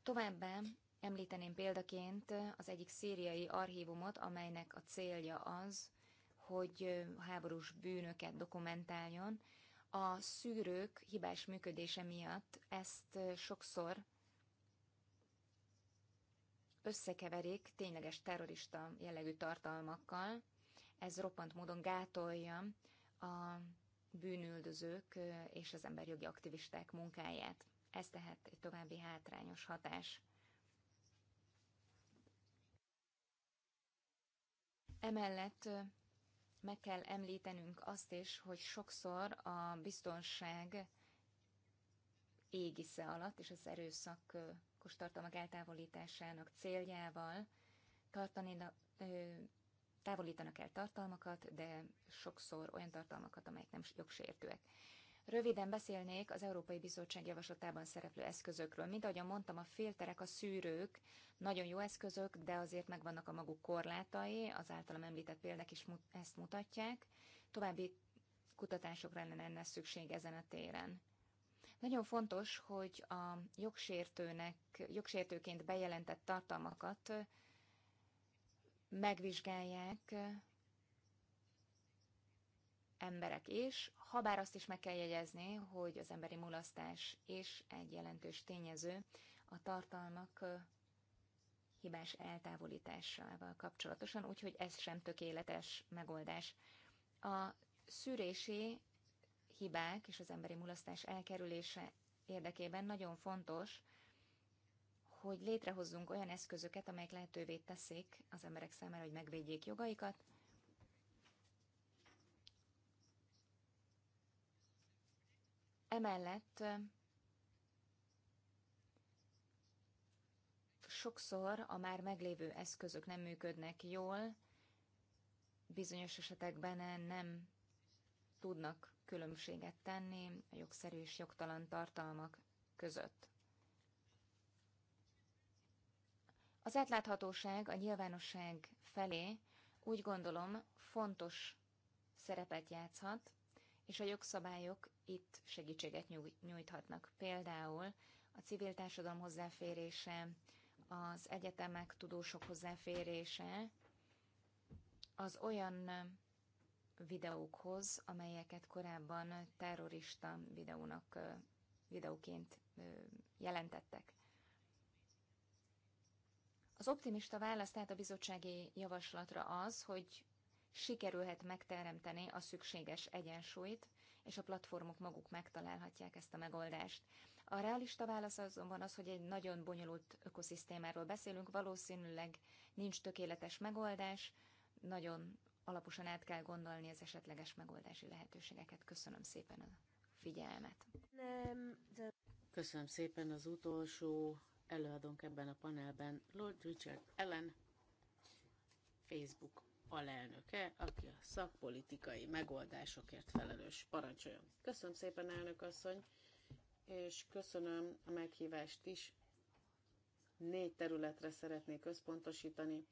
Továbbá említeném példaként az egyik szíriai archívumot, amelynek a célja az, hogy háborús bűnöket dokumentáljon. A szűrők hibás működése miatt ezt sokszor összekeverik tényleges terrorista jellegű tartalmakkal. Ez roppant módon gátolja a bűnüldözők és az emberjogi aktivisták munkáját. Ez tehát egy további hátrányos hatás. Emellett meg kell említenünk azt is, hogy sokszor a biztonság égisze alatt és az erőszak lakos tartalmak eltávolításának céljával tartani, távolítanak el tartalmakat, de sokszor olyan tartalmakat, amelyek nem jogsértőek. Röviden beszélnék az Európai Bizottság javaslatában szereplő eszközökről. Mint ahogyan mondtam, a filterek, a szűrők nagyon jó eszközök, de azért megvannak a maguk korlátai, az általam említett példák is ezt mutatják. További kutatásokra lenne szükség ezen a téren. Nagyon fontos, hogy a jogsértőnek, jogsértőként bejelentett tartalmakat megvizsgálják emberek is, habár azt is meg kell jegyezni, hogy az emberi mulasztás is egy jelentős tényező a tartalmak hibás eltávolításával kapcsolatosan, úgyhogy ez sem tökéletes megoldás. A szűrési hibák és az emberi mulasztás elkerülése érdekében nagyon fontos, hogy létrehozzunk olyan eszközöket, amelyek lehetővé teszik az emberek számára, hogy megvédjék jogaikat. Emellett sokszor a már meglévő eszközök nem működnek jól, bizonyos esetekben nem tudnak különbséget tenni a jogszerű és jogtalan tartalmak között. Az átláthatóság a nyilvánosság felé úgy gondolom fontos szerepet játszhat, és a jogszabályok itt segítséget nyújthatnak. Például a civil társadalom hozzáférése, az egyetemek, tudósok hozzáférése, az olyan videókhoz, amelyeket korábban terrorista videónak, videóként jelentettek. Az optimista válasz tehát a bizottsági javaslatra az, hogy sikerülhet megteremteni a szükséges egyensúlyt, és a platformok maguk megtalálhatják ezt a megoldást. A realista válasz azonban az, hogy egy nagyon bonyolult ökoszisztémáról beszélünk, valószínűleg nincs tökéletes megoldás, nagyon alaposan át kell gondolni az esetleges megoldási lehetőségeket. Köszönöm szépen a figyelmet. Nem, de... Köszönöm szépen az utolsó előadónk ebben a panelben, Lord Richard Ellen, Facebook alelnöke, aki a szakpolitikai megoldásokért felelős. Parancsoljon! Köszönöm szépen, elnök asszony, és köszönöm a meghívást is. Négy területre szeretnék összpontosítani.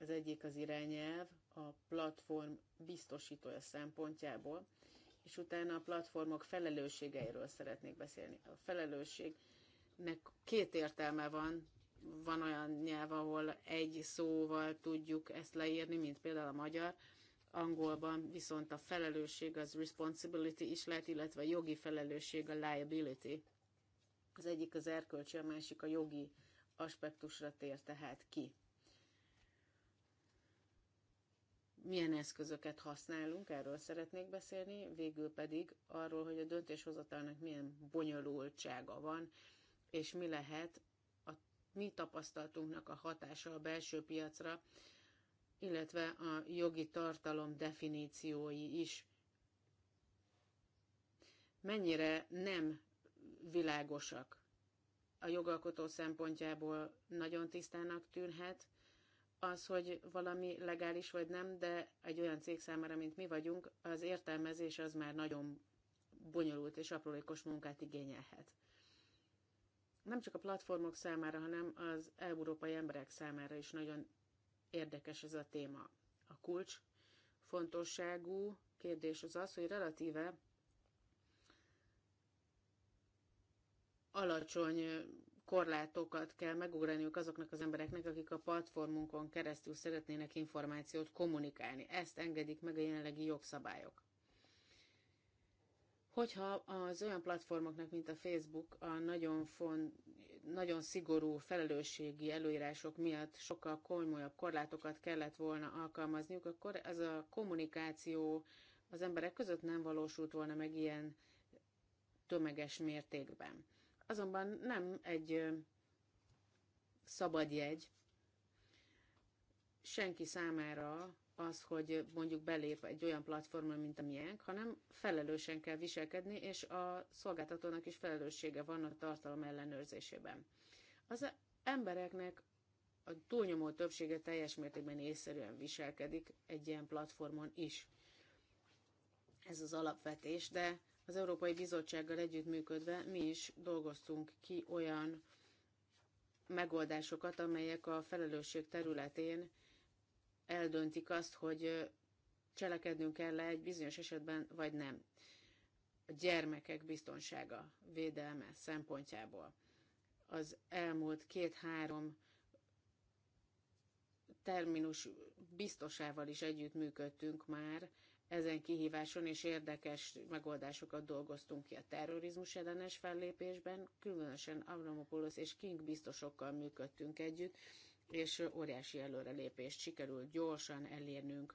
Az egyik az irányelv a platform biztosítója szempontjából, és utána a platformok felelősségeiről szeretnék beszélni. A felelősségnek két értelme van, van olyan nyelv, ahol egy szóval tudjuk ezt leírni, mint például a magyar, angolban viszont a felelősség az responsibility is lehet, illetve a jogi felelősség a liability. Az egyik az erkölcsi, a másik a jogi aspektusra tér tehát ki. milyen eszközöket használunk, erről szeretnék beszélni, végül pedig arról, hogy a döntéshozatalnak milyen bonyolultsága van, és mi lehet a mi tapasztalatunknak a hatása a belső piacra, illetve a jogi tartalom definíciói is. Mennyire nem világosak. A jogalkotó szempontjából nagyon tisztának tűnhet, az, hogy valami legális vagy nem, de egy olyan cég számára, mint mi vagyunk, az értelmezés az már nagyon bonyolult és aprólékos munkát igényelhet. Nem csak a platformok számára, hanem az európai emberek számára is nagyon érdekes ez a téma. A kulcs fontosságú kérdés az az, hogy relatíve alacsony korlátokat kell megugraniuk azoknak az embereknek, akik a platformunkon keresztül szeretnének információt kommunikálni. Ezt engedik meg a jelenlegi jogszabályok. Hogyha az olyan platformoknak, mint a Facebook, a nagyon, font, nagyon szigorú felelősségi előírások miatt sokkal komolyabb korlátokat kellett volna alkalmazniuk, akkor ez a kommunikáció az emberek között nem valósult volna meg ilyen tömeges mértékben azonban nem egy szabad jegy senki számára az, hogy mondjuk belép egy olyan platformon, mint a miénk, hanem felelősen kell viselkedni, és a szolgáltatónak is felelőssége van a tartalom ellenőrzésében. Az embereknek a túlnyomó többsége teljes mértékben észszerűen viselkedik egy ilyen platformon is. Ez az alapvetés, de az Európai Bizottsággal együttműködve mi is dolgoztunk ki olyan megoldásokat, amelyek a felelősség területén eldöntik azt, hogy cselekednünk kell -e egy bizonyos esetben, vagy nem. A gyermekek biztonsága, védelme szempontjából. Az elmúlt két-három terminus biztosával is együttműködtünk már, ezen kihíváson és érdekes megoldásokat dolgoztunk ki a terrorizmus ellenes fellépésben, különösen Avramopoulos és King biztosokkal működtünk együtt, és óriási előrelépést sikerült gyorsan elérnünk.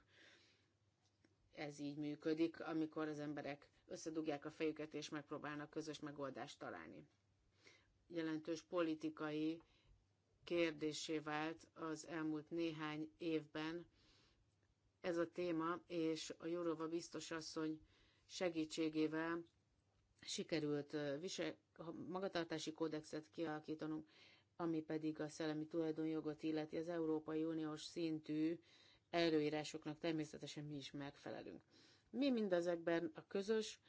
Ez így működik, amikor az emberek összedugják a fejüket és megpróbálnak közös megoldást találni. Jelentős politikai kérdésé vált az elmúlt néhány évben ez a téma, és a Jurova biztos asszony segítségével sikerült visel, magatartási kódexet kialakítanunk, ami pedig a szellemi tulajdonjogot illeti az Európai Uniós szintű előírásoknak természetesen mi is megfelelünk. Mi mindezekben a közös,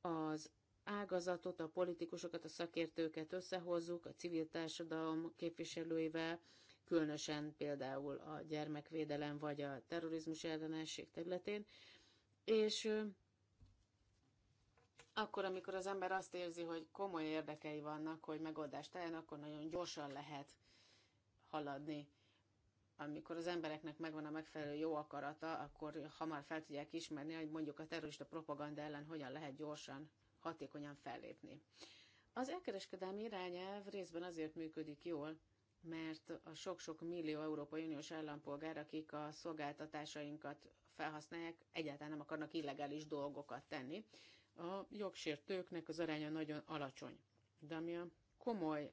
az ágazatot, a politikusokat, a szakértőket összehozzuk, a civil társadalom képviselőivel, különösen például a gyermekvédelem vagy a terrorizmus ellenesség területén, és akkor, amikor az ember azt érzi, hogy komoly érdekei vannak, hogy megoldást találjon, akkor nagyon gyorsan lehet haladni. Amikor az embereknek megvan a megfelelő jó akarata, akkor hamar fel tudják ismerni, hogy mondjuk a terrorista propaganda ellen hogyan lehet gyorsan, hatékonyan fellépni. Az elkereskedelmi irányelv részben azért működik jól, mert a sok-sok millió Európai Uniós állampolgár, akik a szolgáltatásainkat felhasználják, egyáltalán nem akarnak illegális dolgokat tenni. A jogsértőknek az aránya nagyon alacsony. De ami a komoly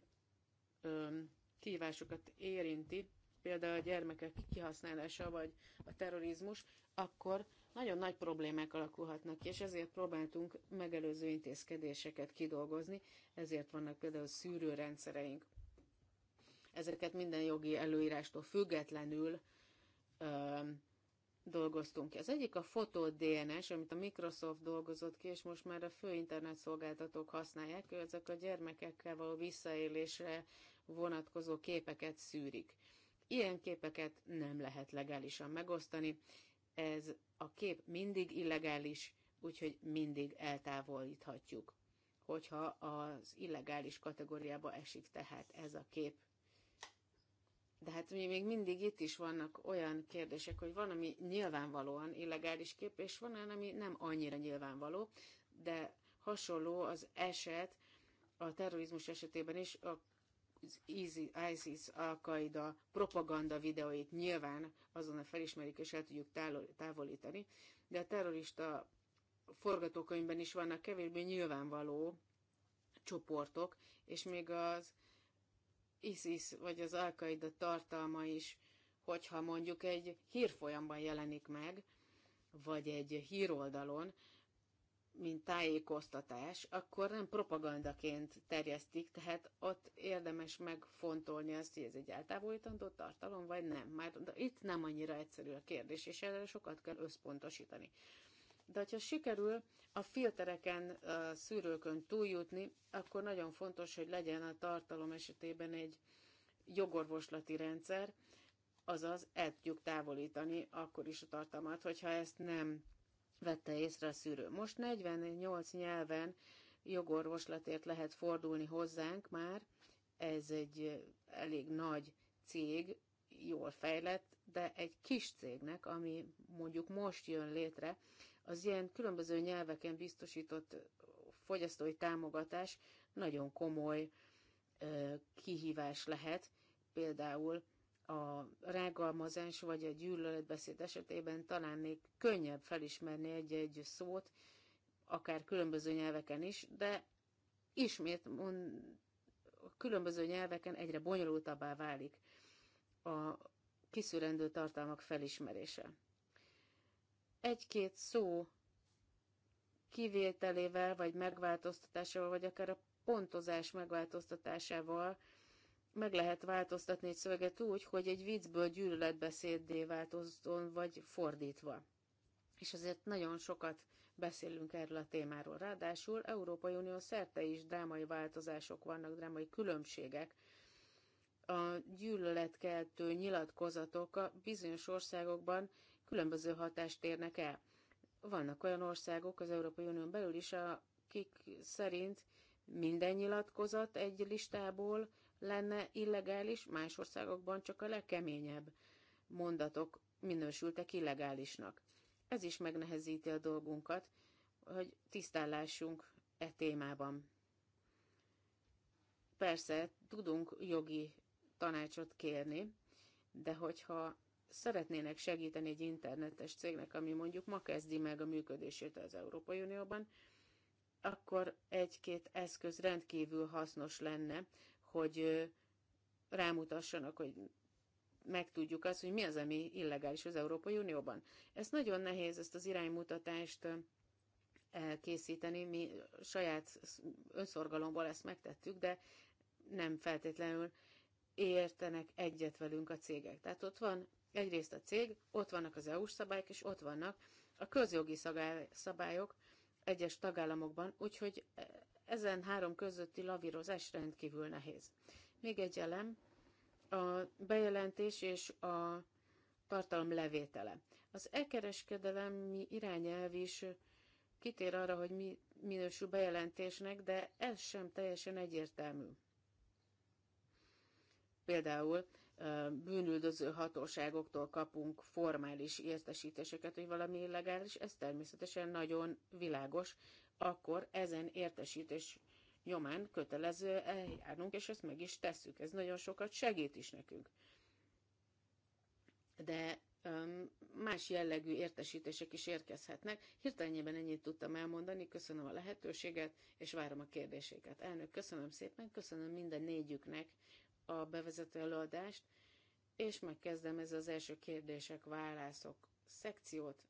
ö, kívásokat érinti, például a gyermekek kihasználása vagy a terrorizmus, akkor nagyon nagy problémák alakulhatnak ki, és ezért próbáltunk megelőző intézkedéseket kidolgozni, ezért vannak például szűrőrendszereink. Ezeket minden jogi előírástól függetlenül ö, dolgoztunk ki. Az egyik a fotó DNS, amit a Microsoft dolgozott ki, és most már a fő internetszolgáltatók használják, ezek a gyermekekkel való visszaélésre vonatkozó képeket szűrik. Ilyen képeket nem lehet legálisan megosztani, ez a kép mindig illegális, úgyhogy mindig eltávolíthatjuk, hogyha az illegális kategóriába esik tehát ez a kép. De hát mi még mindig itt is vannak olyan kérdések, hogy van, ami nyilvánvalóan illegális kép, és van olyan, ami nem annyira nyilvánvaló, de hasonló az eset a terrorizmus esetében is, a az ISIS, Al-Qaida propaganda videóit nyilván azonnal felismerik és el tudjuk távolítani, de a terrorista forgatókönyvben is vannak kevésbé nyilvánvaló csoportok, és még az ISIS vagy az Al-Qaida tartalma is, hogyha mondjuk egy hírfolyamban jelenik meg, vagy egy híroldalon, mint tájékoztatás, akkor nem propagandaként terjesztik, tehát ott érdemes megfontolni azt, hogy ez egy eltávolítandó tartalom, vagy nem. Már itt nem annyira egyszerű a kérdés, és erre sokat kell összpontosítani. De ha sikerül a filtereken, a szűrőkön túljutni, akkor nagyon fontos, hogy legyen a tartalom esetében egy jogorvoslati rendszer, azaz el tudjuk távolítani akkor is a tartalmat, hogyha ezt nem vette észre a szűrő. Most 48 nyelven jogorvoslatért lehet fordulni hozzánk már, ez egy elég nagy cég, jól fejlett, de egy kis cégnek, ami mondjuk most jön létre, az ilyen különböző nyelveken biztosított fogyasztói támogatás nagyon komoly kihívás lehet. Például a rágalmazás vagy a gyűlöletbeszéd esetében talán még könnyebb felismerni egy-egy szót, akár különböző nyelveken is, de ismét mond, a különböző nyelveken egyre bonyolultabbá válik a kiszűrendő tartalmak felismerése egy-két szó kivételével, vagy megváltoztatásával, vagy akár a pontozás megváltoztatásával meg lehet változtatni egy szöveget úgy, hogy egy viccből gyűlöletbeszéddé változzon, vagy fordítva. És azért nagyon sokat beszélünk erről a témáról. Ráadásul Európai Unió szerte is drámai változások vannak, drámai különbségek. A gyűlöletkeltő nyilatkozatok a bizonyos országokban különböző hatást érnek el. Vannak olyan országok az Európai Unión belül is, akik szerint minden nyilatkozat egy listából lenne illegális, más országokban csak a legkeményebb mondatok minősültek illegálisnak. Ez is megnehezíti a dolgunkat, hogy tisztállásunk e témában. Persze tudunk jogi tanácsot kérni, de hogyha szeretnének segíteni egy internetes cégnek, ami mondjuk ma kezdi meg a működését az Európai Unióban, akkor egy-két eszköz rendkívül hasznos lenne, hogy rámutassanak, hogy megtudjuk azt, hogy mi az, ami illegális az Európai Unióban. Ez nagyon nehéz, ezt az iránymutatást készíteni, mi saját önszorgalomból ezt megtettük, de nem feltétlenül értenek egyet velünk a cégek. Tehát ott van Egyrészt a cég, ott vannak az EU-s szabályok, és ott vannak a közjogi szabályok egyes tagállamokban, úgyhogy e, ezen három közötti lavírozás rendkívül nehéz. Még egy elem, a bejelentés és a tartalom levétele. Az e-kereskedelemi irányelv is kitér arra, hogy mi minősül bejelentésnek, de ez sem teljesen egyértelmű. Például bűnüldöző hatóságoktól kapunk formális értesítéseket, hogy valami illegális, ez természetesen nagyon világos, akkor ezen értesítés nyomán kötelező eljárnunk, és ezt meg is tesszük. Ez nagyon sokat segít is nekünk. De más jellegű értesítések is érkezhetnek. Hirtelenjében ennyit tudtam elmondani, köszönöm a lehetőséget, és várom a kérdéseket. Elnök, köszönöm szépen, köszönöm minden négyüknek a bevezető előadást, és megkezdem ez az első kérdések, válaszok szekciót.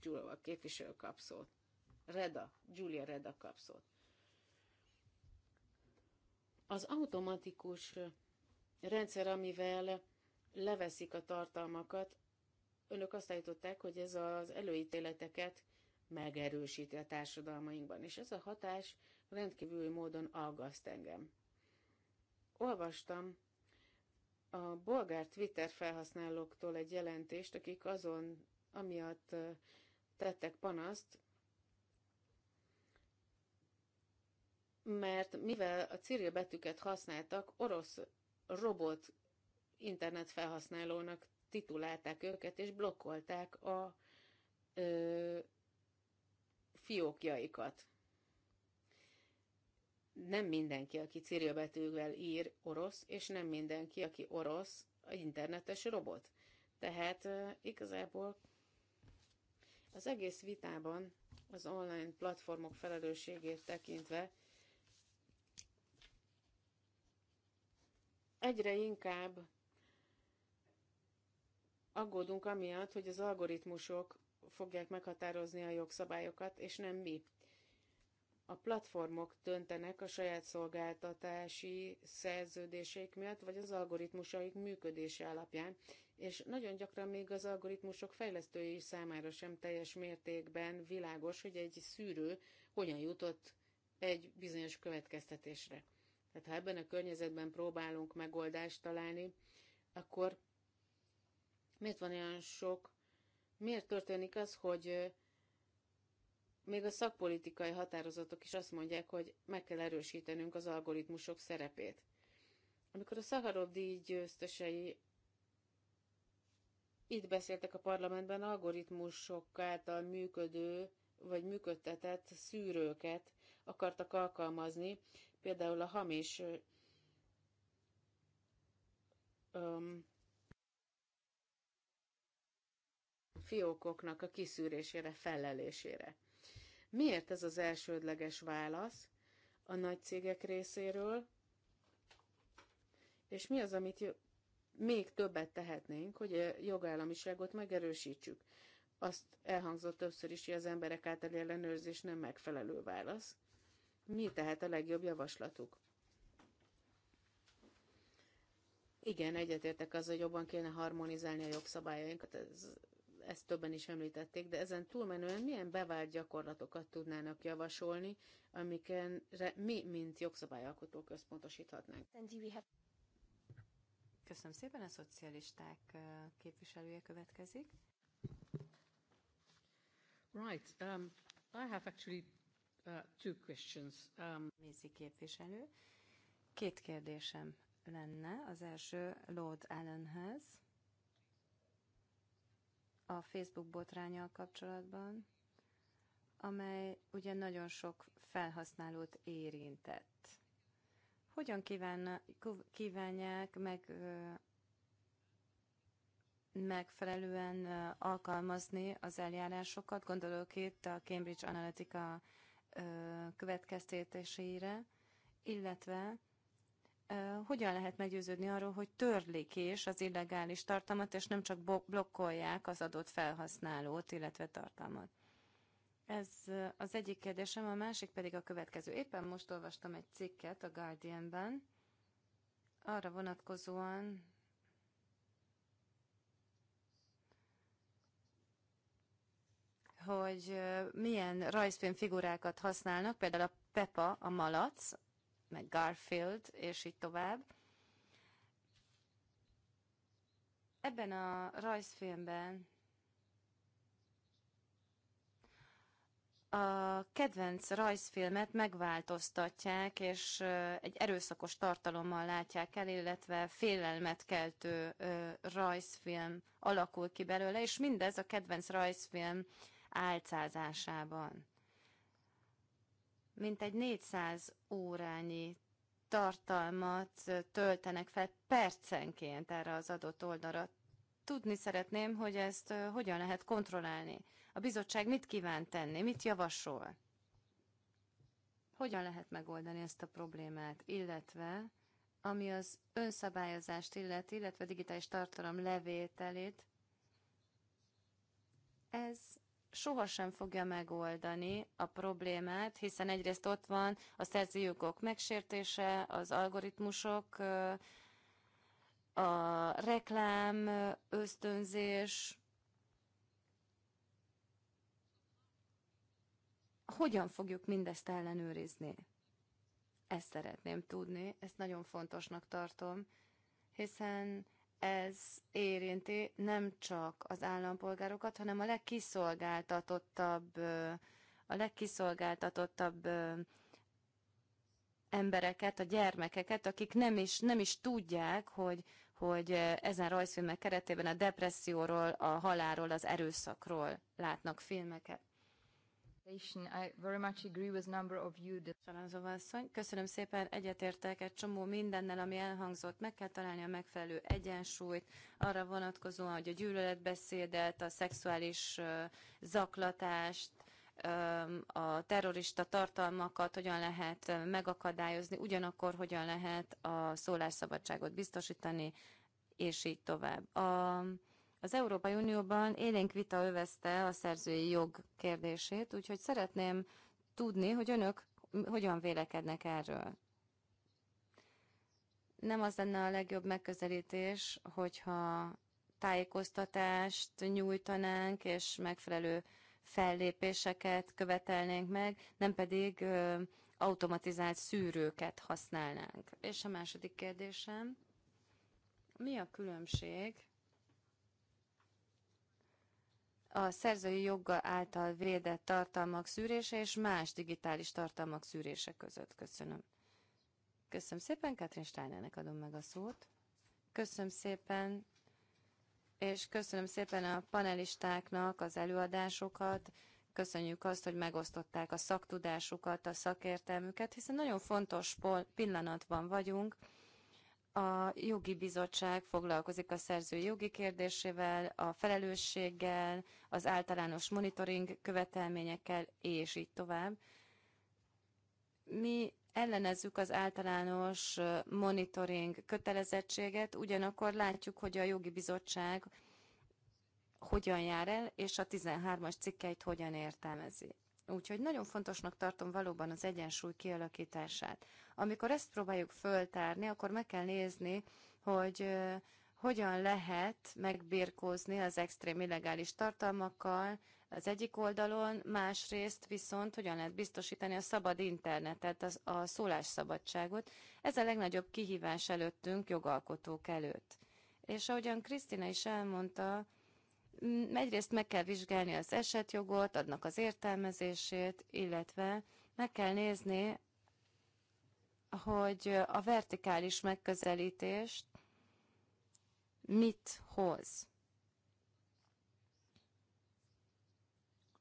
Gyulova képviselő kapszót. Reda, Julia Reda kapszót. Az automatikus rendszer, amivel leveszik a tartalmakat, önök azt állították, hogy ez az előítéleteket megerősíti a társadalmainkban, és ez a hatás rendkívül módon aggaszt engem. Olvastam a bolgár Twitter felhasználóktól egy jelentést, akik azon amiatt tettek panaszt, mert mivel a ciril betűket használtak, orosz robot internet felhasználónak titulálták őket, és blokkolták a ö, fiókjaikat nem mindenki, aki cirilbetűvel ír, orosz, és nem mindenki, aki orosz, a internetes robot. Tehát igazából az egész vitában az online platformok felelősségét tekintve egyre inkább aggódunk amiatt, hogy az algoritmusok fogják meghatározni a jogszabályokat, és nem mi a platformok döntenek a saját szolgáltatási szerződéseik miatt, vagy az algoritmusaik működése alapján, és nagyon gyakran még az algoritmusok fejlesztői számára sem teljes mértékben világos, hogy egy szűrő hogyan jutott egy bizonyos következtetésre. Tehát ha ebben a környezetben próbálunk megoldást találni, akkor miért van olyan sok, miért történik az, hogy még a szakpolitikai határozatok is azt mondják, hogy meg kell erősítenünk az algoritmusok szerepét. Amikor a Szaharov díj győztesei itt beszéltek a parlamentben algoritmusok által működő vagy működtetett szűrőket akartak alkalmazni, például a hamis um, fiókoknak a kiszűrésére, felelésére. Miért ez az elsődleges válasz a nagy cégek részéről? És mi az, amit még többet tehetnénk, hogy a e jogállamiságot megerősítsük? Azt elhangzott többször is, hogy az emberek által ellenőrzés nem megfelelő válasz. Mi tehát a legjobb javaslatuk? Igen, egyetértek az, hogy jobban kéne harmonizálni a jogszabályainkat, ez ezt többen is említették, de ezen túlmenően milyen bevált gyakorlatokat tudnának javasolni, amiken mi, mint jogszabályalkotók összpontosíthatnánk? Köszönöm szépen, a szocialisták képviselője következik. Right, um, I have actually uh, two questions. Um... képviselő. Két kérdésem lenne. Az első Lord Allenhez a Facebook botrányal kapcsolatban, amely ugye nagyon sok felhasználót érintett. Hogyan kívánna, kívánják meg megfelelően alkalmazni az eljárásokat, gondolok itt a Cambridge Analytica következtetéseire, illetve hogyan lehet meggyőződni arról, hogy törlik is az illegális tartalmat, és nem csak blokkolják az adott felhasználót, illetve tartalmat? Ez az egyik kérdésem, a másik pedig a következő. Éppen most olvastam egy cikket a Guardian-ben, arra vonatkozóan, hogy milyen rajzfilmfigurákat használnak, például a Pepa, a malac, meg Garfield, és így tovább. Ebben a rajzfilmben a kedvenc rajzfilmet megváltoztatják, és egy erőszakos tartalommal látják el, illetve félelmet keltő rajzfilm alakul ki belőle, és mindez a kedvenc rajzfilm álcázásában mintegy 400 órányi tartalmat töltenek fel percenként erre az adott oldalra. Tudni szeretném, hogy ezt hogyan lehet kontrollálni. A bizottság mit kíván tenni, mit javasol? Hogyan lehet megoldani ezt a problémát, illetve ami az önszabályozást illeti, illetve digitális tartalom levételét, ez sohasem fogja megoldani a problémát, hiszen egyrészt ott van a szerzői jogok megsértése, az algoritmusok, a reklám, ösztönzés, hogyan fogjuk mindezt ellenőrizni? Ezt szeretném tudni, ezt nagyon fontosnak tartom, hiszen ez érinti nem csak az állampolgárokat, hanem a legkiszolgáltatottabb, a legkiszolgáltatottabb embereket, a gyermekeket, akik nem is, nem is tudják, hogy, hogy ezen rajzfilmek keretében a depresszióról, a halálról, az erőszakról látnak filmeket. Szalánzova asszony, köszönöm szépen, egyetértek egy csomó mindennel, ami elhangzott. Meg kell találni a megfelelő egyensúlyt arra vonatkozóan, hogy a gyűlöletbeszédet, a szexuális zaklatást, a terrorista tartalmakat hogyan lehet megakadályozni, ugyanakkor hogyan lehet a szólásszabadságot biztosítani, és így tovább. A az Európai Unióban élénk vita övezte a szerzői jog kérdését, úgyhogy szeretném tudni, hogy önök hogyan vélekednek erről. Nem az lenne a legjobb megközelítés, hogyha tájékoztatást nyújtanánk, és megfelelő fellépéseket követelnénk meg, nem pedig ö, automatizált szűrőket használnánk. És a második kérdésem, mi a különbség a szerzői joggal által védett tartalmak szűrése és más digitális tartalmak szűrése között. Köszönöm. Köszönöm szépen, Katrin Steinernek adom meg a szót. Köszönöm szépen, és köszönöm szépen a panelistáknak az előadásokat, köszönjük azt, hogy megosztották a szaktudásukat, a szakértelmüket, hiszen nagyon fontos pillanatban vagyunk, a jogi bizottság foglalkozik a szerző jogi kérdésével, a felelősséggel, az általános monitoring követelményekkel, és így tovább. Mi ellenezzük az általános monitoring kötelezettséget, ugyanakkor látjuk, hogy a jogi bizottság hogyan jár el, és a 13-as cikkeit hogyan értelmezi. Úgyhogy nagyon fontosnak tartom valóban az egyensúly kialakítását. Amikor ezt próbáljuk föltárni, akkor meg kell nézni, hogy hogyan lehet megbirkózni az extrém illegális tartalmakkal az egyik oldalon, másrészt viszont hogyan lehet biztosítani a szabad internetet, az, a szólásszabadságot. Ez a legnagyobb kihívás előttünk, jogalkotók előtt. És ahogyan Krisztina is elmondta, Mm, egyrészt meg kell vizsgálni az esetjogot, adnak az értelmezését, illetve meg kell nézni, hogy a vertikális megközelítést mit hoz.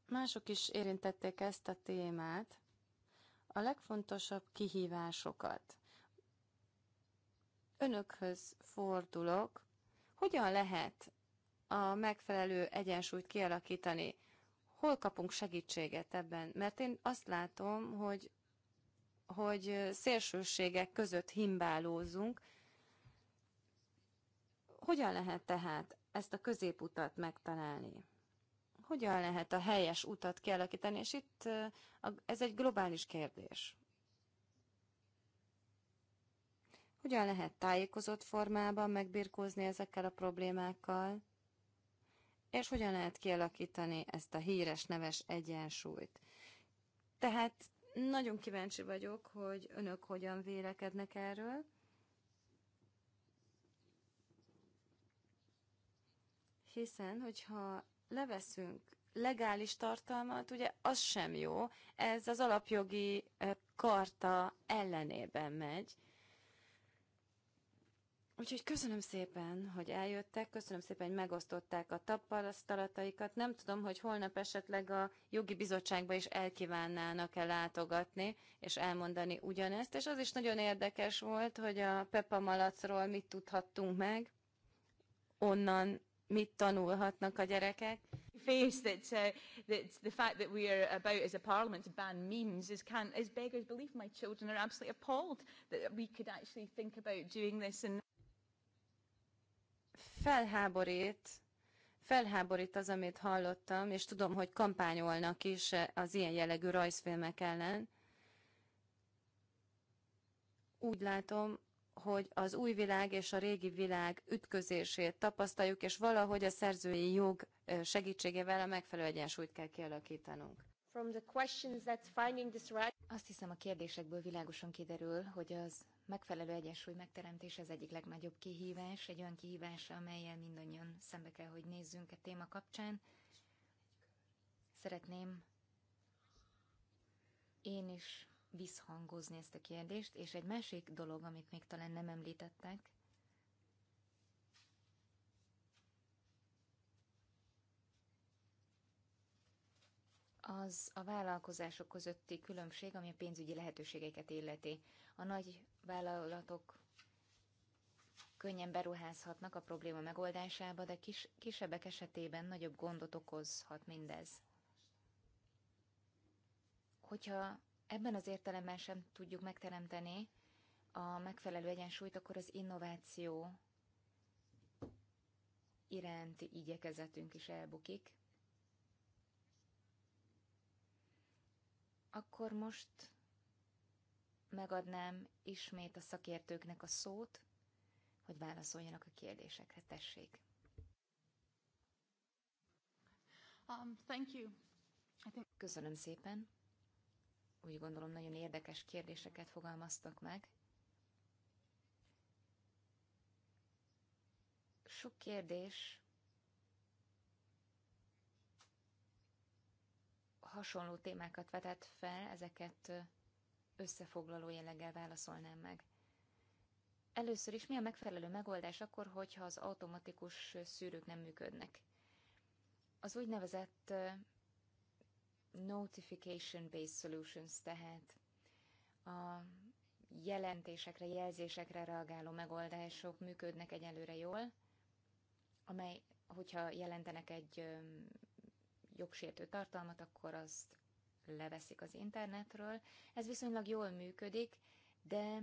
Mások is érintették ezt a témát, a legfontosabb kihívásokat. Önökhöz fordulok, hogyan lehet a megfelelő egyensúlyt kialakítani. Hol kapunk segítséget ebben? Mert én azt látom, hogy, hogy szélsőségek között himbálózunk. Hogyan lehet tehát ezt a középutat megtalálni? Hogyan lehet a helyes utat kialakítani? És itt ez egy globális kérdés. Hogyan lehet tájékozott formában megbirkózni ezekkel a problémákkal? és hogyan lehet kialakítani ezt a híres neves egyensúlyt. Tehát nagyon kíváncsi vagyok, hogy önök hogyan vélekednek erről. Hiszen, hogyha leveszünk legális tartalmat, ugye az sem jó, ez az alapjogi karta ellenében megy, Úgyhogy köszönöm szépen, hogy eljöttek, köszönöm szépen, hogy megosztották a tapasztalataikat. Nem tudom, hogy holnap esetleg a jogi bizottságba is elkívánnának-e látogatni, és elmondani ugyanezt. És az is nagyon érdekes volt, hogy a Peppa Malacról mit tudhattunk meg, onnan mit tanulhatnak a gyerekek. Face that, uh, that the fact that we are about as a parliament to ban memes is, can, is beggars belief. My children are absolutely appalled that we could actually think about doing this. And felháborít, felháborít az, amit hallottam, és tudom, hogy kampányolnak is az ilyen jellegű rajzfilmek ellen. Úgy látom, hogy az új világ és a régi világ ütközését tapasztaljuk, és valahogy a szerzői jog segítségével a megfelelő egyensúlyt kell kialakítanunk. From the questions that's finding this right... Azt hiszem, a kérdésekből világosan kiderül, hogy az megfelelő egyensúly megteremtés az egyik legnagyobb kihívás, egy olyan kihívás, amelyel mindannyian szembe kell, hogy nézzünk a e téma kapcsán. Szeretném én is visszhangozni ezt a kérdést, és egy másik dolog, amit még talán nem említettek, az a vállalkozások közötti különbség, ami a pénzügyi lehetőségeket illeti. A nagy vállalatok könnyen beruházhatnak a probléma megoldásába, de kis, kisebbek esetében nagyobb gondot okozhat mindez. Hogyha ebben az értelemben sem tudjuk megteremteni a megfelelő egyensúlyt, akkor az innováció iránti igyekezetünk is elbukik. Akkor most megadnám ismét a szakértőknek a szót, hogy válaszoljanak a kérdésekre. Tessék! Um, thank you. I think... Köszönöm szépen. Úgy gondolom, nagyon érdekes kérdéseket fogalmaztak meg. Sok kérdés hasonló témákat vetett fel, ezeket összefoglaló jelleggel válaszolnám meg. Először is mi a megfelelő megoldás akkor, hogyha az automatikus szűrők nem működnek? Az úgynevezett notification-based solutions, tehát a jelentésekre, jelzésekre reagáló megoldások működnek egyelőre jól, amely, hogyha jelentenek egy jogsértő tartalmat, akkor azt leveszik az internetről. Ez viszonylag jól működik, de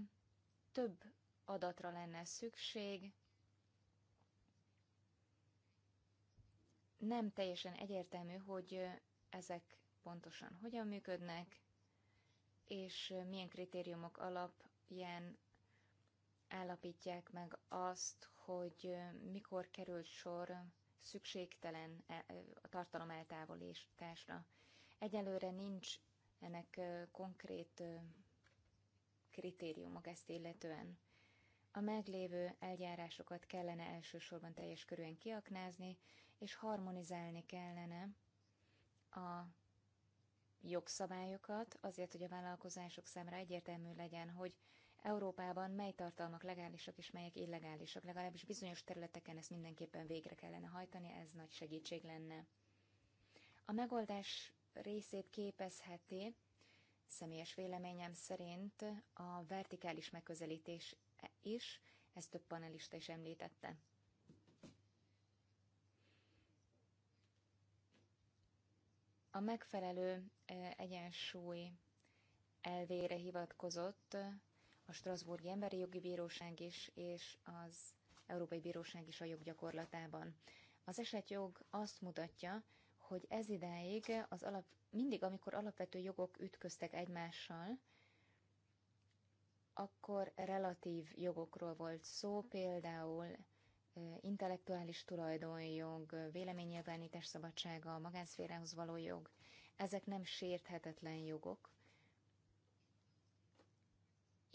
több adatra lenne szükség, nem teljesen egyértelmű, hogy ezek pontosan hogyan működnek, és milyen kritériumok alapján állapítják meg azt, hogy mikor került sor szükségtelen e, a tartalom eltávolításra. Egyelőre nincs ennek konkrét kritériumok ezt illetően. A meglévő eljárásokat kellene elsősorban teljes körűen kiaknázni, és harmonizálni kellene a jogszabályokat, azért, hogy a vállalkozások számára egyértelmű legyen, hogy Európában mely tartalmak legálisak és melyek illegálisak. Legalábbis bizonyos területeken ezt mindenképpen végre kellene hajtani, ez nagy segítség lenne. A megoldás részét képezheti, személyes véleményem szerint, a vertikális megközelítés is, ezt több panelista is említette. A megfelelő eh, egyensúly elvére hivatkozott a Strasburgi Emberi Jogi Bíróság is, és az Európai Bíróság is a joggyakorlatában. Az esetjog azt mutatja, hogy ez idáig az alap, mindig, amikor alapvető jogok ütköztek egymással, akkor relatív jogokról volt szó, például intellektuális tulajdonjog, véleménynyilvánítás szabadsága, magánszférához való jog, ezek nem sérthetetlen jogok,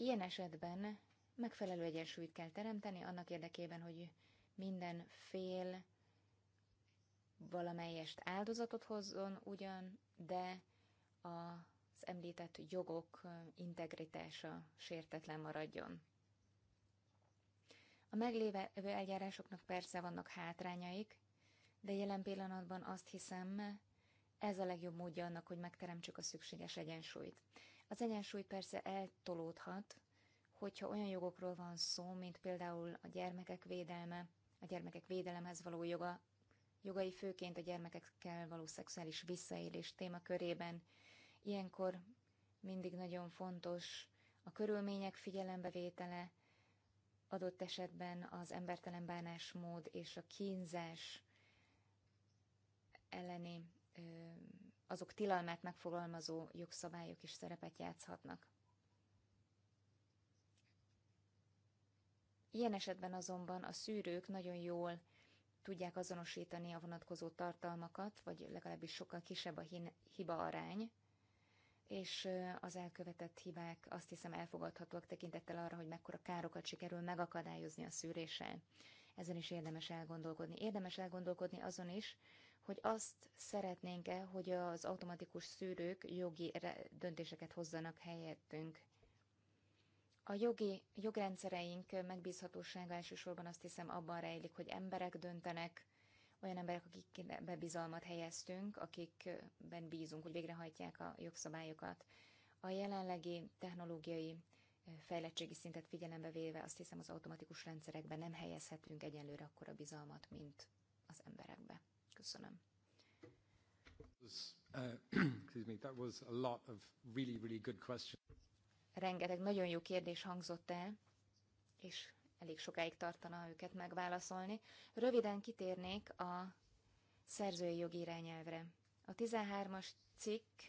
Ilyen esetben megfelelő egyensúlyt kell teremteni annak érdekében, hogy minden fél valamelyest áldozatot hozzon ugyan, de az említett jogok integritása sértetlen maradjon. A meglévő eljárásoknak persze vannak hátrányaik, de jelen pillanatban azt hiszem, ez a legjobb módja annak, hogy megteremtsük a szükséges egyensúlyt. Az egyensúly persze eltolódhat, hogyha olyan jogokról van szó, mint például a gyermekek védelme, a gyermekek védelemhez való joga, jogai főként a gyermekekkel való szexuális visszaélés témakörében. Ilyenkor mindig nagyon fontos a körülmények figyelembevétele, adott esetben az embertelen bánásmód és a kínzás elleni ö, azok tilalmát megfogalmazó jogszabályok is szerepet játszhatnak. Ilyen esetben azonban a szűrők nagyon jól tudják azonosítani a vonatkozó tartalmakat, vagy legalábbis sokkal kisebb a hiba arány, és az elkövetett hibák azt hiszem elfogadhatóak tekintettel arra, hogy mekkora károkat sikerül megakadályozni a szűréssel. Ezen is érdemes elgondolkodni. Érdemes elgondolkodni azon is, hogy azt szeretnénk-e, hogy az automatikus szűrők jogi döntéseket hozzanak helyettünk. A jogi, jogrendszereink megbízhatósága elsősorban azt hiszem abban rejlik, hogy emberek döntenek, olyan emberek, akikbe bizalmat helyeztünk, akikben bízunk, hogy végrehajtják a jogszabályokat. A jelenlegi technológiai fejlettségi szintet figyelembe véve azt hiszem az automatikus rendszerekben nem helyezhetünk egyenlőre akkora bizalmat, mint az emberekbe. Köszönöm. Uh, *clears throat* Rengeteg nagyon jó kérdés hangzott el, és elég sokáig tartana őket megválaszolni. Röviden kitérnék a szerzői jogi irányelvre. A 13-as cikk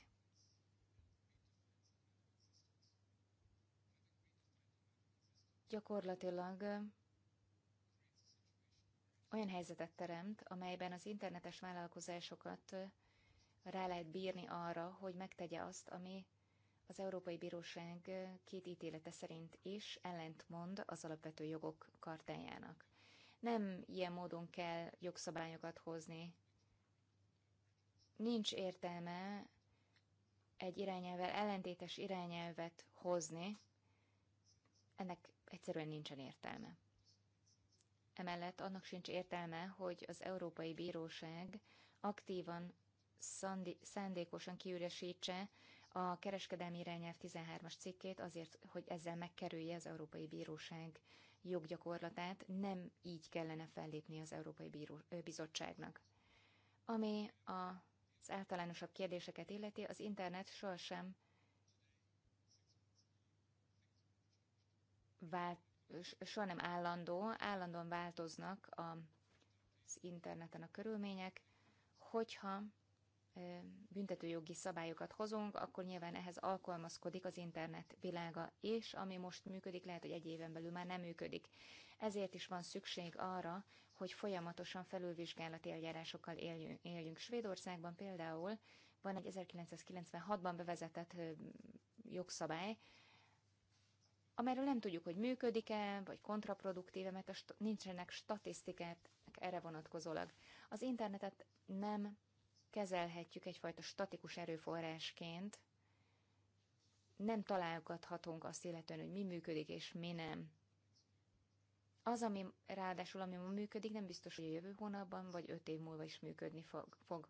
gyakorlatilag olyan helyzetet teremt, amelyben az internetes vállalkozásokat rá lehet bírni arra, hogy megtegye azt, ami az Európai Bíróság két ítélete szerint is ellentmond az alapvető jogok kartájának. Nem ilyen módon kell jogszabályokat hozni. Nincs értelme egy irányelvvel ellentétes irányelvet hozni, ennek egyszerűen nincsen értelme. Emellett annak sincs értelme, hogy az Európai Bíróság aktívan, szándékosan kiüresítse a kereskedelmi irányelv 13-as cikkét azért, hogy ezzel megkerülje az Európai Bíróság joggyakorlatát. Nem így kellene fellépni az Európai Bíró- Bizottságnak. Ami az általánosabb kérdéseket illeti, az internet sohasem vált soha nem állandó, állandóan változnak az interneten a körülmények, hogyha büntetőjogi szabályokat hozunk, akkor nyilván ehhez alkalmazkodik az internet világa, és ami most működik, lehet, hogy egy éven belül már nem működik. Ezért is van szükség arra, hogy folyamatosan felülvizsgálati eljárásokkal éljünk. éljünk. Svédországban például van egy 1996-ban bevezetett jogszabály, amelyről nem tudjuk, hogy működik-e, vagy kontraproduktíve, mert a st- nincsenek statisztikák erre vonatkozólag. Az internetet nem kezelhetjük egyfajta statikus erőforrásként, nem találgathatunk azt illetően, hogy mi működik és mi nem. Az, ami ráadásul, ami ma működik, nem biztos, hogy a jövő hónapban vagy öt év múlva is működni fog.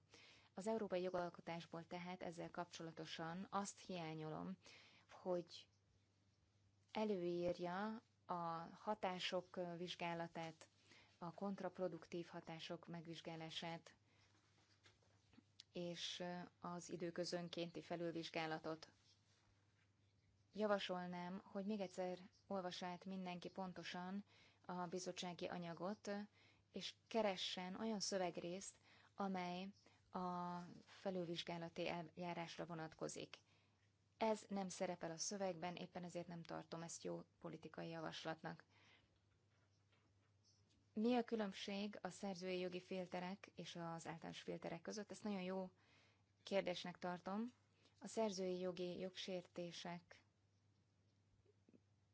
Az európai jogalkotásból tehát ezzel kapcsolatosan azt hiányolom, hogy előírja a hatások vizsgálatát, a kontraproduktív hatások megvizsgálását, és az időközönkénti felülvizsgálatot. Javasolnám, hogy még egyszer olvas át mindenki pontosan a bizottsági anyagot, és keressen olyan szövegrészt, amely a felülvizsgálati eljárásra vonatkozik. Ez nem szerepel a szövegben, éppen ezért nem tartom ezt jó politikai javaslatnak. Mi a különbség a szerzői jogi filterek és az általános filterek között? Ezt nagyon jó kérdésnek tartom. A szerzői jogi jogsértések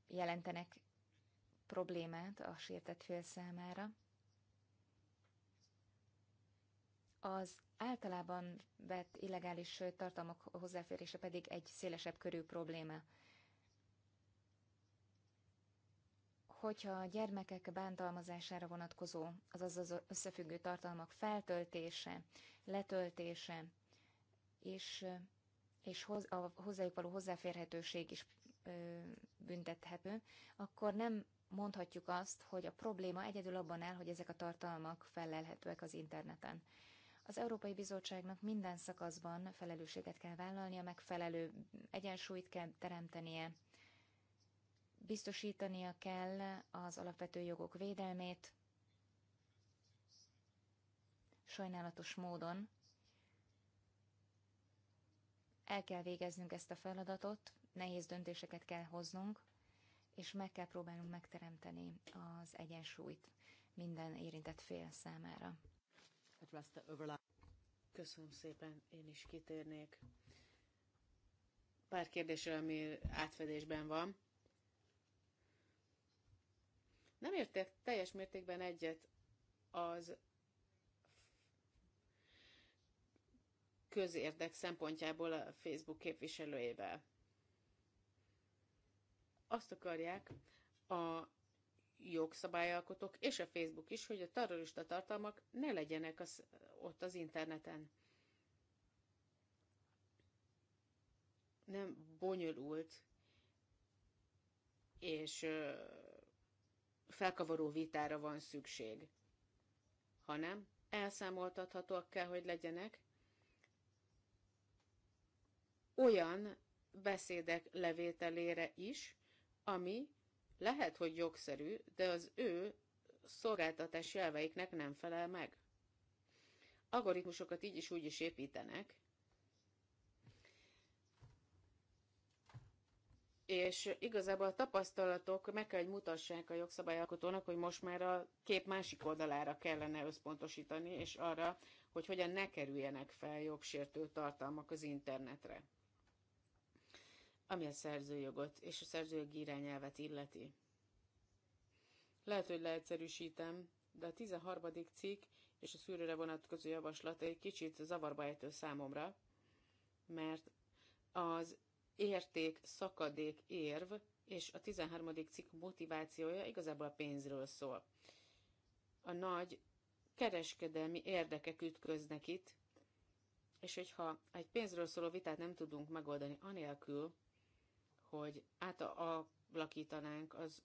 jelentenek problémát a sértett fél számára. az általában vett illegális tartalmak hozzáférése pedig egy szélesebb körű probléma. Hogyha a gyermekek bántalmazására vonatkozó, azaz az összefüggő tartalmak feltöltése, letöltése és, és hoz, a hozzájuk való hozzáférhetőség is ö, büntethető, akkor nem mondhatjuk azt, hogy a probléma egyedül abban áll, hogy ezek a tartalmak felelhetőek az interneten. Az Európai Bizottságnak minden szakaszban felelősséget kell vállalnia, megfelelő egyensúlyt kell teremtenie, biztosítania kell az alapvető jogok védelmét, sajnálatos módon. El kell végeznünk ezt a feladatot, nehéz döntéseket kell hoznunk, és meg kell próbálnunk megteremteni az egyensúlyt minden érintett fél számára. Köszönöm szépen, én is kitérnék. Pár kérdésre, ami átfedésben van. Nem értek teljes mértékben egyet az közérdek szempontjából a Facebook képviselőjével. Azt akarják a jogszabályalkotók és a Facebook is, hogy a terrorista tartalmak ne legyenek az, ott az interneten. Nem bonyolult és felkavaró vitára van szükség, hanem elszámoltathatóak kell, hogy legyenek, olyan beszédek levételére is, ami lehet, hogy jogszerű, de az ő szolgáltatás elveiknek nem felel meg. Algoritmusokat így is úgy is építenek, és igazából a tapasztalatok meg kell, hogy mutassák a jogszabályalkotónak, hogy most már a kép másik oldalára kellene összpontosítani, és arra, hogy hogyan ne kerüljenek fel jogsértő tartalmak az internetre ami a szerzőjogot és a szerzőjogi irányelvet illeti. Lehet, hogy leegyszerűsítem, de a 13. cikk és a szűrőre vonatkozó javaslat egy kicsit zavarba ejtő számomra, mert az érték szakadék érv és a 13. cikk motivációja igazából a pénzről szól. A nagy kereskedelmi érdekek ütköznek itt, és hogyha egy pénzről szóló vitát nem tudunk megoldani anélkül, hogy át a lakítanánk az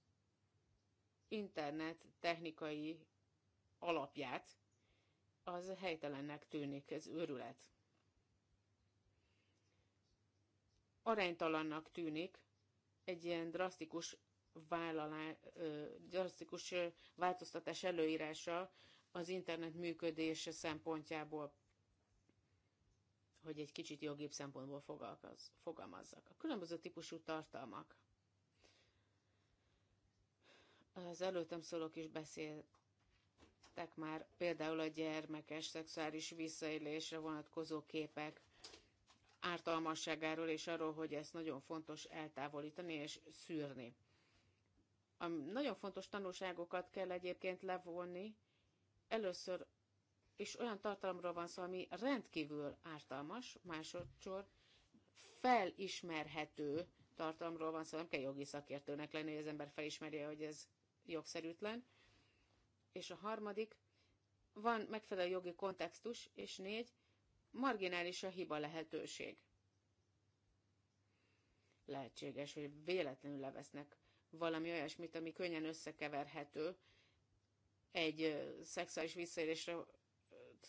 internet technikai alapját, az helytelennek tűnik, ez őrület. Aránytalannak tűnik egy ilyen drasztikus, vállalá, drasztikus változtatás előírása az internet működése szempontjából hogy egy kicsit jogibb szempontból fogalmazzak. A különböző típusú tartalmak. Az előttem szólók is beszéltek már például a gyermekes szexuális visszaélésre vonatkozó képek ártalmasságáról és arról, hogy ezt nagyon fontos eltávolítani és szűrni. A nagyon fontos tanulságokat kell egyébként levonni. Először és olyan tartalomról van szó, ami rendkívül ártalmas, másodszor felismerhető tartalomról van szó, nem kell jogi szakértőnek lenni, hogy az ember felismerje, hogy ez jogszerűtlen. És a harmadik, van megfelelő jogi kontextus, és négy, marginális a hiba lehetőség. Lehetséges, hogy véletlenül levesznek valami olyasmit, ami könnyen összekeverhető egy szexuális visszaélésre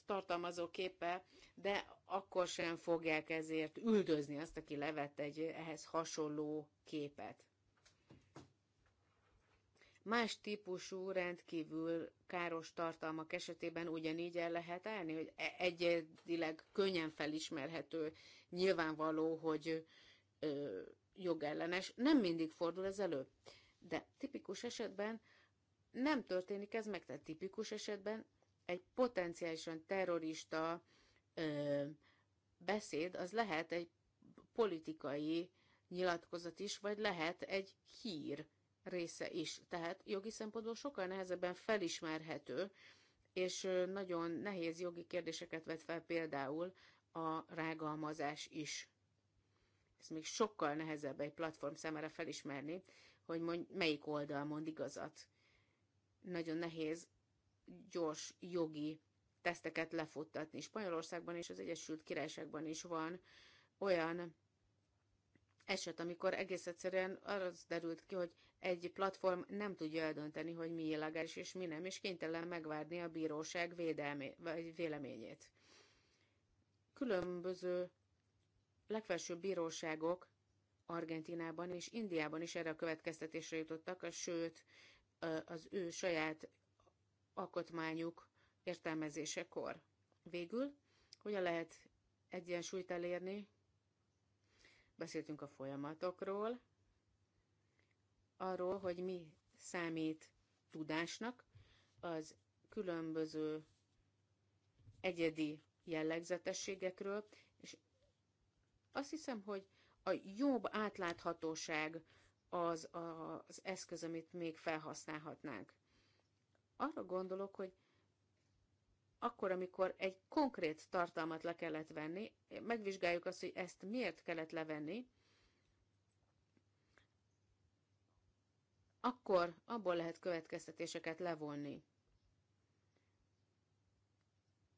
tartalmazó képe, de akkor sem fogják ezért üldözni azt, aki levett egy ehhez hasonló képet. Más típusú rendkívül káros tartalmak esetében ugyanígy el lehet állni, hogy e- egyedileg könnyen felismerhető, nyilvánvaló, hogy ö, jogellenes. Nem mindig fordul ez elő, de tipikus esetben nem történik ez meg, tehát tipikus esetben egy potenciálisan terrorista ö, beszéd az lehet egy politikai nyilatkozat is, vagy lehet egy hír része is. Tehát jogi szempontból sokkal nehezebben felismerhető, és nagyon nehéz jogi kérdéseket vet fel például a rágalmazás is. Ez még sokkal nehezebb egy platform szemére felismerni, hogy mond, melyik oldal mond igazat. Nagyon nehéz gyors jogi teszteket lefuttatni. Spanyolországban és az Egyesült Királyságban is van olyan eset, amikor egész egyszerűen arra derült ki, hogy egy platform nem tudja eldönteni, hogy mi illegális és mi nem, és kénytelen megvárni a bíróság védelmé, vagy véleményét. Különböző legfelsőbb bíróságok Argentinában és Indiában is erre a következtetésre jutottak, sőt az ő saját alkotmányuk értelmezésekor. Végül, hogyan lehet egyensúlyt elérni? Beszéltünk a folyamatokról, arról, hogy mi számít tudásnak, az különböző egyedi jellegzetességekről, és azt hiszem, hogy a jobb átláthatóság az az eszköz, amit még felhasználhatnánk arra gondolok, hogy akkor, amikor egy konkrét tartalmat le kellett venni, megvizsgáljuk azt, hogy ezt miért kellett levenni, akkor abból lehet következtetéseket levonni.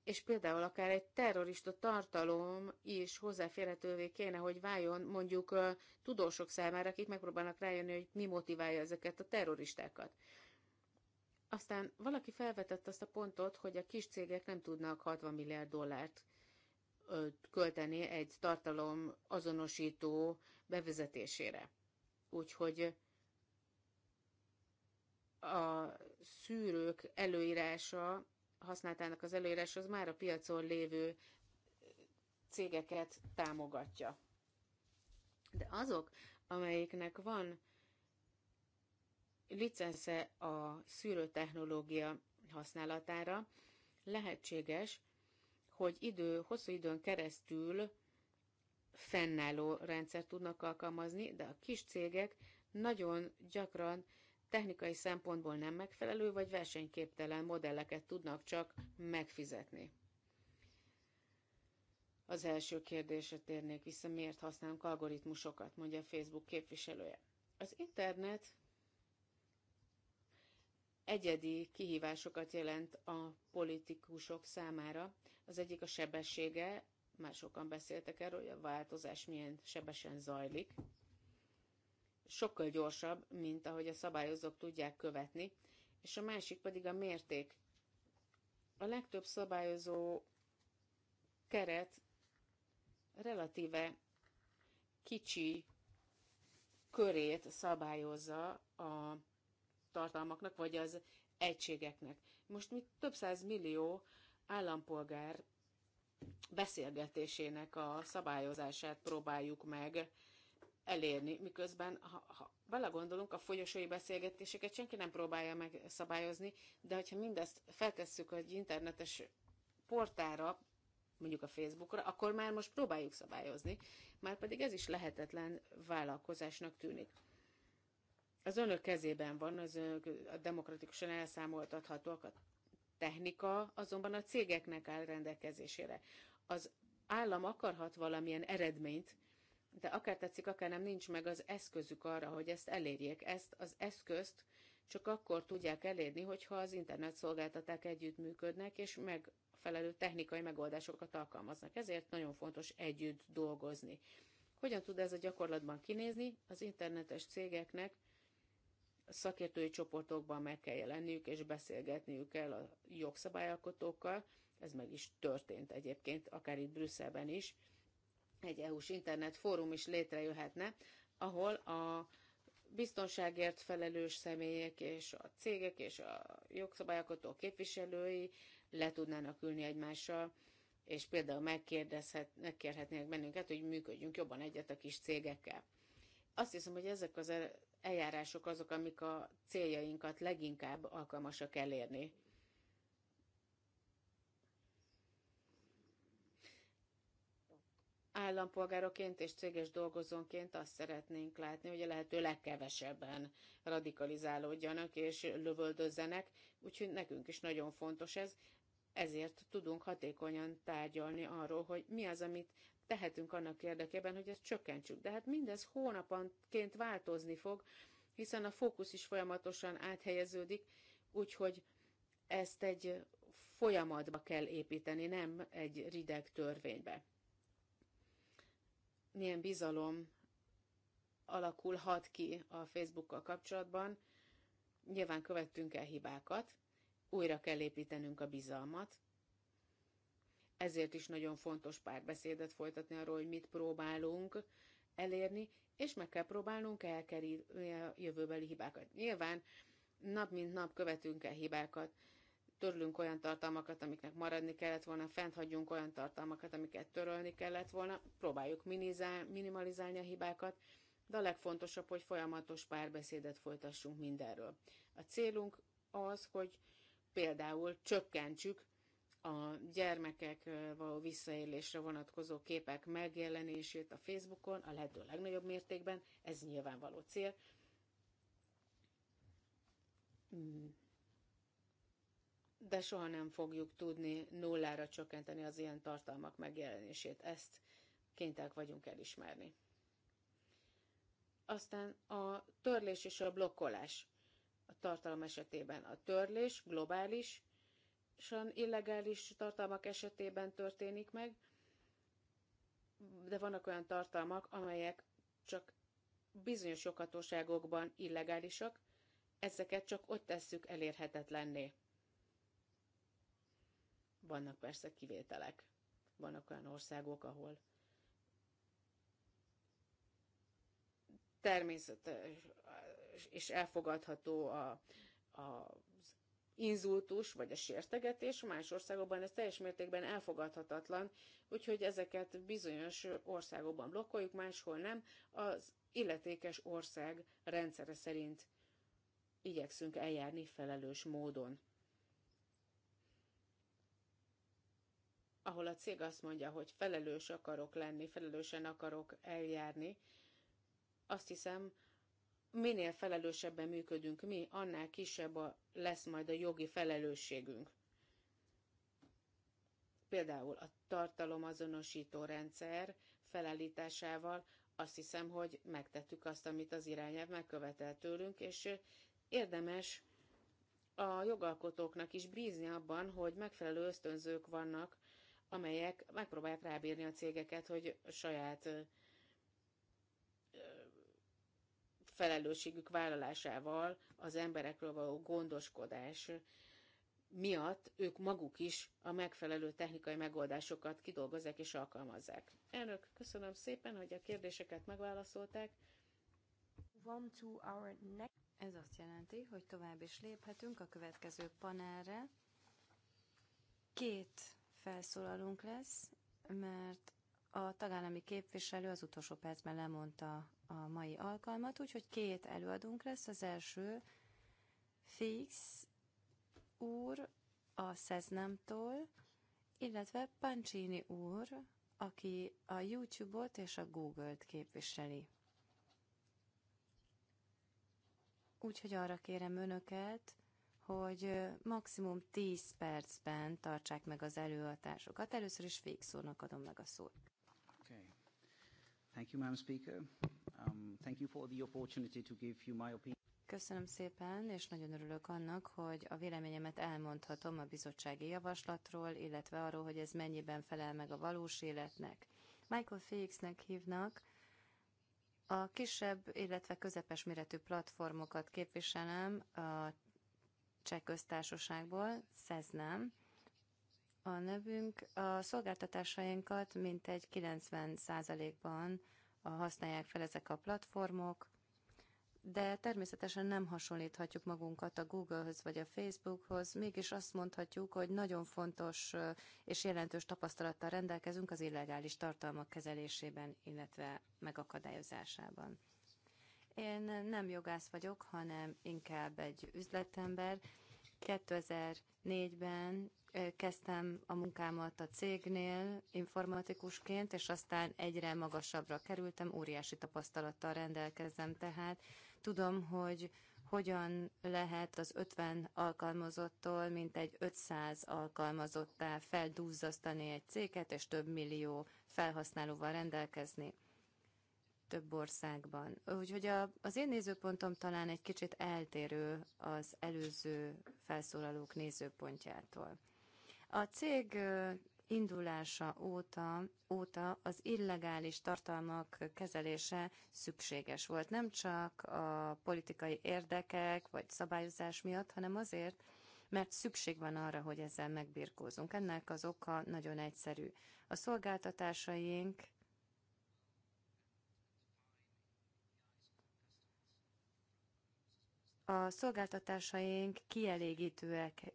És például akár egy terrorista tartalom is hozzáférhetővé kéne, hogy váljon mondjuk tudósok számára, akik megpróbálnak rájönni, hogy mi motiválja ezeket a terroristákat. Aztán valaki felvetett azt a pontot, hogy a kis cégek nem tudnak 60 milliárd dollárt költeni egy tartalom azonosító bevezetésére. Úgyhogy a szűrők előírása, használtának az előírás, az már a piacon lévő cégeket támogatja. De azok, amelyiknek van licence a szűrőtechnológia használatára, lehetséges, hogy idő, hosszú időn keresztül fennálló rendszert tudnak alkalmazni, de a kis cégek nagyon gyakran technikai szempontból nem megfelelő vagy versenyképtelen modelleket tudnak csak megfizetni. Az első kérdésre térnék vissza, miért használunk algoritmusokat, mondja a Facebook képviselője. Az internet egyedi kihívásokat jelent a politikusok számára. Az egyik a sebessége, már sokan beszéltek erről, hogy a változás milyen sebesen zajlik. Sokkal gyorsabb, mint ahogy a szabályozók tudják követni, és a másik pedig a mérték. A legtöbb szabályozó keret relatíve kicsi körét szabályozza a tartalmaknak, vagy az egységeknek. Most mi több száz millió állampolgár beszélgetésének a szabályozását próbáljuk meg elérni, miközben, ha, ha belegondolunk, a folyosói beszélgetéseket senki nem próbálja meg szabályozni, de hogyha mindezt feltesszük egy internetes portára, mondjuk a Facebookra, akkor már most próbáljuk szabályozni, már pedig ez is lehetetlen vállalkozásnak tűnik az önök kezében van, az önök a demokratikusan elszámoltathatóak a technika, azonban a cégeknek áll rendelkezésére. Az állam akarhat valamilyen eredményt, de akár tetszik, akár nem, nincs meg az eszközük arra, hogy ezt elérjék. Ezt az eszközt csak akkor tudják elérni, hogyha az internet szolgáltaták együttműködnek, és megfelelő technikai megoldásokat alkalmaznak. Ezért nagyon fontos együtt dolgozni. Hogyan tud ez a gyakorlatban kinézni? Az internetes cégeknek szakértői csoportokban meg kell jelenniük, és beszélgetniük kell a jogszabályalkotókkal. Ez meg is történt egyébként, akár itt Brüsszelben is. Egy EU-s internetfórum is létrejöhetne, ahol a biztonságért felelős személyek és a cégek és a jogszabályalkotó képviselői le tudnának ülni egymással, és például megkérdezhet, megkérhetnének bennünket, hogy működjünk jobban egyet a kis cégekkel. Azt hiszem, hogy ezek az e- eljárások azok, amik a céljainkat leginkább alkalmasak elérni. Állampolgároként és céges dolgozónként azt szeretnénk látni, hogy a lehető legkevesebben radikalizálódjanak és lövöldözzenek, úgyhogy nekünk is nagyon fontos ez, ezért tudunk hatékonyan tárgyalni arról, hogy mi az, amit tehetünk annak érdekében, hogy ezt csökkentsük. De hát mindez hónapanként változni fog, hiszen a fókusz is folyamatosan áthelyeződik, úgyhogy ezt egy folyamatba kell építeni, nem egy rideg törvénybe. Milyen bizalom alakulhat ki a Facebookkal kapcsolatban. Nyilván követtünk el hibákat, újra kell építenünk a bizalmat, ezért is nagyon fontos párbeszédet folytatni arról, hogy mit próbálunk elérni, és meg kell próbálnunk elkerülni a jövőbeli hibákat. Nyilván nap mint nap követünk el hibákat, törlünk olyan tartalmakat, amiknek maradni kellett volna, fent hagyjunk olyan tartalmakat, amiket törölni kellett volna, próbáljuk minizál, minimalizálni a hibákat, de a legfontosabb, hogy folyamatos párbeszédet folytassunk mindenről. A célunk az, hogy például csökkentsük a gyermekek való visszaélésre vonatkozó képek megjelenését a Facebookon a lehető legnagyobb mértékben, ez nyilvánvaló cél. Mm. De soha nem fogjuk tudni nullára csökkenteni az ilyen tartalmak megjelenését. Ezt kénytelenek vagyunk elismerni. Aztán a törlés és a blokkolás a tartalom esetében. A törlés globális, illegális tartalmak esetében történik meg, de vannak olyan tartalmak, amelyek csak bizonyos joghatóságokban illegálisak, ezeket csak ott tesszük elérhetetlenné. Vannak persze kivételek. Vannak olyan országok, ahol természet és elfogadható a, a inzultus vagy a sértegetés, más országokban ez teljes mértékben elfogadhatatlan, úgyhogy ezeket bizonyos országokban blokkoljuk, máshol nem, az illetékes ország rendszere szerint igyekszünk eljárni felelős módon. Ahol a cég azt mondja, hogy felelős akarok lenni, felelősen akarok eljárni, azt hiszem, minél felelősebben működünk mi, annál kisebb a, lesz majd a jogi felelősségünk. Például a tartalomazonosító rendszer felállításával azt hiszem, hogy megtettük azt, amit az irányelv megkövetel tőlünk, és érdemes a jogalkotóknak is bízni abban, hogy megfelelő ösztönzők vannak, amelyek megpróbálják rábírni a cégeket, hogy saját felelősségük vállalásával az emberekről való gondoskodás miatt ők maguk is a megfelelő technikai megoldásokat kidolgozzák és alkalmazzák. Elnök, köszönöm szépen, hogy a kérdéseket megválaszolták. Ez azt jelenti, hogy tovább is léphetünk a következő panelre. Két felszólalunk lesz, mert a tagállami képviselő az utolsó percben lemondta a mai alkalmat, úgyhogy két előadónk lesz. Az első Fix úr a Szeznemtól, illetve Pancsini úr, aki a YouTube-ot és a Google-t képviseli. Úgyhogy arra kérem önöket, hogy maximum 10 percben tartsák meg az előadásokat. Először is Fix úrnak adom meg a szót. Thank you, Madam Speaker. Um, thank you for the opportunity to give you my opinion. Köszönöm szépen, és nagyon örülök annak, hogy a véleményemet elmondhatom a bizottsági javaslatról, illetve arról, hogy ez mennyiben felel meg a valós életnek. Michael Félixnek hívnak, a kisebb, illetve közepes méretű platformokat képviselem a cseh köztársaságból, Szeznám a nevünk. A szolgáltatásainkat mintegy 90%-ban használják fel ezek a platformok, de természetesen nem hasonlíthatjuk magunkat a google Google-höz vagy a Facebookhoz, mégis azt mondhatjuk, hogy nagyon fontos és jelentős tapasztalattal rendelkezünk az illegális tartalmak kezelésében, illetve megakadályozásában. Én nem jogász vagyok, hanem inkább egy üzletember. 2004-ben kezdtem a munkámat a cégnél informatikusként, és aztán egyre magasabbra kerültem, óriási tapasztalattal rendelkezem tehát. Tudom, hogy hogyan lehet az 50 alkalmazottól mint egy 500 alkalmazottá feldúzzasztani egy céget, és több millió felhasználóval rendelkezni több országban. Úgyhogy a, az én nézőpontom talán egy kicsit eltérő az előző felszólalók nézőpontjától. A cég indulása óta, óta az illegális tartalmak kezelése szükséges volt. Nem csak a politikai érdekek vagy szabályozás miatt, hanem azért, mert szükség van arra, hogy ezzel megbirkózunk. Ennek az oka nagyon egyszerű. A szolgáltatásaink a szolgáltatásaink kielégítőek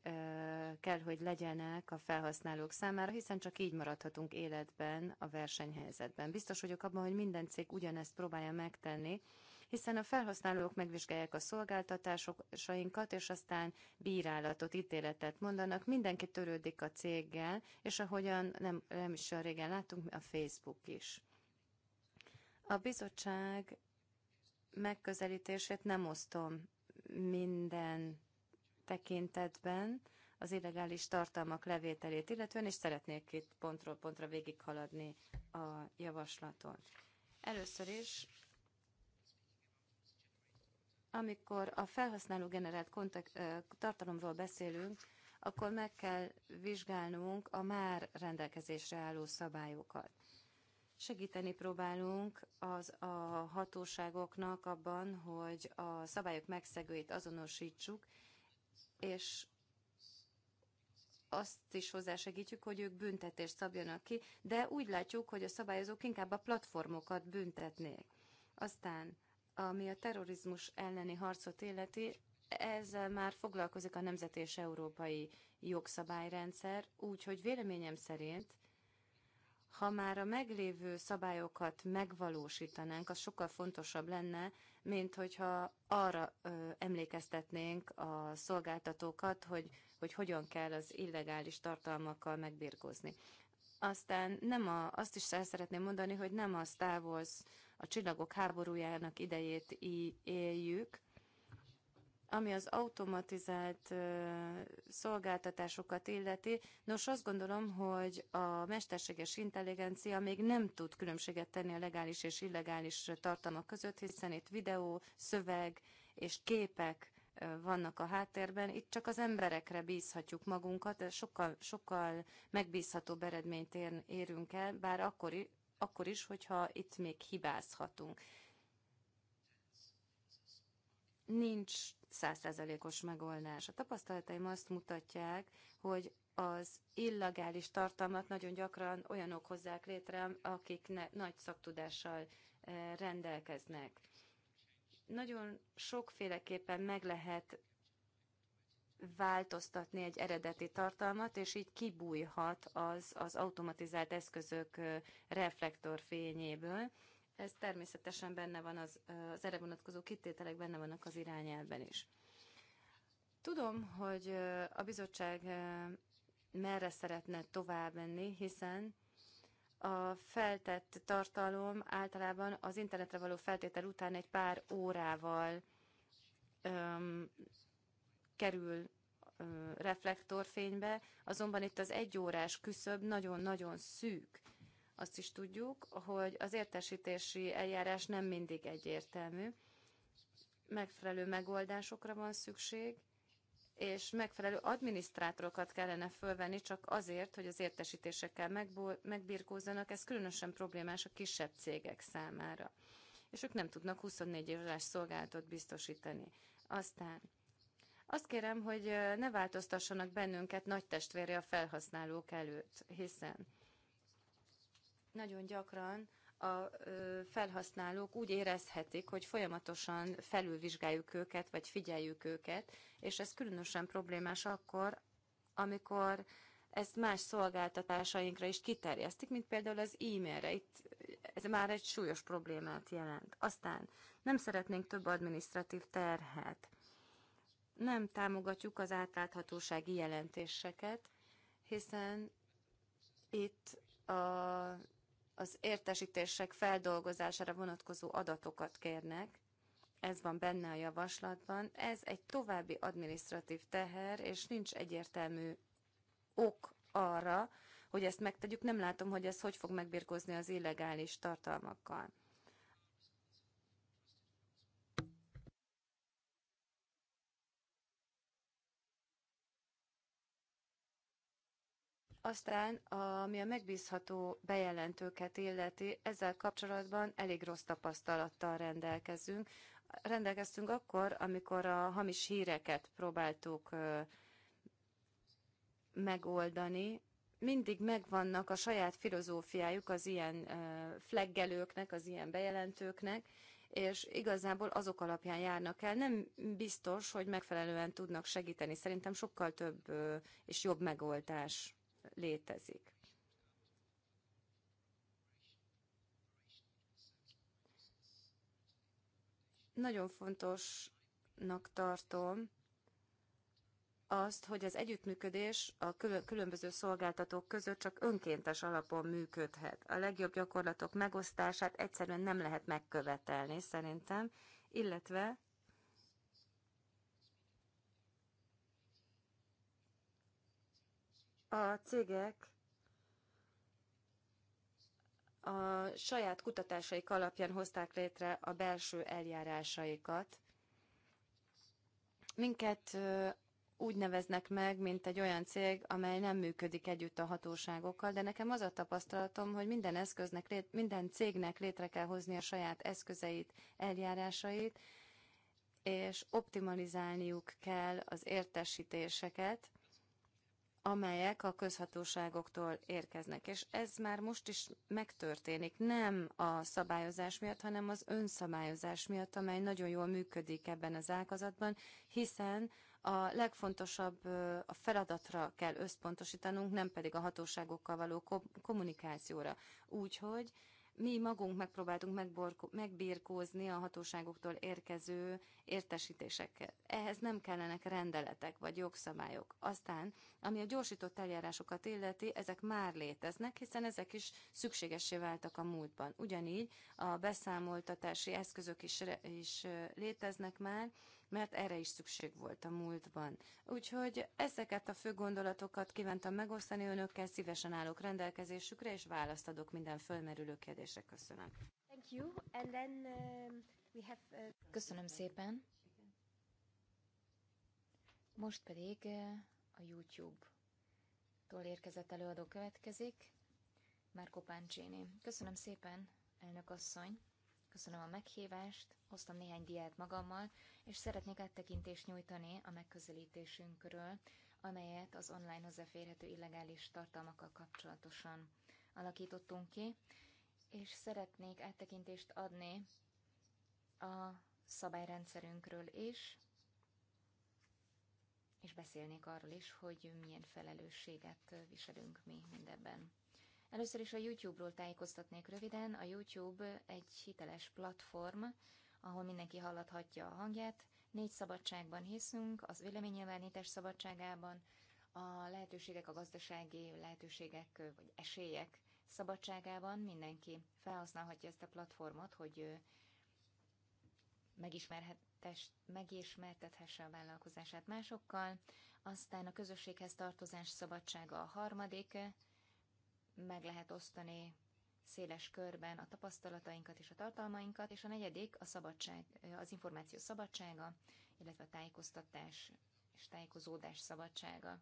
kell, hogy legyenek a felhasználók számára, hiszen csak így maradhatunk életben a versenyhelyzetben. Biztos vagyok abban, hogy minden cég ugyanezt próbálja megtenni, hiszen a felhasználók megvizsgálják a szolgáltatásainkat, és aztán bírálatot, ítéletet mondanak. Mindenki törődik a céggel, és ahogyan nem, nem is olyan régen láttunk, a Facebook is. A bizottság megközelítését nem osztom minden tekintetben az illegális tartalmak levételét illetően, és szeretnék itt pontról pontra végighaladni a javaslaton. Először is, amikor a felhasználó generált tartalomról beszélünk, akkor meg kell vizsgálnunk a már rendelkezésre álló szabályokat. Segíteni próbálunk az a hatóságoknak abban, hogy a szabályok megszegőit azonosítsuk, és azt is hozzásegítjük, hogy ők büntetést szabjanak ki, de úgy látjuk, hogy a szabályozók inkább a platformokat büntetnék. Aztán, ami a terrorizmus elleni harcot életi, ezzel már foglalkozik a nemzeti és európai jogszabályrendszer, úgyhogy véleményem szerint ha már a meglévő szabályokat megvalósítanánk, az sokkal fontosabb lenne, mint hogyha arra ö, emlékeztetnénk a szolgáltatókat, hogy, hogy hogyan kell az illegális tartalmakkal megbirkózni. Aztán nem a, azt is el szeretném mondani, hogy nem az Star a csillagok háborújának idejét éljük, ami az automatizált szolgáltatásokat illeti, nos azt gondolom, hogy a mesterséges intelligencia még nem tud különbséget tenni a legális és illegális tartalmak között, hiszen itt videó, szöveg és képek vannak a háttérben, itt csak az emberekre bízhatjuk magunkat, sokkal, sokkal megbízhatóbb eredményt érünk el, bár akkor, akkor is, hogyha itt még hibázhatunk nincs százszerzalékos megoldás. A tapasztalataim azt mutatják, hogy az illegális tartalmat nagyon gyakran olyanok hozzák létre, akik ne, nagy szaktudással eh, rendelkeznek. Nagyon sokféleképpen meg lehet változtatni egy eredeti tartalmat, és így kibújhat az, az automatizált eszközök eh, reflektorfényéből. Ez természetesen benne van az, az erre vonatkozó kitételek, benne vannak az irányelben is. Tudom, hogy a bizottság merre szeretne tovább menni, hiszen a feltett tartalom általában az internetre való feltétel után egy pár órával öm, kerül öm, reflektorfénybe, azonban itt az órás küszöb nagyon-nagyon szűk. Azt is tudjuk, hogy az értesítési eljárás nem mindig egyértelmű. Megfelelő megoldásokra van szükség, és megfelelő adminisztrátorokat kellene fölvenni csak azért, hogy az értesítésekkel megbirkózzanak. Ez különösen problémás a kisebb cégek számára. És ők nem tudnak 24 órás szolgálatot biztosítani. Aztán azt kérem, hogy ne változtassanak bennünket nagy testvére a felhasználók előtt, hiszen nagyon gyakran a felhasználók úgy érezhetik, hogy folyamatosan felülvizsgáljuk őket, vagy figyeljük őket, és ez különösen problémás akkor, amikor ezt más szolgáltatásainkra is kiterjesztik, mint például az e-mailre. Itt ez már egy súlyos problémát jelent. Aztán nem szeretnénk több administratív terhet. Nem támogatjuk az átláthatósági jelentéseket, hiszen itt a az értesítések feldolgozására vonatkozó adatokat kérnek. Ez van benne a javaslatban. Ez egy további adminisztratív teher, és nincs egyértelmű ok arra, hogy ezt megtegyük. Nem látom, hogy ez hogy fog megbirkózni az illegális tartalmakkal. Aztán, ami a megbízható bejelentőket illeti, ezzel kapcsolatban elég rossz tapasztalattal rendelkezünk. Rendelkeztünk akkor, amikor a hamis híreket próbáltuk megoldani. Mindig megvannak a saját filozófiájuk az ilyen flaggelőknek, az ilyen bejelentőknek, és igazából azok alapján járnak el. Nem biztos, hogy megfelelően tudnak segíteni. Szerintem sokkal több és jobb megoldás létezik. Nagyon fontosnak tartom azt, hogy az együttműködés a különböző szolgáltatók között csak önkéntes alapon működhet. A legjobb gyakorlatok megosztását egyszerűen nem lehet megkövetelni szerintem, illetve a cégek a saját kutatásaik alapján hozták létre a belső eljárásaikat. Minket úgy neveznek meg, mint egy olyan cég, amely nem működik együtt a hatóságokkal, de nekem az a tapasztalatom, hogy minden eszköznek, minden cégnek létre kell hozni a saját eszközeit, eljárásait, és optimalizálniuk kell az értesítéseket, amelyek a közhatóságoktól érkeznek. És ez már most is megtörténik, nem a szabályozás miatt, hanem az önszabályozás miatt, amely nagyon jól működik ebben az ágazatban, hiszen a legfontosabb a feladatra kell összpontosítanunk, nem pedig a hatóságokkal való kommunikációra. Úgyhogy mi magunk megpróbáltunk megbírkózni a hatóságoktól érkező értesítésekkel. Ehhez nem kellenek rendeletek vagy jogszabályok. Aztán, ami a gyorsított eljárásokat illeti, ezek már léteznek, hiszen ezek is szükségessé váltak a múltban. Ugyanígy a beszámoltatási eszközök is, is léteznek már, mert erre is szükség volt a múltban. Úgyhogy ezeket a fő gondolatokat kívántam megosztani önökkel, szívesen állok rendelkezésükre, és választ adok minden fölmerülő kérdésre. Köszönöm. Thank you. And then, uh, we have, uh... Köszönöm szépen. Most pedig uh, a YouTube-tól érkezett előadó következik, Márko Páncséni. Köszönöm szépen, elnök asszony! köszönöm a meghívást, hoztam néhány diát magammal, és szeretnék áttekintést nyújtani a megközelítésünkről, amelyet az online hozzáférhető illegális tartalmakkal kapcsolatosan alakítottunk ki, és szeretnék áttekintést adni a szabályrendszerünkről is, és beszélnék arról is, hogy milyen felelősséget viselünk mi mindebben. Először is a YouTube-ról tájékoztatnék röviden. A YouTube egy hiteles platform, ahol mindenki hallathatja a hangját. Négy szabadságban hiszünk, az véleménynyilvánítás szabadságában, a lehetőségek, a gazdasági lehetőségek vagy esélyek szabadságában mindenki felhasználhatja ezt a platformot, hogy megismertethesse a vállalkozását másokkal. Aztán a közösséghez tartozás szabadsága a harmadik, meg lehet osztani széles körben a tapasztalatainkat és a tartalmainkat, és a negyedik a szabadság, az információ szabadsága, illetve a tájékoztatás és tájékozódás szabadsága.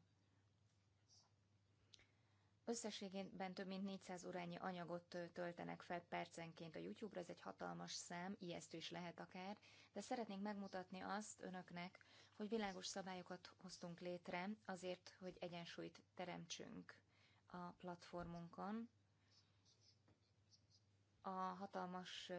Összességében több mint 400 órányi anyagot töltenek fel percenként a YouTube-ra, ez egy hatalmas szám, ijesztő is lehet akár, de szeretnénk megmutatni azt önöknek, hogy világos szabályokat hoztunk létre azért, hogy egyensúlyt teremtsünk a platformunkon a hatalmas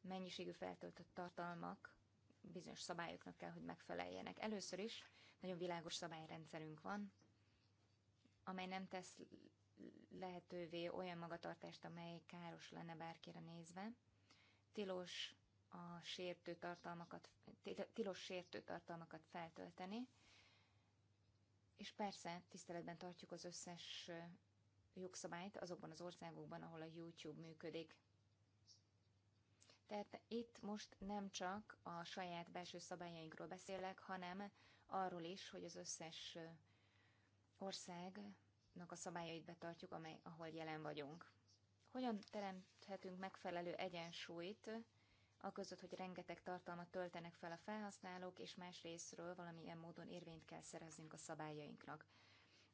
mennyiségű feltöltött tartalmak bizonyos szabályoknak kell, hogy megfeleljenek. Először is nagyon világos szabályrendszerünk van, amely nem tesz lehetővé olyan magatartást, amely káros lenne bárkire nézve. Tilos a sértő tartalmakat, tilos sértő tartalmakat feltölteni, és persze tiszteletben tartjuk az összes jogszabályt azokban az országokban, ahol a YouTube működik. Tehát itt most nem csak a saját belső szabályainkról beszélek, hanem arról is, hogy az összes országnak a szabályait betartjuk, amely, ahol jelen vagyunk. Hogyan teremthetünk megfelelő egyensúlyt aközött, hogy rengeteg tartalmat töltenek fel a felhasználók, és más részről valamilyen módon érvényt kell szereznünk a szabályainknak.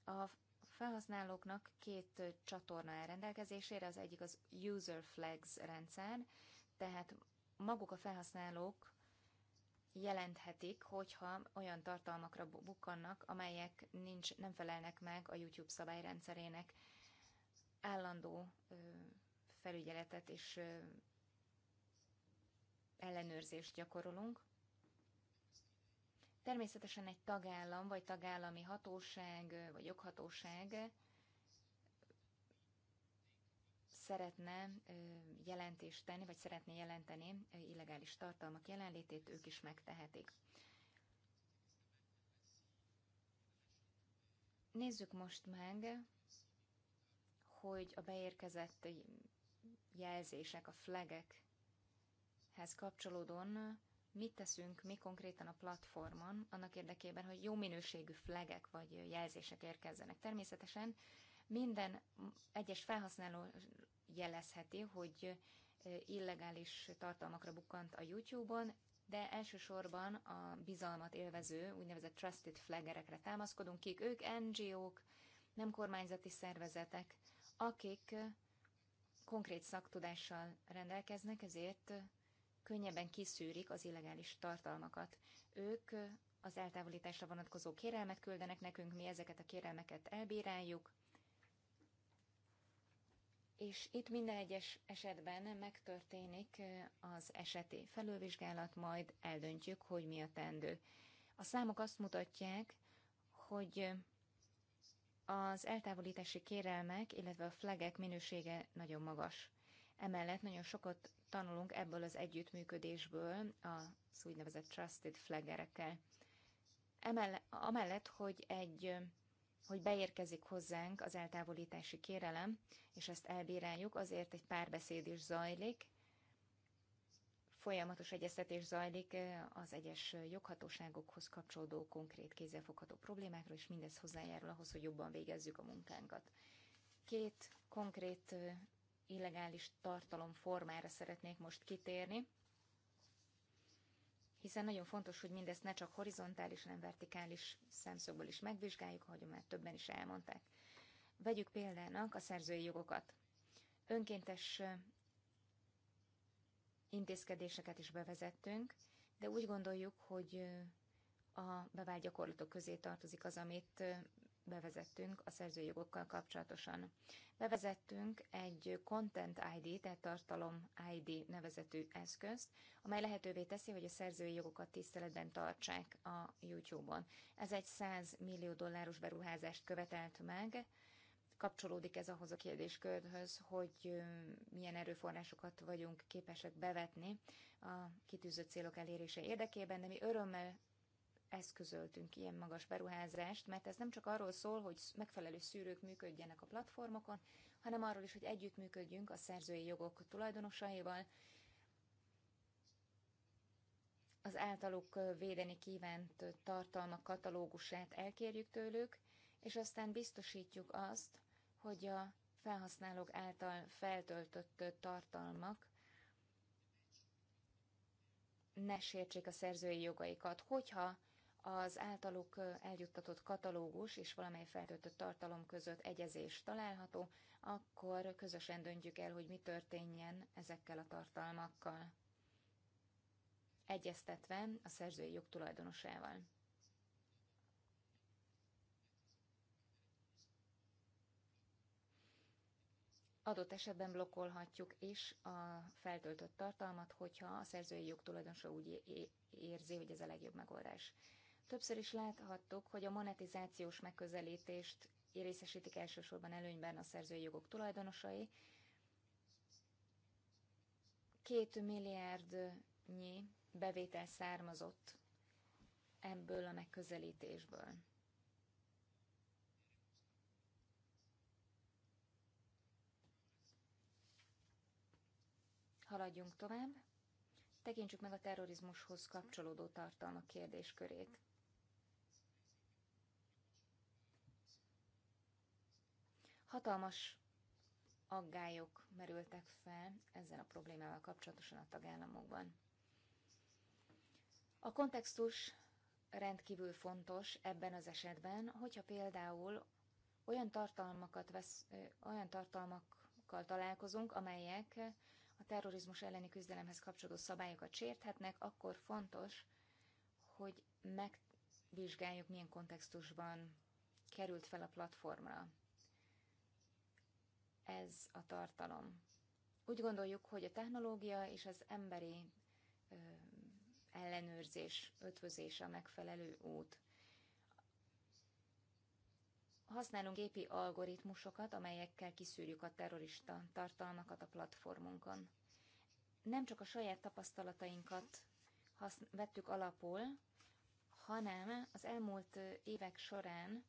A felhasználóknak két csatorna áll rendelkezésére, az egyik az User Flags rendszer, tehát maguk a felhasználók jelenthetik, hogyha olyan tartalmakra bukkannak, amelyek nincs, nem felelnek meg a YouTube szabályrendszerének állandó felügyeletet és ellenőrzést gyakorolunk. Természetesen egy tagállam, vagy tagállami hatóság, vagy joghatóság szeretne jelentést tenni, vagy szeretné jelenteni illegális tartalmak jelenlétét, ők is megtehetik. Nézzük most meg, hogy a beérkezett jelzések, a flagek hez kapcsolódóan mit teszünk mi konkrétan a platformon annak érdekében, hogy jó minőségű flagek vagy jelzések érkezzenek. Természetesen minden egyes felhasználó jelezheti, hogy illegális tartalmakra bukkant a YouTube-on, de elsősorban a bizalmat élvező úgynevezett trusted flaggerekre támaszkodunk, kik ők NGO-k, nem kormányzati szervezetek, akik konkrét szaktudással rendelkeznek, ezért könnyebben kiszűrik az illegális tartalmakat. Ők az eltávolításra vonatkozó kérelmet küldenek nekünk, mi ezeket a kérelmeket elbíráljuk, és itt minden egyes esetben megtörténik az eseti felülvizsgálat, majd eldöntjük, hogy mi a tendő. A számok azt mutatják, hogy az eltávolítási kérelmek, illetve a flagek minősége nagyon magas. Emellett nagyon sokat tanulunk ebből az együttműködésből az úgynevezett trusted flaggerekkel. Emellett, amellett, hogy egy hogy beérkezik hozzánk az eltávolítási kérelem, és ezt elbíráljuk, azért egy párbeszéd is zajlik, folyamatos egyeztetés zajlik eh, az egyes joghatóságokhoz kapcsolódó konkrét kézzelfogható problémákról, és mindez hozzájárul ahhoz, hogy jobban végezzük a munkánkat. Két konkrét eh, illegális tartalom formára szeretnék most kitérni, hiszen nagyon fontos, hogy mindezt ne csak horizontális, hanem vertikális szemszögből is megvizsgáljuk, ahogy már többen is elmondták. Vegyük példának a szerzői jogokat. Önkéntes intézkedéseket is bevezettünk, de úgy gondoljuk, hogy a bevált gyakorlatok közé tartozik az, amit bevezettünk a szerzői jogokkal kapcsolatosan. Bevezettünk egy Content ID, tehát tartalom ID nevezetű eszközt, amely lehetővé teszi, hogy a szerzői jogokat tiszteletben tartsák a YouTube-on. Ez egy 100 millió dolláros beruházást követelt meg, kapcsolódik ez ahhoz a kérdéskörhöz, hogy milyen erőforrásokat vagyunk képesek bevetni a kitűzött célok elérése érdekében, de mi örömmel eszközöltünk ilyen magas beruházást, mert ez nem csak arról szól, hogy megfelelő szűrők működjenek a platformokon, hanem arról is, hogy együttműködjünk a szerzői jogok tulajdonosaival, az általuk védeni kívánt tartalmak katalógusát elkérjük tőlük, és aztán biztosítjuk azt, hogy a felhasználók által feltöltött tartalmak ne sértsék a szerzői jogaikat, hogyha az általuk eljuttatott katalógus és valamely feltöltött tartalom között egyezés található, akkor közösen döntjük el, hogy mi történjen ezekkel a tartalmakkal, egyeztetve a szerzői jog tulajdonosával. Adott esetben blokkolhatjuk is a feltöltött tartalmat, hogyha a szerzői jogtulajdonosa úgy érzi, hogy ez a legjobb megoldás. Többször is láthattuk, hogy a monetizációs megközelítést részesítik elsősorban előnyben a szerzői jogok tulajdonosai. Két milliárdnyi bevétel származott ebből a megközelítésből. Haladjunk tovább. Tekintsük meg a terrorizmushoz kapcsolódó tartalmak kérdéskörét. Hatalmas aggályok merültek fel ezzel a problémával kapcsolatosan a tagállamokban. A kontextus rendkívül fontos ebben az esetben, hogyha például olyan tartalmakat vesz, olyan tartalmakkal találkozunk, amelyek a terrorizmus elleni küzdelemhez kapcsolódó szabályokat sérthetnek, akkor fontos, hogy megvizsgáljuk, milyen kontextusban került fel a platformra ez a tartalom. Úgy gondoljuk, hogy a technológia és az emberi ellenőrzés, ötvözése a megfelelő út. Használunk gépi algoritmusokat, amelyekkel kiszűrjük a terrorista tartalmakat a platformunkon. Nem csak a saját tapasztalatainkat vettük alapul, hanem az elmúlt évek során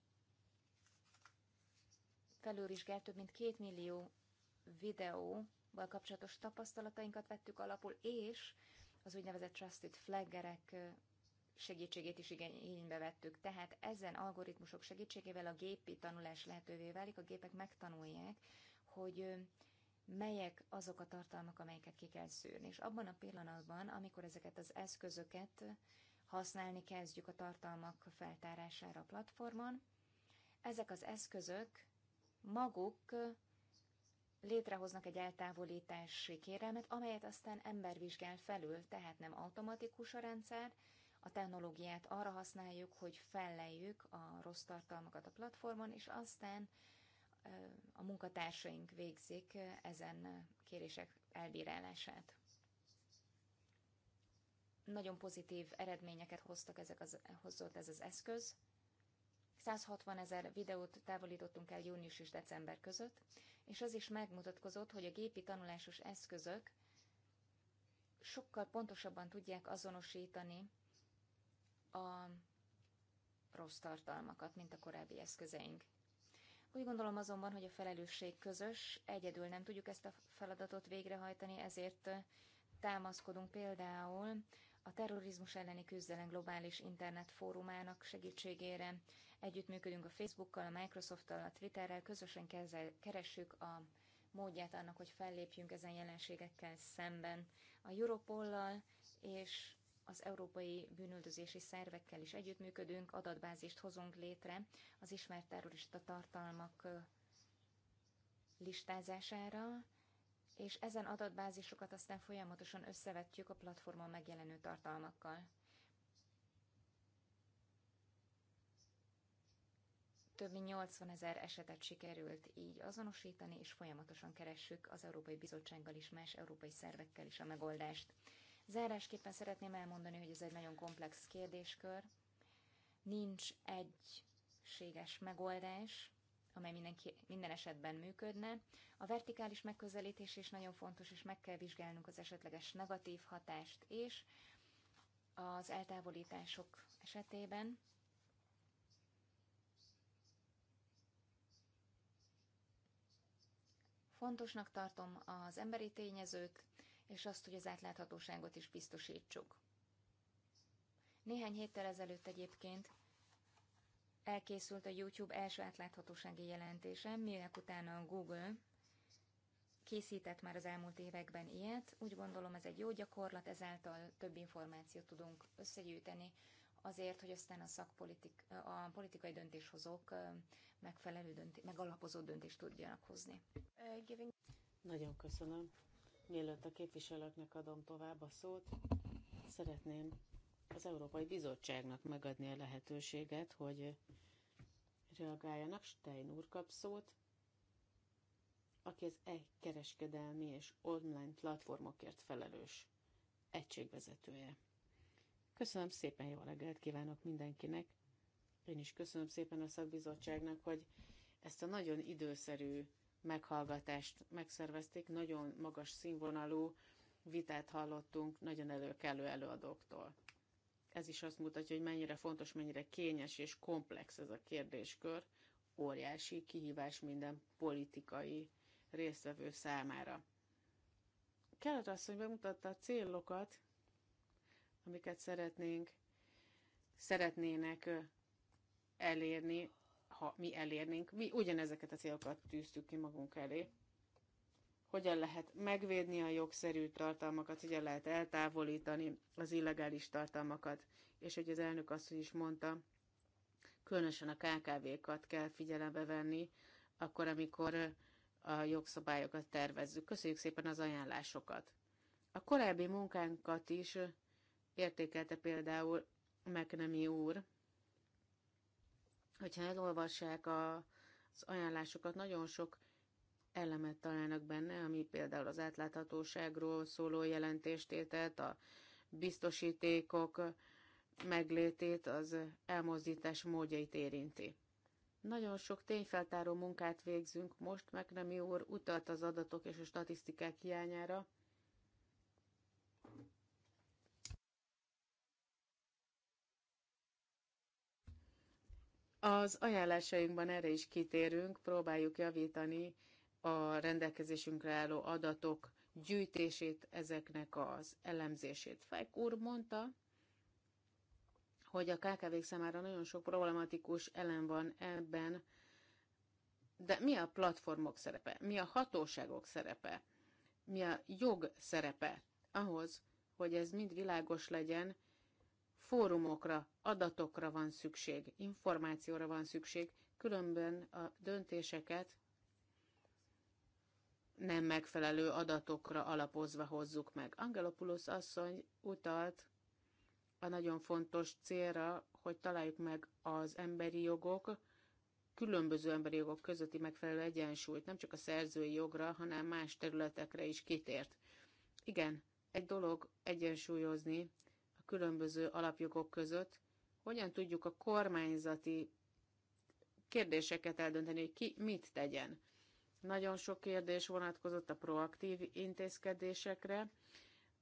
felülvizsgált több mint két millió videóval kapcsolatos tapasztalatainkat vettük alapul, és az úgynevezett trusted flaggerek segítségét is igénybe vettük. Tehát ezen algoritmusok segítségével a gépi tanulás lehetővé válik, a gépek megtanulják, hogy melyek azok a tartalmak, amelyeket ki kell szűrni. És abban a pillanatban, amikor ezeket az eszközöket használni kezdjük a tartalmak feltárására a platformon, ezek az eszközök maguk létrehoznak egy eltávolítási kérelmet, amelyet aztán ember vizsgál felül, tehát nem automatikus a rendszer, a technológiát arra használjuk, hogy felleljük a rossz tartalmakat a platformon, és aztán a munkatársaink végzik ezen kérések elbírálását. Nagyon pozitív eredményeket hoztak ezek az, hozott ez az eszköz, 160 ezer videót távolítottunk el június és december között, és az is megmutatkozott, hogy a gépi tanulásos eszközök sokkal pontosabban tudják azonosítani a rossz tartalmakat, mint a korábbi eszközeink. Úgy gondolom azonban, hogy a felelősség közös, egyedül nem tudjuk ezt a feladatot végrehajtani, ezért támaszkodunk például a terrorizmus elleni küzdelem globális internet fórumának segítségére, együttműködünk a Facebookkal, a Microsofttal, a Twitterrel, közösen kezel, keressük a módját annak, hogy fellépjünk ezen jelenségekkel szemben. A Europollal és az európai bűnöldözési szervekkel is együttműködünk, adatbázist hozunk létre az ismert terrorista tartalmak listázására, és ezen adatbázisokat aztán folyamatosan összevetjük a platformon megjelenő tartalmakkal. Több mint 80 ezer esetet sikerült így azonosítani, és folyamatosan keressük az Európai Bizottsággal és más európai szervekkel is a megoldást. Zárásképpen szeretném elmondani, hogy ez egy nagyon komplex kérdéskör. Nincs egységes megoldás, amely mindenki, minden esetben működne. A vertikális megközelítés is nagyon fontos, és meg kell vizsgálnunk az esetleges negatív hatást és az eltávolítások esetében. Fontosnak tartom az emberi tényezőt, és azt, hogy az átláthatóságot is biztosítsuk. Néhány héttel ezelőtt egyébként elkészült a YouTube első átláthatósági jelentése, minek utána a Google készített már az elmúlt években ilyet. Úgy gondolom ez egy jó gyakorlat, ezáltal több információt tudunk összegyűjteni azért, hogy aztán a, szakpolitik, a politikai döntéshozók megfelelő, dönté, megalapozó döntést tudjanak hozni. Nagyon köszönöm. Mielőtt a képviselőknek adom tovább a szót, szeretném az Európai Bizottságnak megadni a lehetőséget, hogy reagáljanak. Stein úr kap szót, aki az e-kereskedelmi és online platformokért felelős egységvezetője. Köszönöm szépen, jó reggelt kívánok mindenkinek. Én is köszönöm szépen a szakbizottságnak, hogy ezt a nagyon időszerű meghallgatást megszervezték, nagyon magas színvonalú vitát hallottunk nagyon előkelő előadóktól. Ez is azt mutatja, hogy mennyire fontos, mennyire kényes és komplex ez a kérdéskör. Óriási kihívás minden politikai résztvevő számára. Kellett hogy bemutatta a célokat, amiket szeretnénk, szeretnének elérni, ha mi elérnénk. Mi ugyanezeket a célokat tűztük ki magunk elé hogyan lehet megvédni a jogszerű tartalmakat, hogyan lehet eltávolítani az illegális tartalmakat, és hogy az elnök asszony is mondta, különösen a KKV-kat kell figyelembe venni, akkor, amikor a jogszabályokat tervezzük. Köszönjük szépen az ajánlásokat. A korábbi munkánkat is értékelte például Meknemi úr. Hogyha elolvassák a, az ajánlásokat, nagyon sok elemet találnak benne, ami például az átláthatóságról szóló jelentéstételt, a biztosítékok meglétét, az elmozdítás módjait érinti. Nagyon sok tényfeltáró munkát végzünk, most meg nem úr utalt az adatok és a statisztikák hiányára, Az ajánlásainkban erre is kitérünk, próbáljuk javítani a rendelkezésünkre álló adatok gyűjtését, ezeknek az elemzését. Fajk úr mondta, hogy a kkv számára nagyon sok problematikus elem van ebben, de mi a platformok szerepe, mi a hatóságok szerepe, mi a jog szerepe ahhoz, hogy ez mind világos legyen, fórumokra, adatokra van szükség, információra van szükség, különben a döntéseket nem megfelelő adatokra alapozva hozzuk meg. Angelopoulos asszony utalt a nagyon fontos célra, hogy találjuk meg az emberi jogok, különböző emberi jogok közötti megfelelő egyensúlyt, nem csak a szerzői jogra, hanem más területekre is kitért. Igen, egy dolog egyensúlyozni a különböző alapjogok között, hogyan tudjuk a kormányzati kérdéseket eldönteni, hogy ki mit tegyen. Nagyon sok kérdés vonatkozott a proaktív intézkedésekre.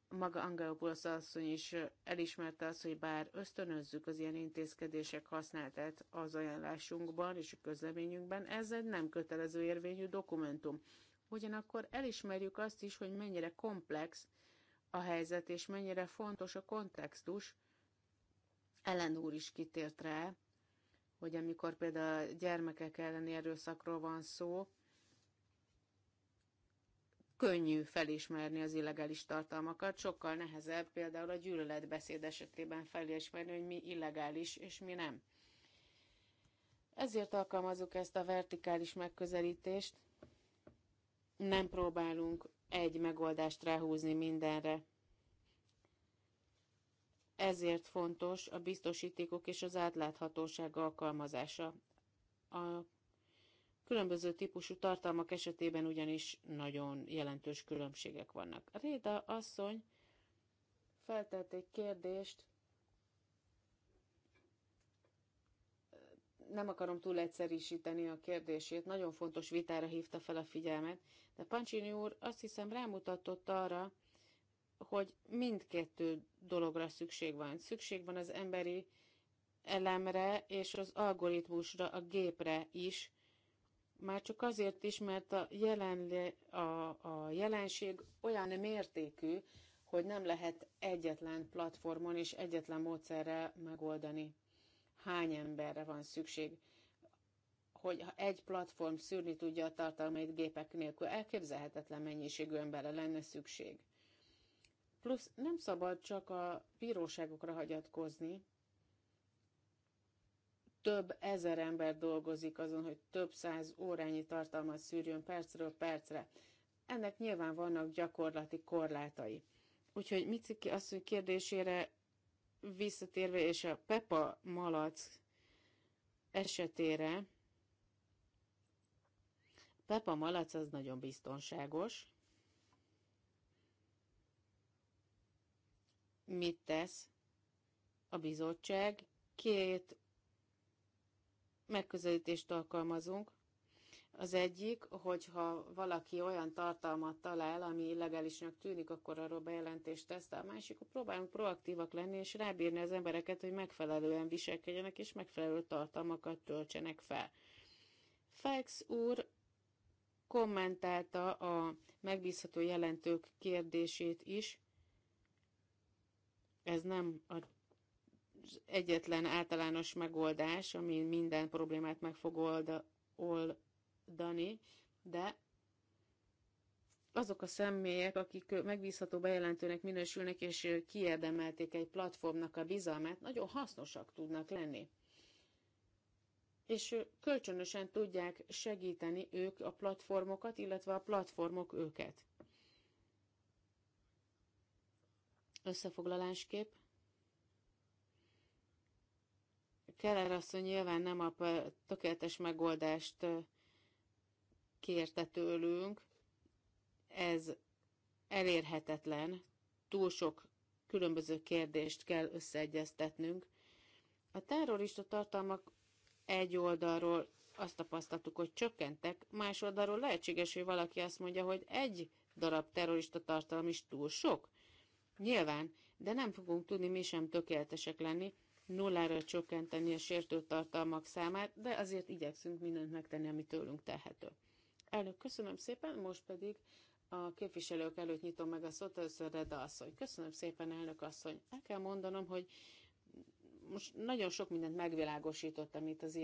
Maga Angelopoulos asszony is elismerte azt, hogy bár ösztönözzük az ilyen intézkedések használatát az ajánlásunkban és a közleményünkben, ez egy nem kötelező érvényű dokumentum. Ugyanakkor elismerjük azt is, hogy mennyire komplex a helyzet, és mennyire fontos a kontextus. Ellen úr is kitért rá, hogy amikor például gyermekek elleni erőszakról van szó, könnyű felismerni az illegális tartalmakat, sokkal nehezebb például a gyűlöletbeszéd esetében felismerni, hogy mi illegális és mi nem. Ezért alkalmazunk ezt a vertikális megközelítést, nem próbálunk egy megoldást ráhúzni mindenre. Ezért fontos a biztosítékok és az átláthatóság alkalmazása. A Különböző típusú tartalmak esetében ugyanis nagyon jelentős különbségek vannak. Réda asszony feltett egy kérdést, nem akarom túl egyszerűsíteni a kérdését, nagyon fontos vitára hívta fel a figyelmet, de Pancsini úr azt hiszem rámutatott arra, hogy mindkettő dologra szükség van. Szükség van az emberi elemre és az algoritmusra, a gépre is, már csak azért is, mert a, jelen, a, a jelenség olyan mértékű, hogy nem lehet egyetlen platformon és egyetlen módszerrel megoldani. Hány emberre van szükség? hogy egy platform szűrni tudja a tartalmait gépek nélkül, elképzelhetetlen mennyiségű emberre lenne szükség. Plusz nem szabad csak a bíróságokra hagyatkozni, több ezer ember dolgozik azon, hogy több száz órányi tartalmat szűrjön percről percre. Ennek nyilván vannak gyakorlati korlátai. Úgyhogy Miciki asszony kérdésére visszatérve, és a Pepa malac esetére, Pepa malac az nagyon biztonságos. Mit tesz? A bizottság két megközelítést alkalmazunk. Az egyik, hogyha valaki olyan tartalmat talál, ami illegálisnak tűnik, akkor arról bejelentést tesz, a másik, hogy próbálunk proaktívak lenni, és rábírni az embereket, hogy megfelelően viselkedjenek, és megfelelő tartalmakat töltsenek fel. Fex úr kommentálta a megbízható jelentők kérdését is. Ez nem a az egyetlen általános megoldás, ami minden problémát meg fog oldani, de azok a személyek, akik megbízható bejelentőnek minősülnek, és kiérdemelték egy platformnak a bizalmát, nagyon hasznosak tudnak lenni. És kölcsönösen tudják segíteni ők a platformokat, illetve a platformok őket. Összefoglalásképp Keller asszony nyilván nem a tökéletes megoldást kérte tőlünk. Ez elérhetetlen, túl sok különböző kérdést kell összeegyeztetnünk. A terrorista tartalmak egy oldalról azt tapasztaltuk, hogy csökkentek, más oldalról lehetséges, hogy valaki azt mondja, hogy egy darab terrorista tartalom is túl sok. Nyilván, de nem fogunk tudni mi sem tökéletesek lenni, nullára csökkenteni a sértő tartalmak számát, de azért igyekszünk mindent megtenni, ami tőlünk tehető. Elnök, köszönöm szépen, most pedig a képviselők előtt nyitom meg a szót, először Reda asszony. Köszönöm szépen, elnök asszony. El kell mondanom, hogy most nagyon sok mindent megvilágosítottam, amit az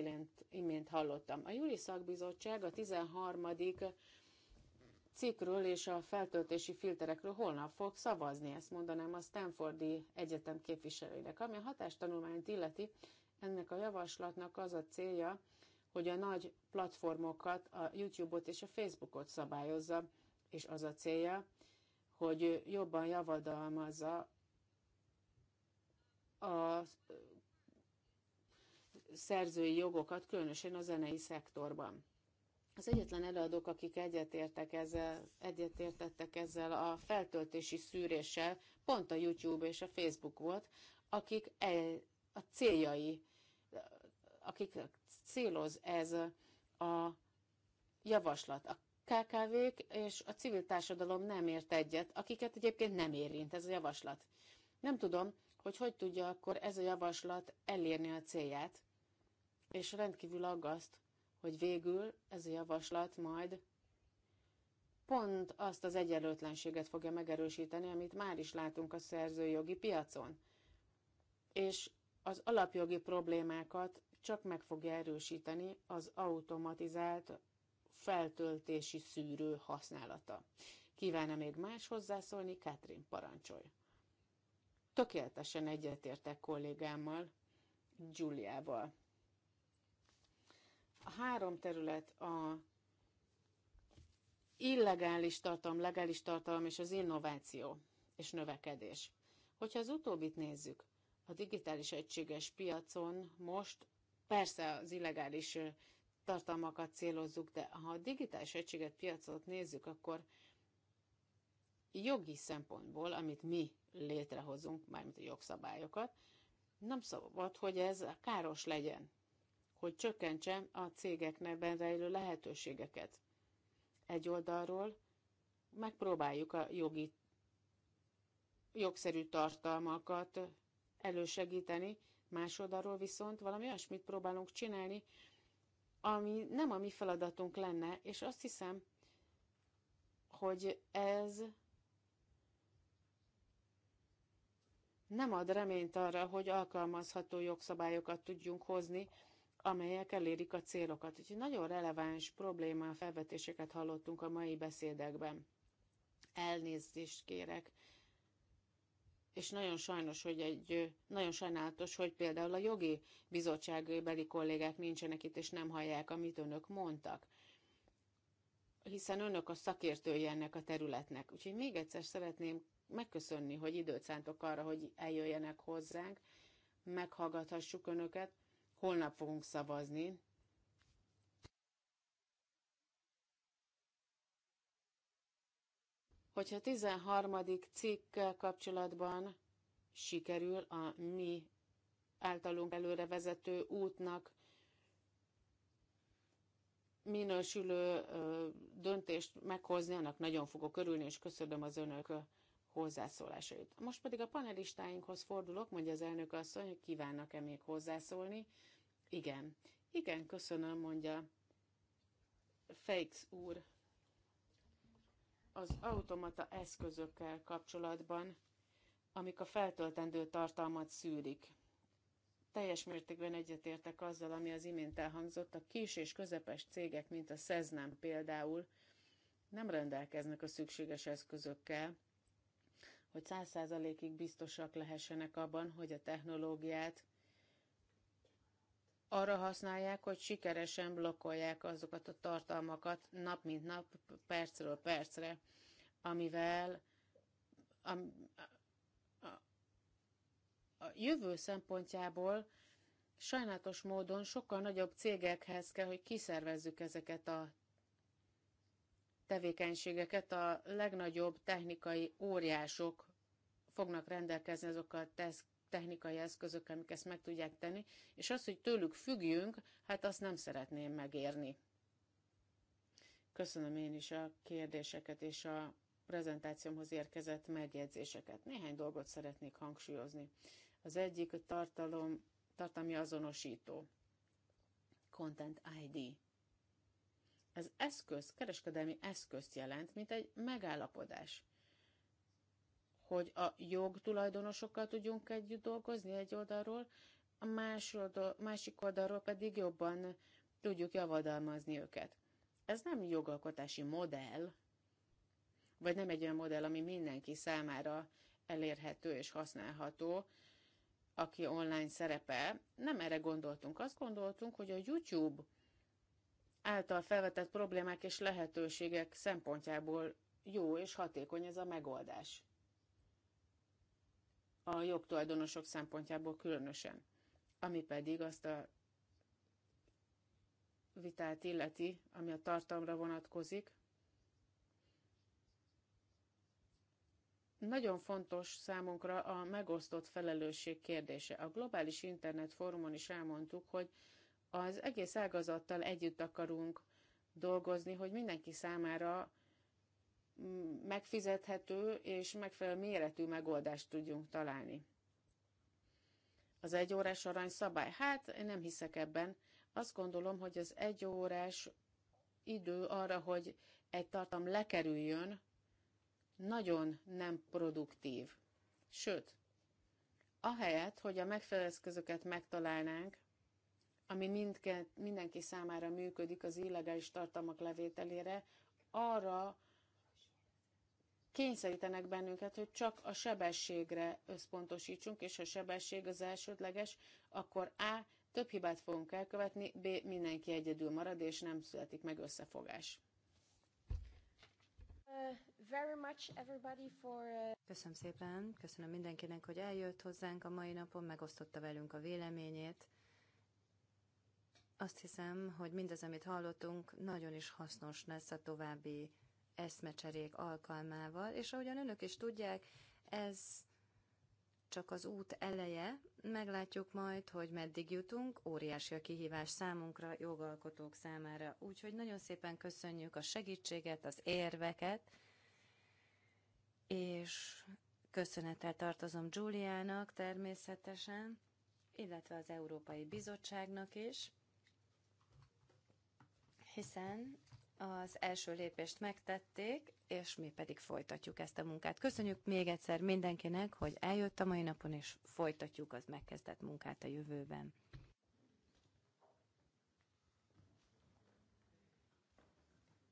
imént, hallottam. A Júli Szakbizottság a 13 cikkről és a feltöltési filterekről holnap fog szavazni, ezt mondanám a Stanfordi Egyetem képviselőinek. Ami a hatástanulmányt illeti, ennek a javaslatnak az a célja, hogy a nagy platformokat, a YouTube-ot és a Facebookot szabályozza, és az a célja, hogy jobban javadalmazza a szerzői jogokat, különösen a zenei szektorban. Az egyetlen előadók, akik egyetértek ezzel, egyetértettek ezzel a feltöltési szűréssel, pont a YouTube és a Facebook volt, akik el, a céljai, akik céloz ez a javaslat. A KKV-k és a civil társadalom nem ért egyet, akiket egyébként nem érint ez a javaslat. Nem tudom, hogy hogy tudja akkor ez a javaslat elérni a célját, és rendkívül aggaszt, hogy végül ez a javaslat majd pont azt az egyenlőtlenséget fogja megerősíteni, amit már is látunk a szerzőjogi piacon. És az alapjogi problémákat csak meg fogja erősíteni az automatizált feltöltési szűrő használata. Kívánna még más hozzászólni? Katrin parancsolj. Tökéletesen egyetértek kollégámmal, Giuliával. A három terület a illegális tartalom, legális tartalom és az innováció és növekedés. Hogyha az utóbbit nézzük, a digitális egységes piacon most persze az illegális tartalmakat célozzuk, de ha a digitális egységet piacot nézzük, akkor jogi szempontból, amit mi létrehozunk, mármint a jogszabályokat, nem szabad, hogy ez káros legyen hogy csökkentse a cégeknek rejlő lehetőségeket. Egy oldalról megpróbáljuk a jogi, jogszerű tartalmakat elősegíteni, más oldalról viszont valami olyasmit próbálunk csinálni, ami nem a mi feladatunk lenne, és azt hiszem, hogy ez nem ad reményt arra, hogy alkalmazható jogszabályokat tudjunk hozni, amelyek elérik a célokat. Úgyhogy nagyon releváns probléma felvetéseket hallottunk a mai beszédekben. Elnézést kérek, és nagyon sajnos, hogy egy, nagyon sajnálatos, hogy például a jogi bizottságbeli kollégák nincsenek itt, és nem hallják, amit önök mondtak hiszen önök a szakértői ennek a területnek. Úgyhogy még egyszer szeretném megköszönni, hogy időt szántok arra, hogy eljöjjenek hozzánk, meghallgathassuk önöket, Holnap fogunk szavazni. Hogyha a 13. cikkkel kapcsolatban sikerül a mi általunk előrevezető útnak minősülő döntést meghozni, annak nagyon fogok örülni, és köszönöm az önök hozzászólásait. Most pedig a panelistáinkhoz fordulok, mondja az elnök asszony, hogy kívánnak-e még hozzászólni, igen. Igen, köszönöm, mondja Fakes úr. Az automata eszközökkel kapcsolatban, amik a feltöltendő tartalmat szűrik. Teljes mértékben egyetértek azzal, ami az imént elhangzott, a kis és közepes cégek, mint a Szeznem például, nem rendelkeznek a szükséges eszközökkel, hogy száz százalékig biztosak lehessenek abban, hogy a technológiát arra használják, hogy sikeresen blokkolják azokat a tartalmakat nap mint nap, percről percre, amivel a, a, a jövő szempontjából sajnálatos módon sokkal nagyobb cégekhez kell, hogy kiszervezzük ezeket a tevékenységeket. A legnagyobb technikai óriások fognak rendelkezni azokkal a technikai eszközök, amik ezt meg tudják tenni, és az, hogy tőlük függjünk, hát azt nem szeretném megérni. Köszönöm én is a kérdéseket és a prezentációmhoz érkezett megjegyzéseket. Néhány dolgot szeretnék hangsúlyozni. Az egyik a tartalom, tartalmi azonosító, Content ID. Ez eszköz, kereskedelmi eszközt jelent, mint egy megállapodás hogy a jogtulajdonosokkal tudjunk együtt dolgozni egy oldalról, a más oldal, másik oldalról pedig jobban tudjuk javadalmazni őket. Ez nem jogalkotási modell, vagy nem egy olyan modell, ami mindenki számára elérhető és használható, aki online szerepel. Nem erre gondoltunk. Azt gondoltunk, hogy a YouTube által felvetett problémák és lehetőségek szempontjából jó és hatékony ez a megoldás a jogtulajdonosok szempontjából különösen. Ami pedig azt a vitát illeti, ami a tartalomra vonatkozik. Nagyon fontos számunkra a megosztott felelősség kérdése. A globális internet fórumon is elmondtuk, hogy az egész ágazattal együtt akarunk dolgozni, hogy mindenki számára megfizethető és megfelelő méretű megoldást tudjunk találni. Az egyórás arany szabály? Hát én nem hiszek ebben. Azt gondolom, hogy az egyórás idő arra, hogy egy tartam lekerüljön, nagyon nem produktív. Sőt, ahelyett, hogy a megfelelő eszközöket megtalálnánk, ami mindke, mindenki számára működik az illegális tartalmak levételére, arra kényszerítenek bennünket, hogy csak a sebességre összpontosítsunk, és ha sebesség az elsődleges, akkor A. több hibát fogunk elkövetni, B. mindenki egyedül marad, és nem születik meg összefogás. Uh, uh, köszönöm szépen, köszönöm mindenkinek, hogy eljött hozzánk a mai napon, megosztotta velünk a véleményét. Azt hiszem, hogy mindez, amit hallottunk, nagyon is hasznos lesz a további eszmecserék alkalmával, és ahogyan önök is tudják, ez csak az út eleje, meglátjuk majd, hogy meddig jutunk, óriási a kihívás számunkra, jogalkotók számára. Úgyhogy nagyon szépen köszönjük a segítséget, az érveket, és köszönettel tartozom Giuliának természetesen, illetve az Európai Bizottságnak is, hiszen az első lépést megtették, és mi pedig folytatjuk ezt a munkát. Köszönjük még egyszer mindenkinek, hogy eljött a mai napon, és folytatjuk az megkezdett munkát a jövőben.